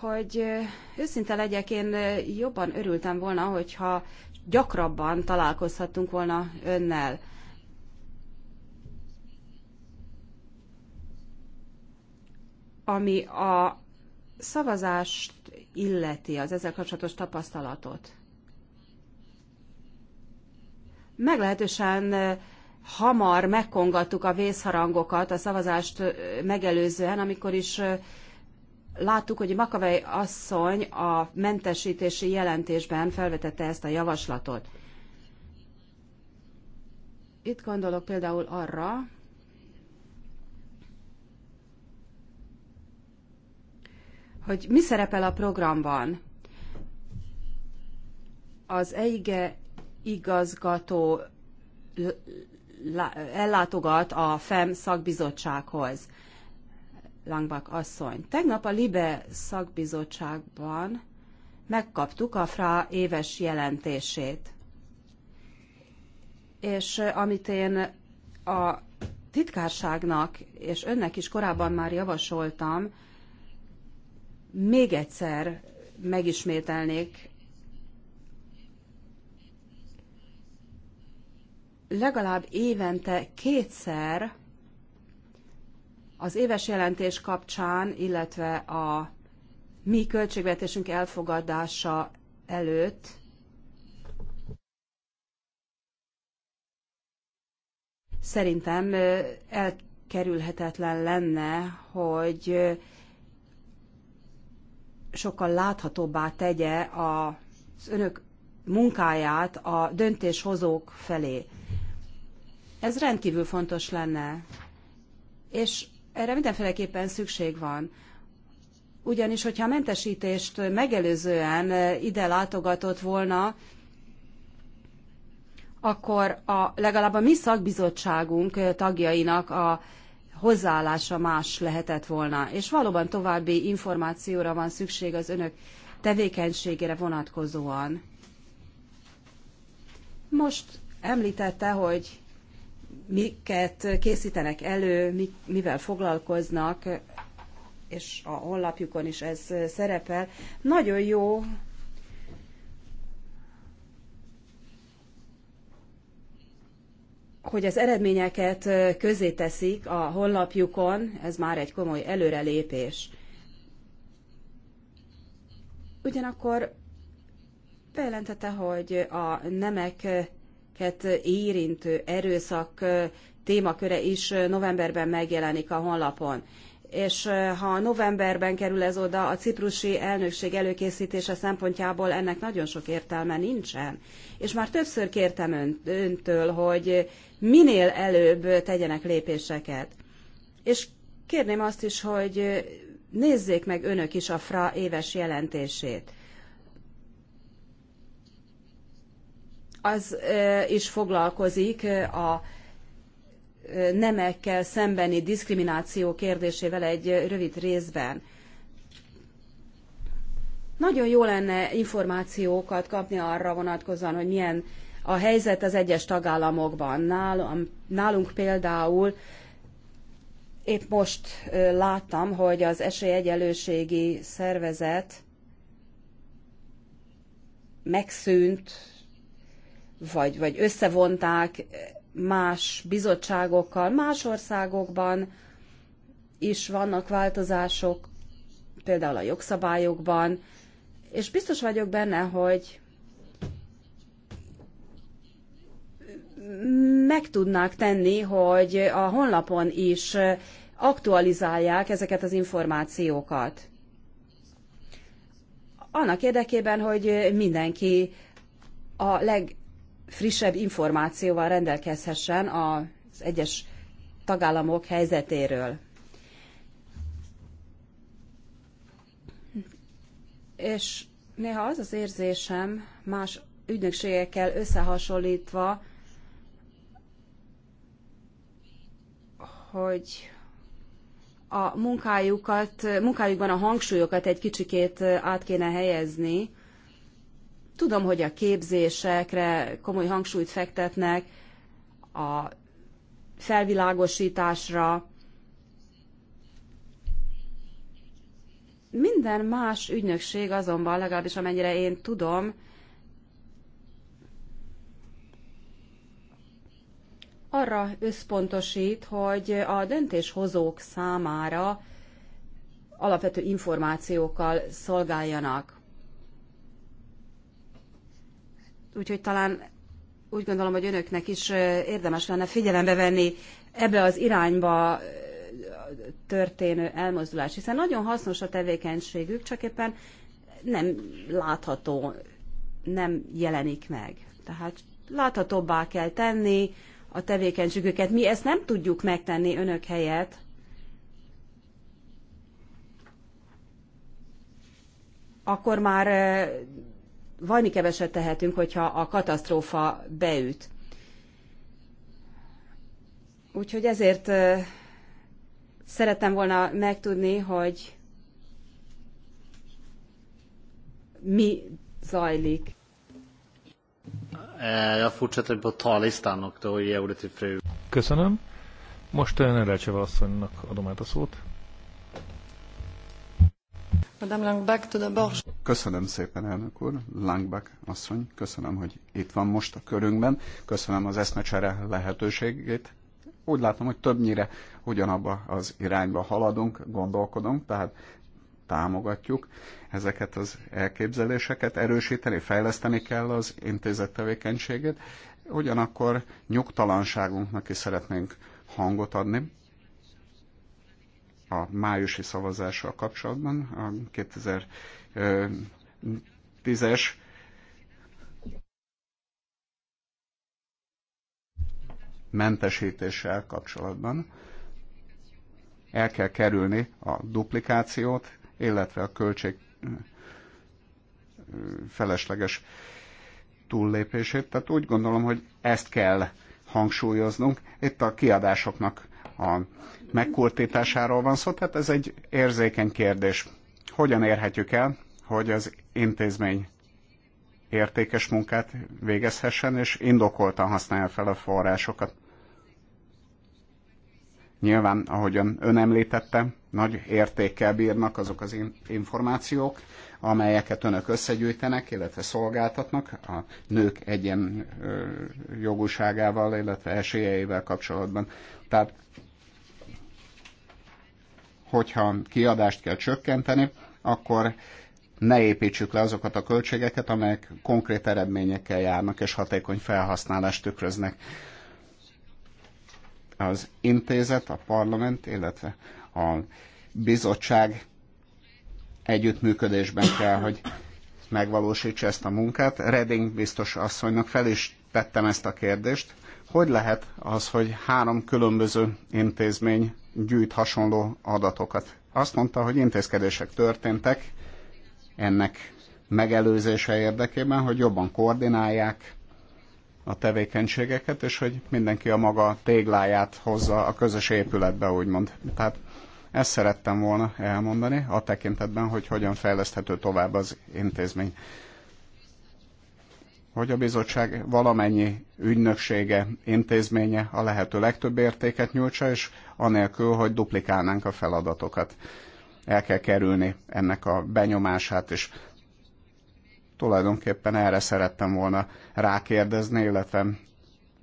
Hogy eh, őszinte legyek, én eh, jobban örültem volna, hogyha gyakrabban találkozhattunk volna önnel. ami a szavazást illeti, az ezzel kapcsolatos tapasztalatot. Meglehetősen hamar megkongattuk a vészharangokat a szavazást megelőzően, amikor is láttuk, hogy Makavei asszony a mentesítési jelentésben felvetette ezt a javaslatot. Itt gondolok például arra, hogy mi szerepel a programban. Az EIGE igazgató ellátogat a FEM szakbizottsághoz. Langbach asszony. Tegnap a LIBE szakbizottságban megkaptuk a FRA éves jelentését. És eh, amit én a titkárságnak és önnek is korábban már javasoltam, még egyszer megismételnék, legalább évente kétszer az éves jelentés kapcsán, illetve a mi költségvetésünk elfogadása előtt szerintem elkerülhetetlen lenne, hogy sokkal láthatóbbá tegye az önök munkáját a döntéshozók felé. Ez rendkívül fontos lenne, és erre mindenféleképpen szükség van. Ugyanis, hogyha a mentesítést megelőzően ide látogatott volna, akkor a, legalább a mi szakbizottságunk tagjainak a hozzáállása más lehetett volna. És valóban további információra van szükség az önök tevékenységére vonatkozóan. Most említette, hogy miket készítenek elő, mivel foglalkoznak, és a honlapjukon is ez szerepel. Nagyon jó hogy az eredményeket közzéteszik a honlapjukon, ez már egy komoly előrelépés. Ugyanakkor bejelentette, hogy a nemeket érintő erőszak témaköre is novemberben megjelenik a honlapon. És ha novemberben kerül ez oda, a ciprusi elnökség előkészítése szempontjából ennek nagyon sok értelme nincsen. És már többször kértem öntől, hogy minél előbb tegyenek lépéseket. És kérném azt is, hogy nézzék meg önök is a FRA éves jelentését. Az is foglalkozik a nemekkel szembeni diszkrimináció kérdésével egy rövid részben. Nagyon jó lenne információkat kapni arra vonatkozóan, hogy milyen a helyzet az egyes tagállamokban. Nálunk például épp most láttam, hogy az esélyegyelőségi szervezet megszűnt, vagy, vagy összevonták más bizottságokkal, más országokban is vannak változások, például a jogszabályokban, és biztos vagyok benne, hogy meg tudnák tenni, hogy a honlapon is aktualizálják ezeket az információkat. Annak érdekében, hogy mindenki a legfrissebb információval rendelkezhessen az egyes tagállamok helyzetéről. És néha az az érzésem, más ügynökségekkel összehasonlítva, hogy a munkájukat, munkájukban a hangsúlyokat egy kicsikét át kéne helyezni. Tudom, hogy a képzésekre komoly hangsúlyt fektetnek, a felvilágosításra, Minden más ügynökség azonban, legalábbis amennyire én tudom, arra összpontosít, hogy a döntéshozók számára alapvető információkkal szolgáljanak. Úgyhogy talán úgy gondolom, hogy önöknek is érdemes lenne figyelembe venni ebbe az irányba történő elmozdulás, hiszen nagyon hasznos a tevékenységük, csak éppen nem látható, nem jelenik meg. Tehát láthatóbbá kell tenni, a tevékenységüket. Mi ezt nem tudjuk megtenni önök helyett. Akkor már valami keveset tehetünk, hogyha a katasztrófa beüt. Úgyhogy ezért szerettem volna megtudni, hogy mi zajlik. Eh, jag fortsätter på tallistan och då ger jag ordet till fru. Köszönöm. Most eh, Nedelcseva asszonynak adom át a szót. Madame Langbach, to the board. Köszönöm szépen, elnök úr. Langback asszony, köszönöm, hogy itt van most a körünkben. Köszönöm az eszmecsere lehetőségét. Úgy látom, hogy többnyire ugyanabba az irányba haladunk, gondolkodunk, tehát támogatjuk ezeket az elképzeléseket, erősíteni, fejleszteni kell az intézet tevékenységét, ugyanakkor nyugtalanságunknak is szeretnénk hangot adni a májusi szavazással kapcsolatban, a 2010-es mentesítéssel kapcsolatban el kell kerülni a duplikációt, illetve a költség felesleges túllépését. Tehát úgy gondolom, hogy ezt kell hangsúlyoznunk. Itt a kiadásoknak a megkurtításáról van szó, tehát ez egy érzékeny kérdés. Hogyan érhetjük el, hogy az intézmény értékes munkát végezhessen, és indokoltan használja fel a forrásokat. Nyilván, ahogyan ön említette, nagy értékkel bírnak azok az információk, amelyeket önök összegyűjtenek, illetve szolgáltatnak a nők egyen jogúságával, illetve esélyeivel kapcsolatban. Tehát, hogyha kiadást kell csökkenteni, akkor ne építsük le azokat a költségeket, amelyek konkrét eredményekkel járnak és hatékony felhasználást tükröznek az intézet, a parlament, illetve a bizottság együttműködésben kell, hogy megvalósítsa ezt a munkát. Reding biztos asszonynak fel is tettem ezt a kérdést. Hogy lehet az, hogy három különböző intézmény gyűjt hasonló adatokat? Azt mondta, hogy intézkedések történtek ennek megelőzése érdekében, hogy jobban koordinálják a tevékenységeket, és hogy mindenki a maga tégláját hozza a közös épületbe, úgymond. Tehát ezt szerettem volna elmondani a tekintetben, hogy hogyan fejleszthető tovább az intézmény. Hogy a bizottság valamennyi ügynöksége, intézménye a lehető legtöbb értéket nyújtsa, és anélkül, hogy duplikálnánk a feladatokat. El kell kerülni ennek a benyomását, és Tulajdonképpen erre szerettem volna rákérdezni, illetve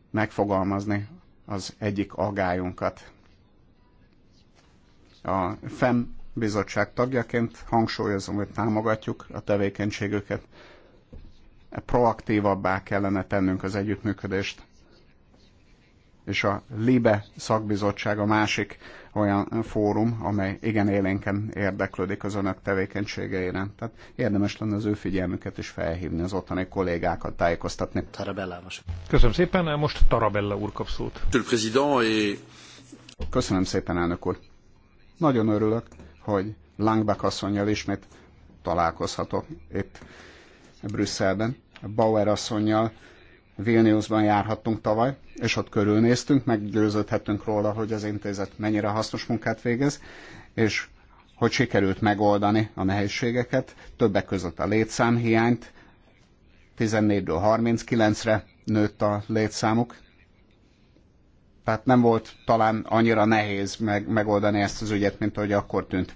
megfogalmazni az egyik agályunkat. A FEM bizottság tagjaként hangsúlyozom, hogy támogatjuk a tevékenységüket. Proaktívabbá kellene tennünk az együttműködést és a LIBE szakbizottság a másik olyan fórum, amely igen élénken érdeklődik az önök tevékenységeire. Tehát érdemes lenne az ő figyelmüket is felhívni, az ottani kollégákat tájékoztatni. Tarabella most. Köszönöm szépen, most Tarabella úr kap szót. Köszönöm szépen, elnök úr. Nagyon örülök, hogy Langbach asszonyjal ismét találkozhatok itt Brüsszelben. Bauer asszonyjal, Vilniusban járhattunk tavaly, és ott körülnéztünk, meggyőződhettünk róla, hogy az intézet mennyire hasznos munkát végez, és hogy sikerült megoldani a nehézségeket, többek között a létszámhiányt, 14-ről 39-re nőtt a létszámuk, tehát nem volt talán annyira nehéz meg, megoldani ezt az ügyet, mint ahogy akkor tűnt.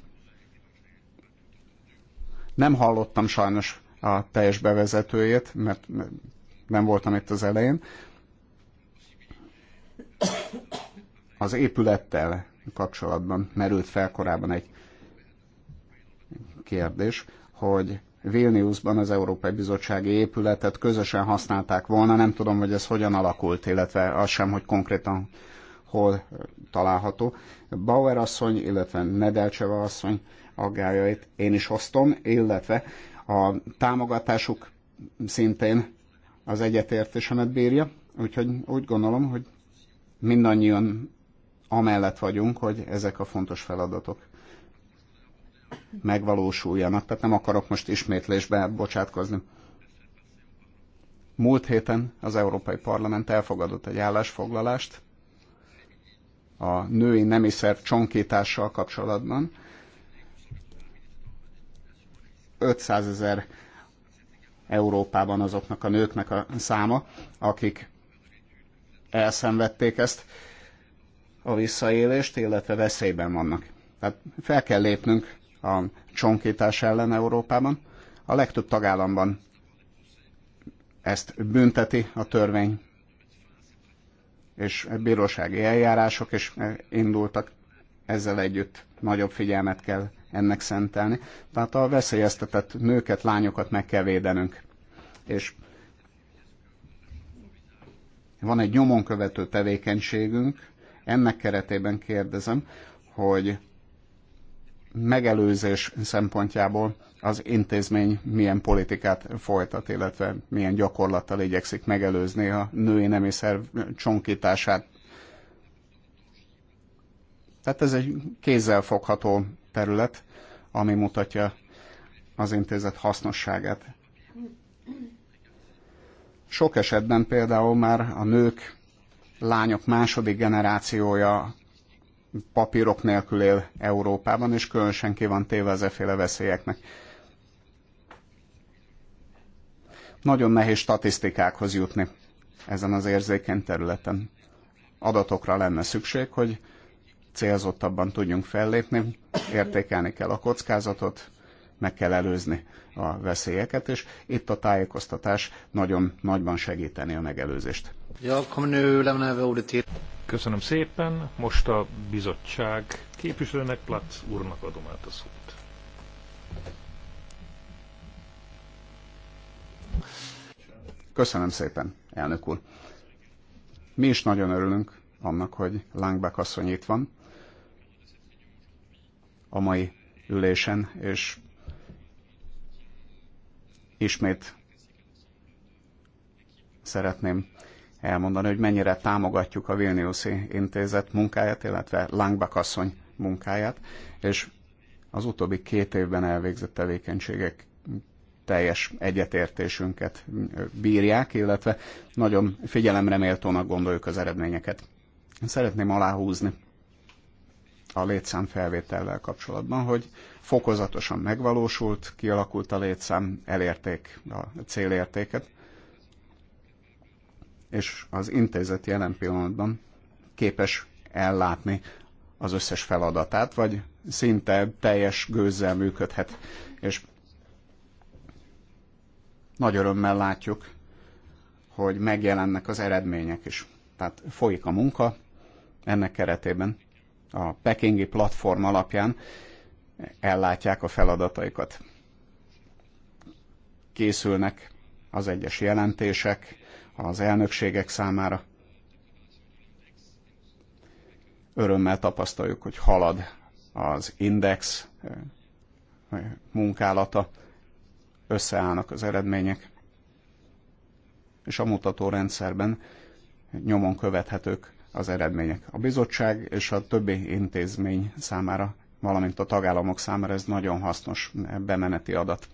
Nem hallottam sajnos a teljes bevezetőjét, mert nem voltam itt az elején. Az épülettel kapcsolatban merült fel korábban egy kérdés, hogy Vilniusban az Európai Bizottsági épületet közösen használták volna, nem tudom, hogy ez hogyan alakult, illetve az sem, hogy konkrétan hol található. Bauer asszony, illetve Nedelcseva asszony aggájait én is osztom, illetve a támogatásuk szintén az egyetértésemet bírja, úgyhogy úgy gondolom, hogy mindannyian amellett vagyunk, hogy ezek a fontos feladatok megvalósuljanak. Tehát nem akarok most ismétlésbe bocsátkozni. Múlt héten az Európai Parlament elfogadott egy állásfoglalást a női nemiszer csonkítással kapcsolatban. 500 ezer Európában azoknak a nőknek a száma, akik elszenvedték ezt a visszaélést, illetve veszélyben vannak. Tehát fel kell lépnünk a csonkítás ellen Európában. A legtöbb tagállamban ezt bünteti a törvény, és bírósági eljárások is eh, indultak. Ezzel együtt nagyobb figyelmet kell ennek szentelni. Tehát a veszélyeztetett nőket, lányokat meg kell védenünk. És van egy nyomon követő tevékenységünk, ennek keretében kérdezem, hogy megelőzés szempontjából az intézmény milyen politikát folytat, illetve milyen gyakorlattal igyekszik megelőzni a női nemiszer csonkítását. Tehát ez egy kézzelfogható terület, ami mutatja az intézet hasznosságát. Sok esetben például már a nők, lányok második generációja papírok nélkül él Európában, és különösen ki van téve az eféle veszélyeknek. Nagyon nehéz statisztikákhoz jutni ezen az érzékeny területen. Adatokra lenne szükség, hogy célzottabban tudjunk fellépni, értékelni kell a kockázatot, meg kell előzni a veszélyeket, és itt a tájékoztatás nagyon nagyban segíteni a megelőzést. Köszönöm szépen, most a bizottság képviselőnek Platz úrnak adom át a szót. Köszönöm szépen, elnök úr. Mi is nagyon örülünk annak, hogy Lángbák asszony itt van, a mai ülésen, és ismét szeretném elmondani, hogy mennyire támogatjuk a Vilniuszi Intézet munkáját, illetve Langbak asszony munkáját, és az utóbbi két évben elvégzett tevékenységek teljes egyetértésünket bírják, illetve nagyon figyelemreméltónak gondoljuk az eredményeket. Szeretném aláhúzni a létszám felvétellel kapcsolatban, hogy fokozatosan megvalósult, kialakult a létszám, elérték a célértéket, és az intézet jelen pillanatban képes ellátni az összes feladatát, vagy szinte teljes gőzzel működhet, és nagy örömmel látjuk, hogy megjelennek az eredmények is. Tehát folyik a munka ennek keretében a pekingi platform alapján ellátják a feladataikat. Készülnek az egyes jelentések az elnökségek számára. Örömmel tapasztaljuk, hogy halad az index munkálata, összeállnak az eredmények, és a mutatórendszerben nyomon követhetők az eredmények. A bizottság és a többi intézmény számára, valamint a tagállamok számára ez nagyon hasznos bemeneti adat.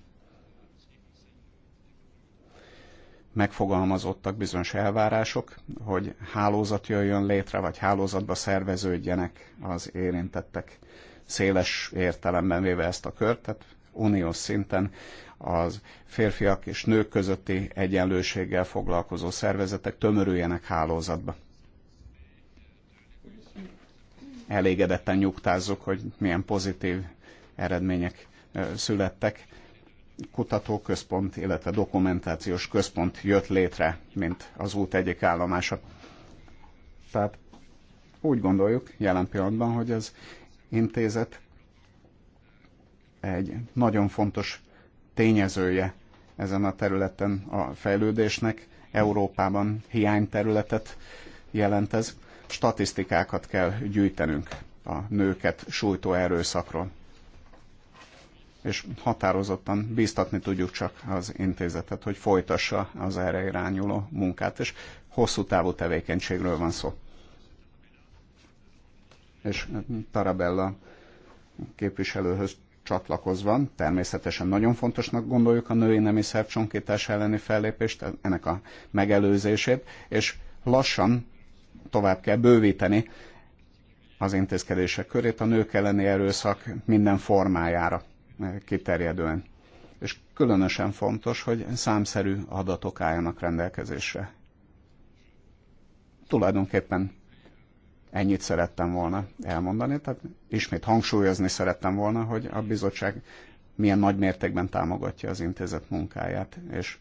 Megfogalmazottak bizonyos elvárások, hogy hálózat jöjjön létre, vagy hálózatba szerveződjenek az érintettek széles értelemben véve ezt a kört, tehát uniós szinten az férfiak és nők közötti egyenlőséggel foglalkozó szervezetek tömörüljenek hálózatba elégedetten nyugtázzuk, hogy milyen pozitív eredmények születtek. Kutatóközpont, illetve dokumentációs központ jött létre, mint az út egyik állomása. Tehát úgy gondoljuk jelen pillanatban, hogy az intézet egy nagyon fontos tényezője ezen a területen a fejlődésnek. Európában hiányterületet jelent ez, statisztikákat kell gyűjtenünk a nőket sújtó erőszakról. És határozottan bíztatni tudjuk csak az intézetet, hogy folytassa az erre irányuló munkát, és hosszú távú tevékenységről van szó. És Tarabella képviselőhöz csatlakozva, természetesen nagyon fontosnak gondoljuk a női nemi szervcsonkítás elleni fellépést, ennek a megelőzését, és lassan tovább kell bővíteni az intézkedések körét a nők elleni erőszak minden formájára eh, kiterjedően. És különösen fontos, hogy számszerű adatok álljanak rendelkezésre. Tulajdonképpen ennyit szerettem volna elmondani, tehát ismét hangsúlyozni szerettem volna, hogy a bizottság milyen nagy mértékben támogatja az intézet munkáját, és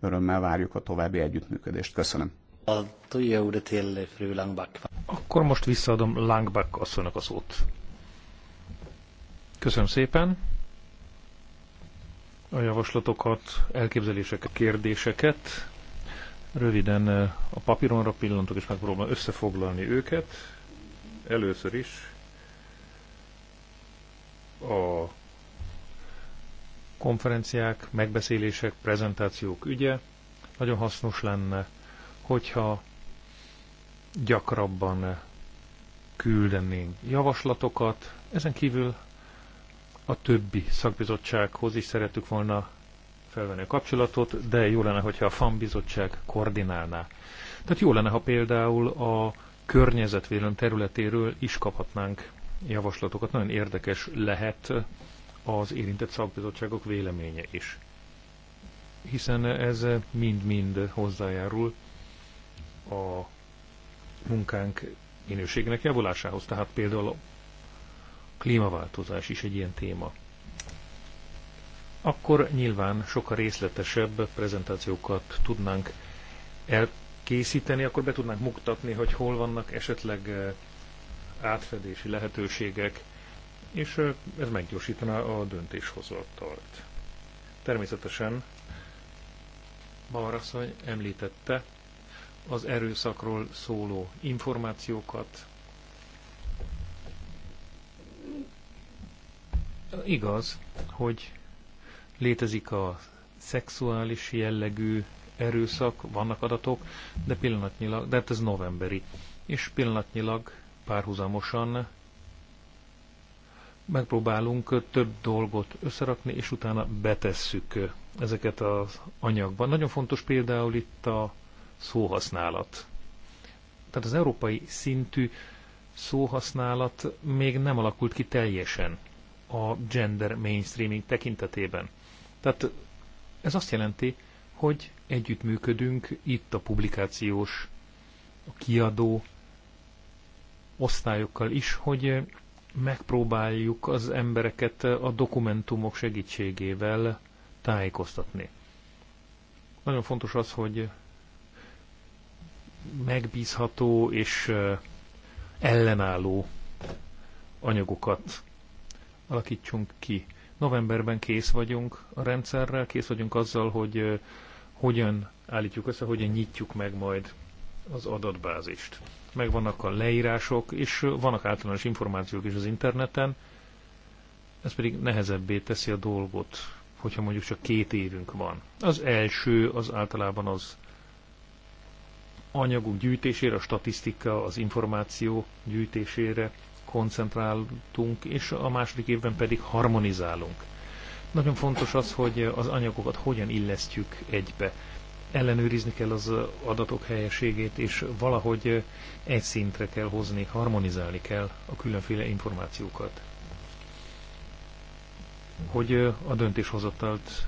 örömmel várjuk a további együttműködést. Köszönöm. Akkor most visszaadom Langback asszonynak a szót. Köszönöm szépen a javaslatokat, elképzeléseket, kérdéseket. Röviden eh, a papíronra pillantok, és megpróbálom összefoglalni őket. Először is a konferenciák, megbeszélések, prezentációk ügye. Nagyon hasznos lenne hogyha gyakrabban küldenénk javaslatokat. Ezen kívül a többi szakbizottsághoz is szeretük volna felvenni a kapcsolatot, de jó lenne, hogyha a FAM bizottság koordinálná. Tehát jó lenne, ha például a környezetvédelem területéről is kaphatnánk javaslatokat. Nagyon érdekes lehet az érintett szakbizottságok véleménye is. Hiszen ez mind-mind hozzájárul a munkánk minőségének javulásához. Tehát például a klímaváltozás is egy ilyen téma. Akkor nyilván sokkal részletesebb prezentációkat tudnánk elkészíteni, akkor be tudnánk mutatni, hogy hol vannak esetleg eh, átfedési lehetőségek, és eh, ez meggyorsítaná a döntéshozatalt. Természetesen Balrasszony említette, az erőszakról szóló információkat. Igaz, hogy létezik a szexuális jellegű erőszak, vannak adatok, de pillanatnyilag, de hát ez novemberi, és pillanatnyilag párhuzamosan megpróbálunk több dolgot összerakni, és utána betesszük ezeket az anyagban. Nagyon fontos például itt a szóhasználat. Tehát az európai szintű szóhasználat még nem alakult ki teljesen a gender mainstreaming tekintetében. Tehát ez azt jelenti, hogy együttműködünk itt a publikációs, a kiadó osztályokkal is, hogy megpróbáljuk az embereket a dokumentumok segítségével tájékoztatni. Nagyon fontos az, hogy megbízható és ellenálló anyagokat alakítsunk ki. Novemberben kész vagyunk a rendszerrel, kész vagyunk azzal, hogy hogyan állítjuk össze, hogyan nyitjuk meg majd az adatbázist. Megvannak a leírások, és vannak általános információk is az interneten, ez pedig nehezebbé teszi a dolgot, hogyha mondjuk csak két évünk van. Az első az általában az anyagok gyűjtésére, a statisztika, az információ gyűjtésére koncentráltunk, és a második évben pedig harmonizálunk. Nagyon fontos az, hogy az anyagokat hogyan illesztjük egybe. Ellenőrizni kell az adatok helyességét, és valahogy egy szintre kell hozni, harmonizálni kell a különféle információkat. Hogy a döntéshozatalt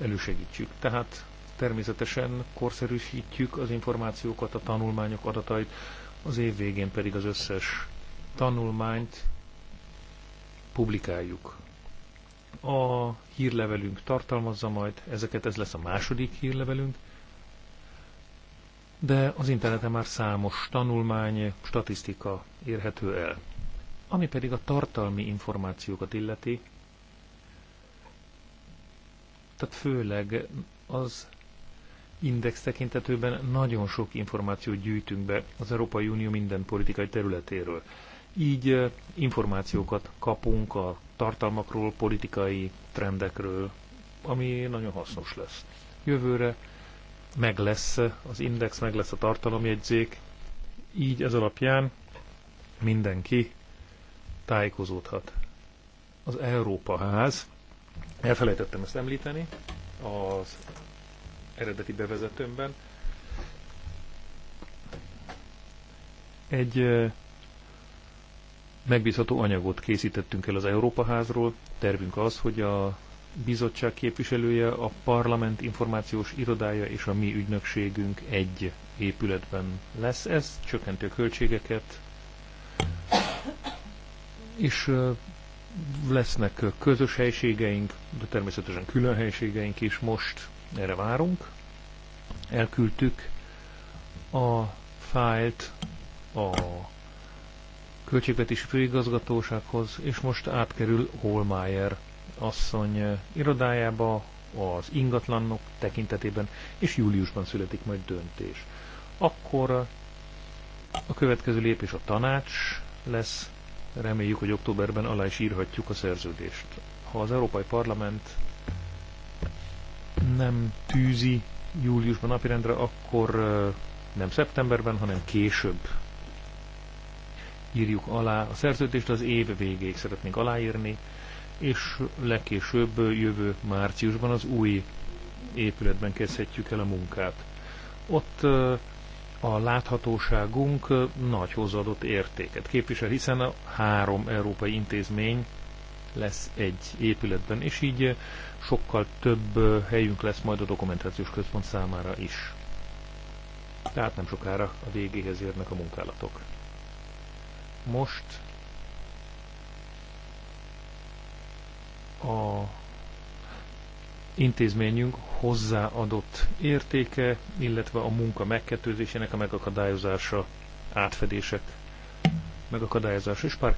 elősegítsük. Tehát természetesen korszerűsítjük az információkat, a tanulmányok adatait, az év végén pedig az összes tanulmányt publikáljuk. A hírlevelünk tartalmazza majd ezeket, ez lesz a második hírlevelünk, de az interneten már számos tanulmány, statisztika érhető el. Ami pedig a tartalmi információkat illeti, tehát főleg az index tekintetőben nagyon sok információt gyűjtünk be az Európai Unió minden politikai területéről. Így információkat kapunk a tartalmakról, politikai trendekről, ami nagyon hasznos lesz. Jövőre meg lesz az index, meg lesz a tartalomjegyzék, így ez alapján mindenki tájékozódhat. Az Európa Ház, elfelejtettem ezt említeni, az eredeti bevezetőmben. Egy megbízható anyagot készítettünk el az Európa Házról. Tervünk az, hogy a bizottság képviselője, a parlament információs irodája és a mi ügynökségünk egy épületben lesz. Ez csökkenti a költségeket, és lesznek közös helységeink, de természetesen külön helységeink is. Most erre várunk. Elküldtük a fájlt a költségvetési főigazgatósághoz, és most átkerül Holmeyer asszony irodájába az ingatlanok tekintetében, és júliusban születik majd döntés. Akkor a következő lépés a tanács lesz, reméljük, hogy októberben alá is írhatjuk a szerződést. Ha az Európai Parlament nem tűzi júliusban napirendre, akkor nem szeptemberben, hanem később írjuk alá a szerződést, az év végéig szeretnénk aláírni, és legkésőbb jövő márciusban az új épületben kezdhetjük el a munkát. Ott a láthatóságunk nagy hozadott értéket képvisel, hiszen a három európai intézmény lesz egy épületben, és így sokkal több helyünk lesz majd a dokumentációs központ számára is. Tehát nem sokára a végéhez érnek a munkálatok. Most a intézményünk hozzáadott értéke, illetve a munka megkettőzésének a megakadályozása, átfedések megakadályozása, és pár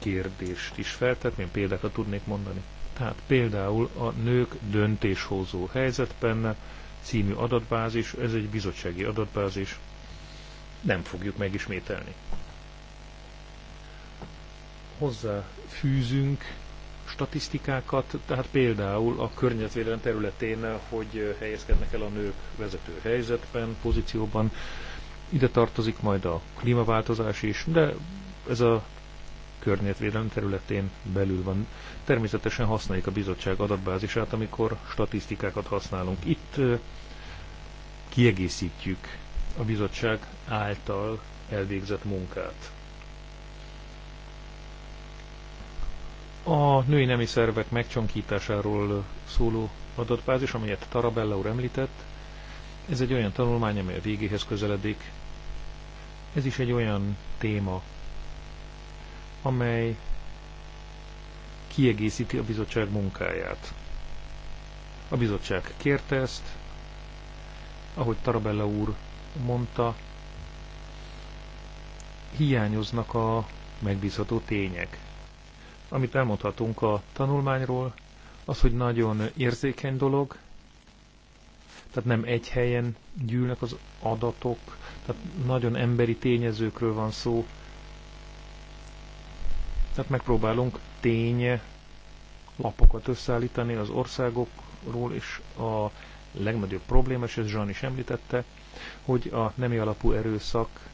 kérdést is én példákat tudnék mondani. Tehát például a nők döntéshozó helyzetben című adatbázis, ez egy bizottsági adatbázis, nem fogjuk megismételni. Hozzá fűzünk statisztikákat, tehát például a környezetvédelem területén, hogy helyezkednek el a nők vezető helyzetben, pozícióban. Ide tartozik majd a klímaváltozás is, de ez a környezetvédelem területén belül van. Természetesen használjuk a bizottság adatbázisát, amikor statisztikákat használunk. Itt kiegészítjük a bizottság által elvégzett munkát. A női nemi szervek megcsonkításáról szóló adatbázis, amelyet Tarabella úr említett, ez egy olyan tanulmány, amely a végéhez közeledik. Ez is egy olyan téma, amely kiegészíti a bizottság munkáját. A bizottság kérte ezt, ahogy Tarabella úr mondta, hiányoznak a megbízható tények. Amit elmondhatunk a tanulmányról, az, hogy nagyon érzékeny dolog, tehát nem egy helyen gyűlnek az adatok, tehát nagyon emberi tényezőkről van szó, tehát megpróbálunk tény lapokat összeállítani az országokról, és a legnagyobb probléma, és ezt Zsan is említette, hogy a nemi alapú erőszak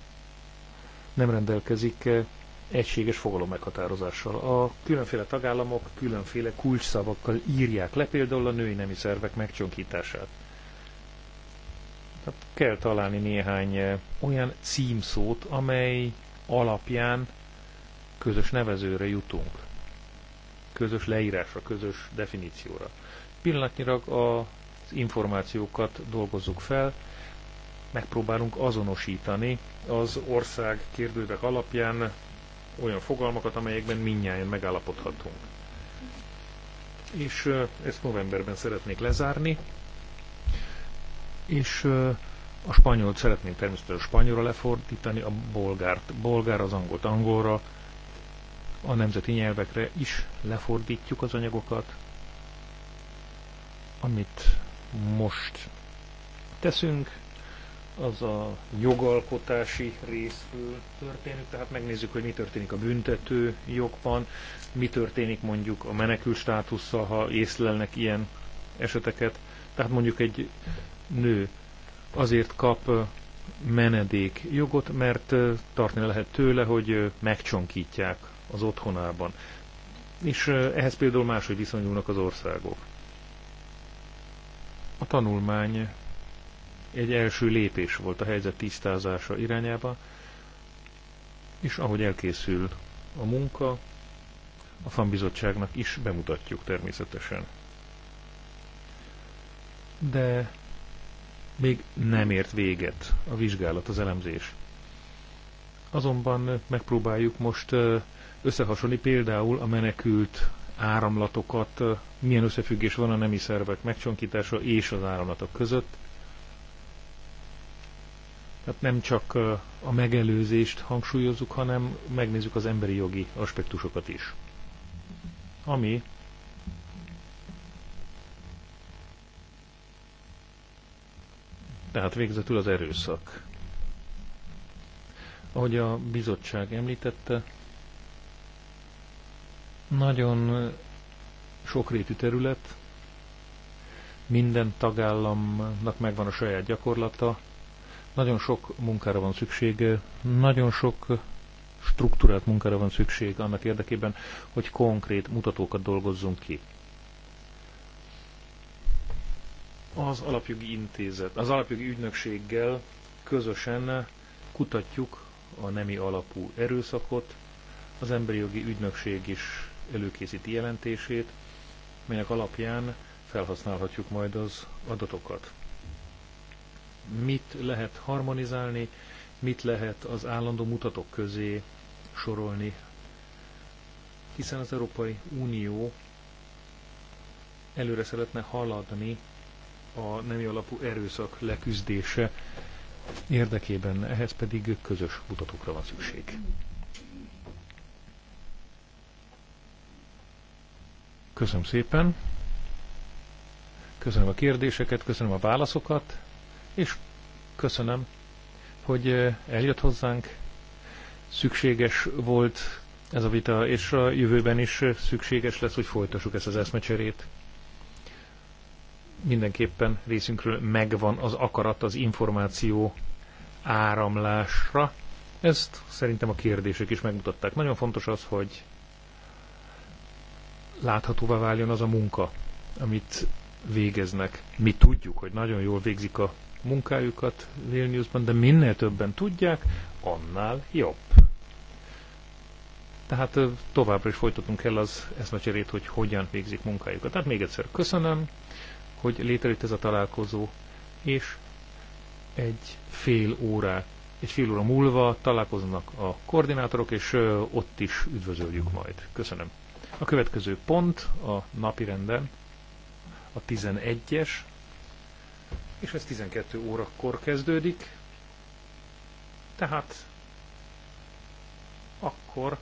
nem rendelkezik egységes fogalom meghatározással. A különféle tagállamok különféle kulcsszavakkal írják le például a női nemi szervek megcsonkítását. Tehát kell találni néhány olyan címszót, amely alapján közös nevezőre jutunk, közös leírásra, közös definícióra. Pillanatnyilag az információkat dolgozzuk fel, megpróbálunk azonosítani az ország kérdődek alapján olyan fogalmakat, amelyekben minnyáján megállapodhatunk. És ezt novemberben szeretnék lezárni, és a spanyolt szeretnénk természetesen a spanyolra lefordítani, a bolgárt bolgár, az angolt angolra, a nemzeti nyelvekre is lefordítjuk az anyagokat, amit most teszünk, az a jogalkotási részről történik, tehát megnézzük, hogy mi történik a büntető jogban, mi történik mondjuk a menekül státusszal, ha észlelnek ilyen eseteket. Tehát mondjuk egy nő azért kap menedék jogot, mert tartani lehet tőle, hogy megcsonkítják az otthonában. És ehhez például máshogy viszonyulnak az országok. A tanulmány egy első lépés volt a helyzet tisztázása irányába, és ahogy elkészül a munka, a fanbizottságnak is bemutatjuk természetesen. De még nem ért véget a vizsgálat, az elemzés. Azonban megpróbáljuk most összehasonlít például a menekült áramlatokat, milyen összefüggés van a nemi szervek megcsonkítása és az áramlatok között. Tehát nem csak a megelőzést hangsúlyozzuk, hanem megnézzük az emberi jogi aspektusokat is. Ami tehát végzetül az erőszak. Ahogy a bizottság említette, nagyon sokrétű terület, minden tagállamnak megvan a saját gyakorlata, nagyon sok munkára van szükség, nagyon sok struktúrát munkára van szükség annak érdekében, hogy konkrét mutatókat dolgozzunk ki. Az alapjogi intézet, az alapjogi ügynökséggel közösen kutatjuk a nemi alapú erőszakot, az emberi jogi ügynökség is előkészíti jelentését, melynek alapján felhasználhatjuk majd az adatokat. Mit lehet harmonizálni, mit lehet az állandó mutatók közé sorolni, hiszen az Európai Unió előre szeretne haladni a nemi alapú erőszak leküzdése érdekében, ehhez pedig közös mutatókra van szükség. Köszönöm szépen. Köszönöm a kérdéseket, köszönöm a válaszokat, és köszönöm, hogy eh, eljött hozzánk. Szükséges volt ez a vita, és a jövőben is eh, szükséges lesz, hogy folytassuk ezt az eszmecserét. Mindenképpen részünkről megvan az akarat az információ áramlásra. Ezt szerintem a kérdések is megmutatták. Nagyon fontos az, hogy láthatóvá váljon az a munka, amit végeznek. Mi tudjuk, hogy nagyon jól végzik a munkájukat Vilniusban, de minél többen tudják, annál jobb. Tehát továbbra is folytatunk el az eszmecserét, hogy hogyan végzik munkájukat. Tehát még egyszer köszönöm, hogy létrejött ez a találkozó, és egy fél óra egy fél óra múlva találkoznak a koordinátorok, és ott is üdvözöljük majd. Köszönöm. A következő pont a napi renden a 11-es, és ez 12 órakor kezdődik, tehát akkor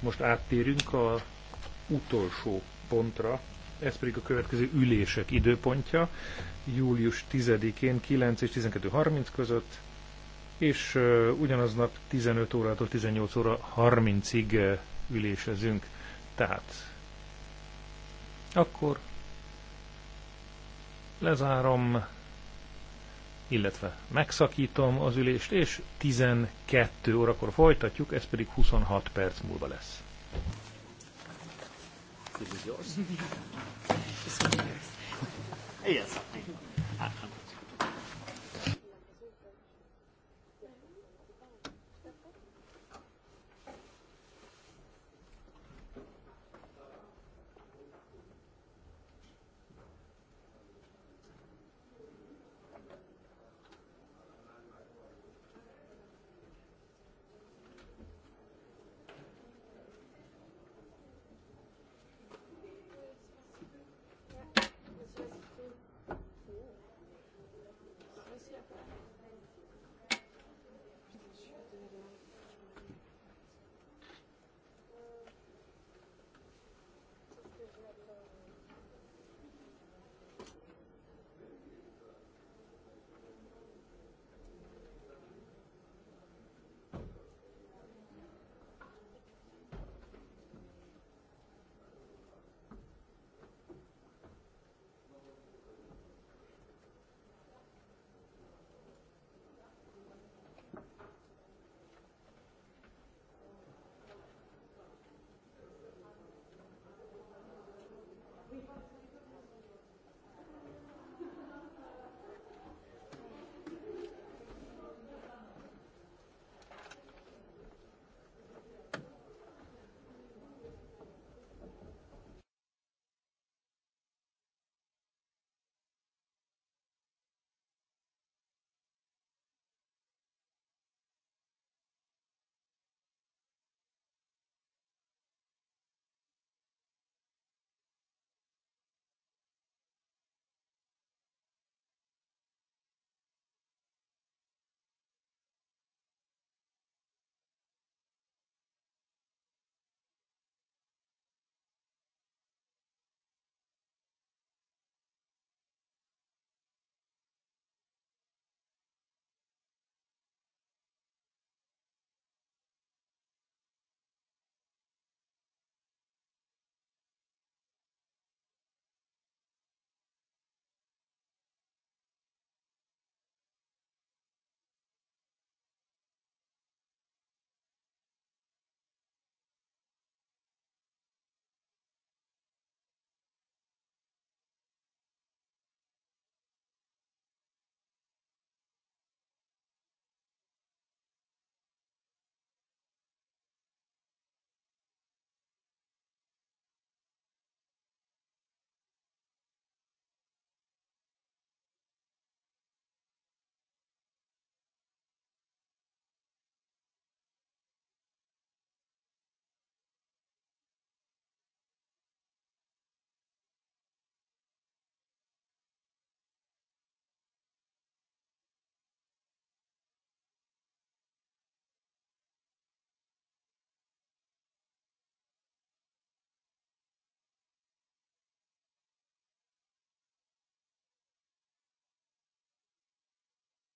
most áttérünk a utolsó pontra, ez pedig a következő ülések időpontja, július 10-én 9 és 12.30 között, és ugyanaznap 15 órától 18 óra 30-ig ülésezünk. Tehát akkor lezárom, illetve megszakítom az ülést, és 12 órakor folytatjuk, ez pedig 26 perc múlva lesz. Yes, I think.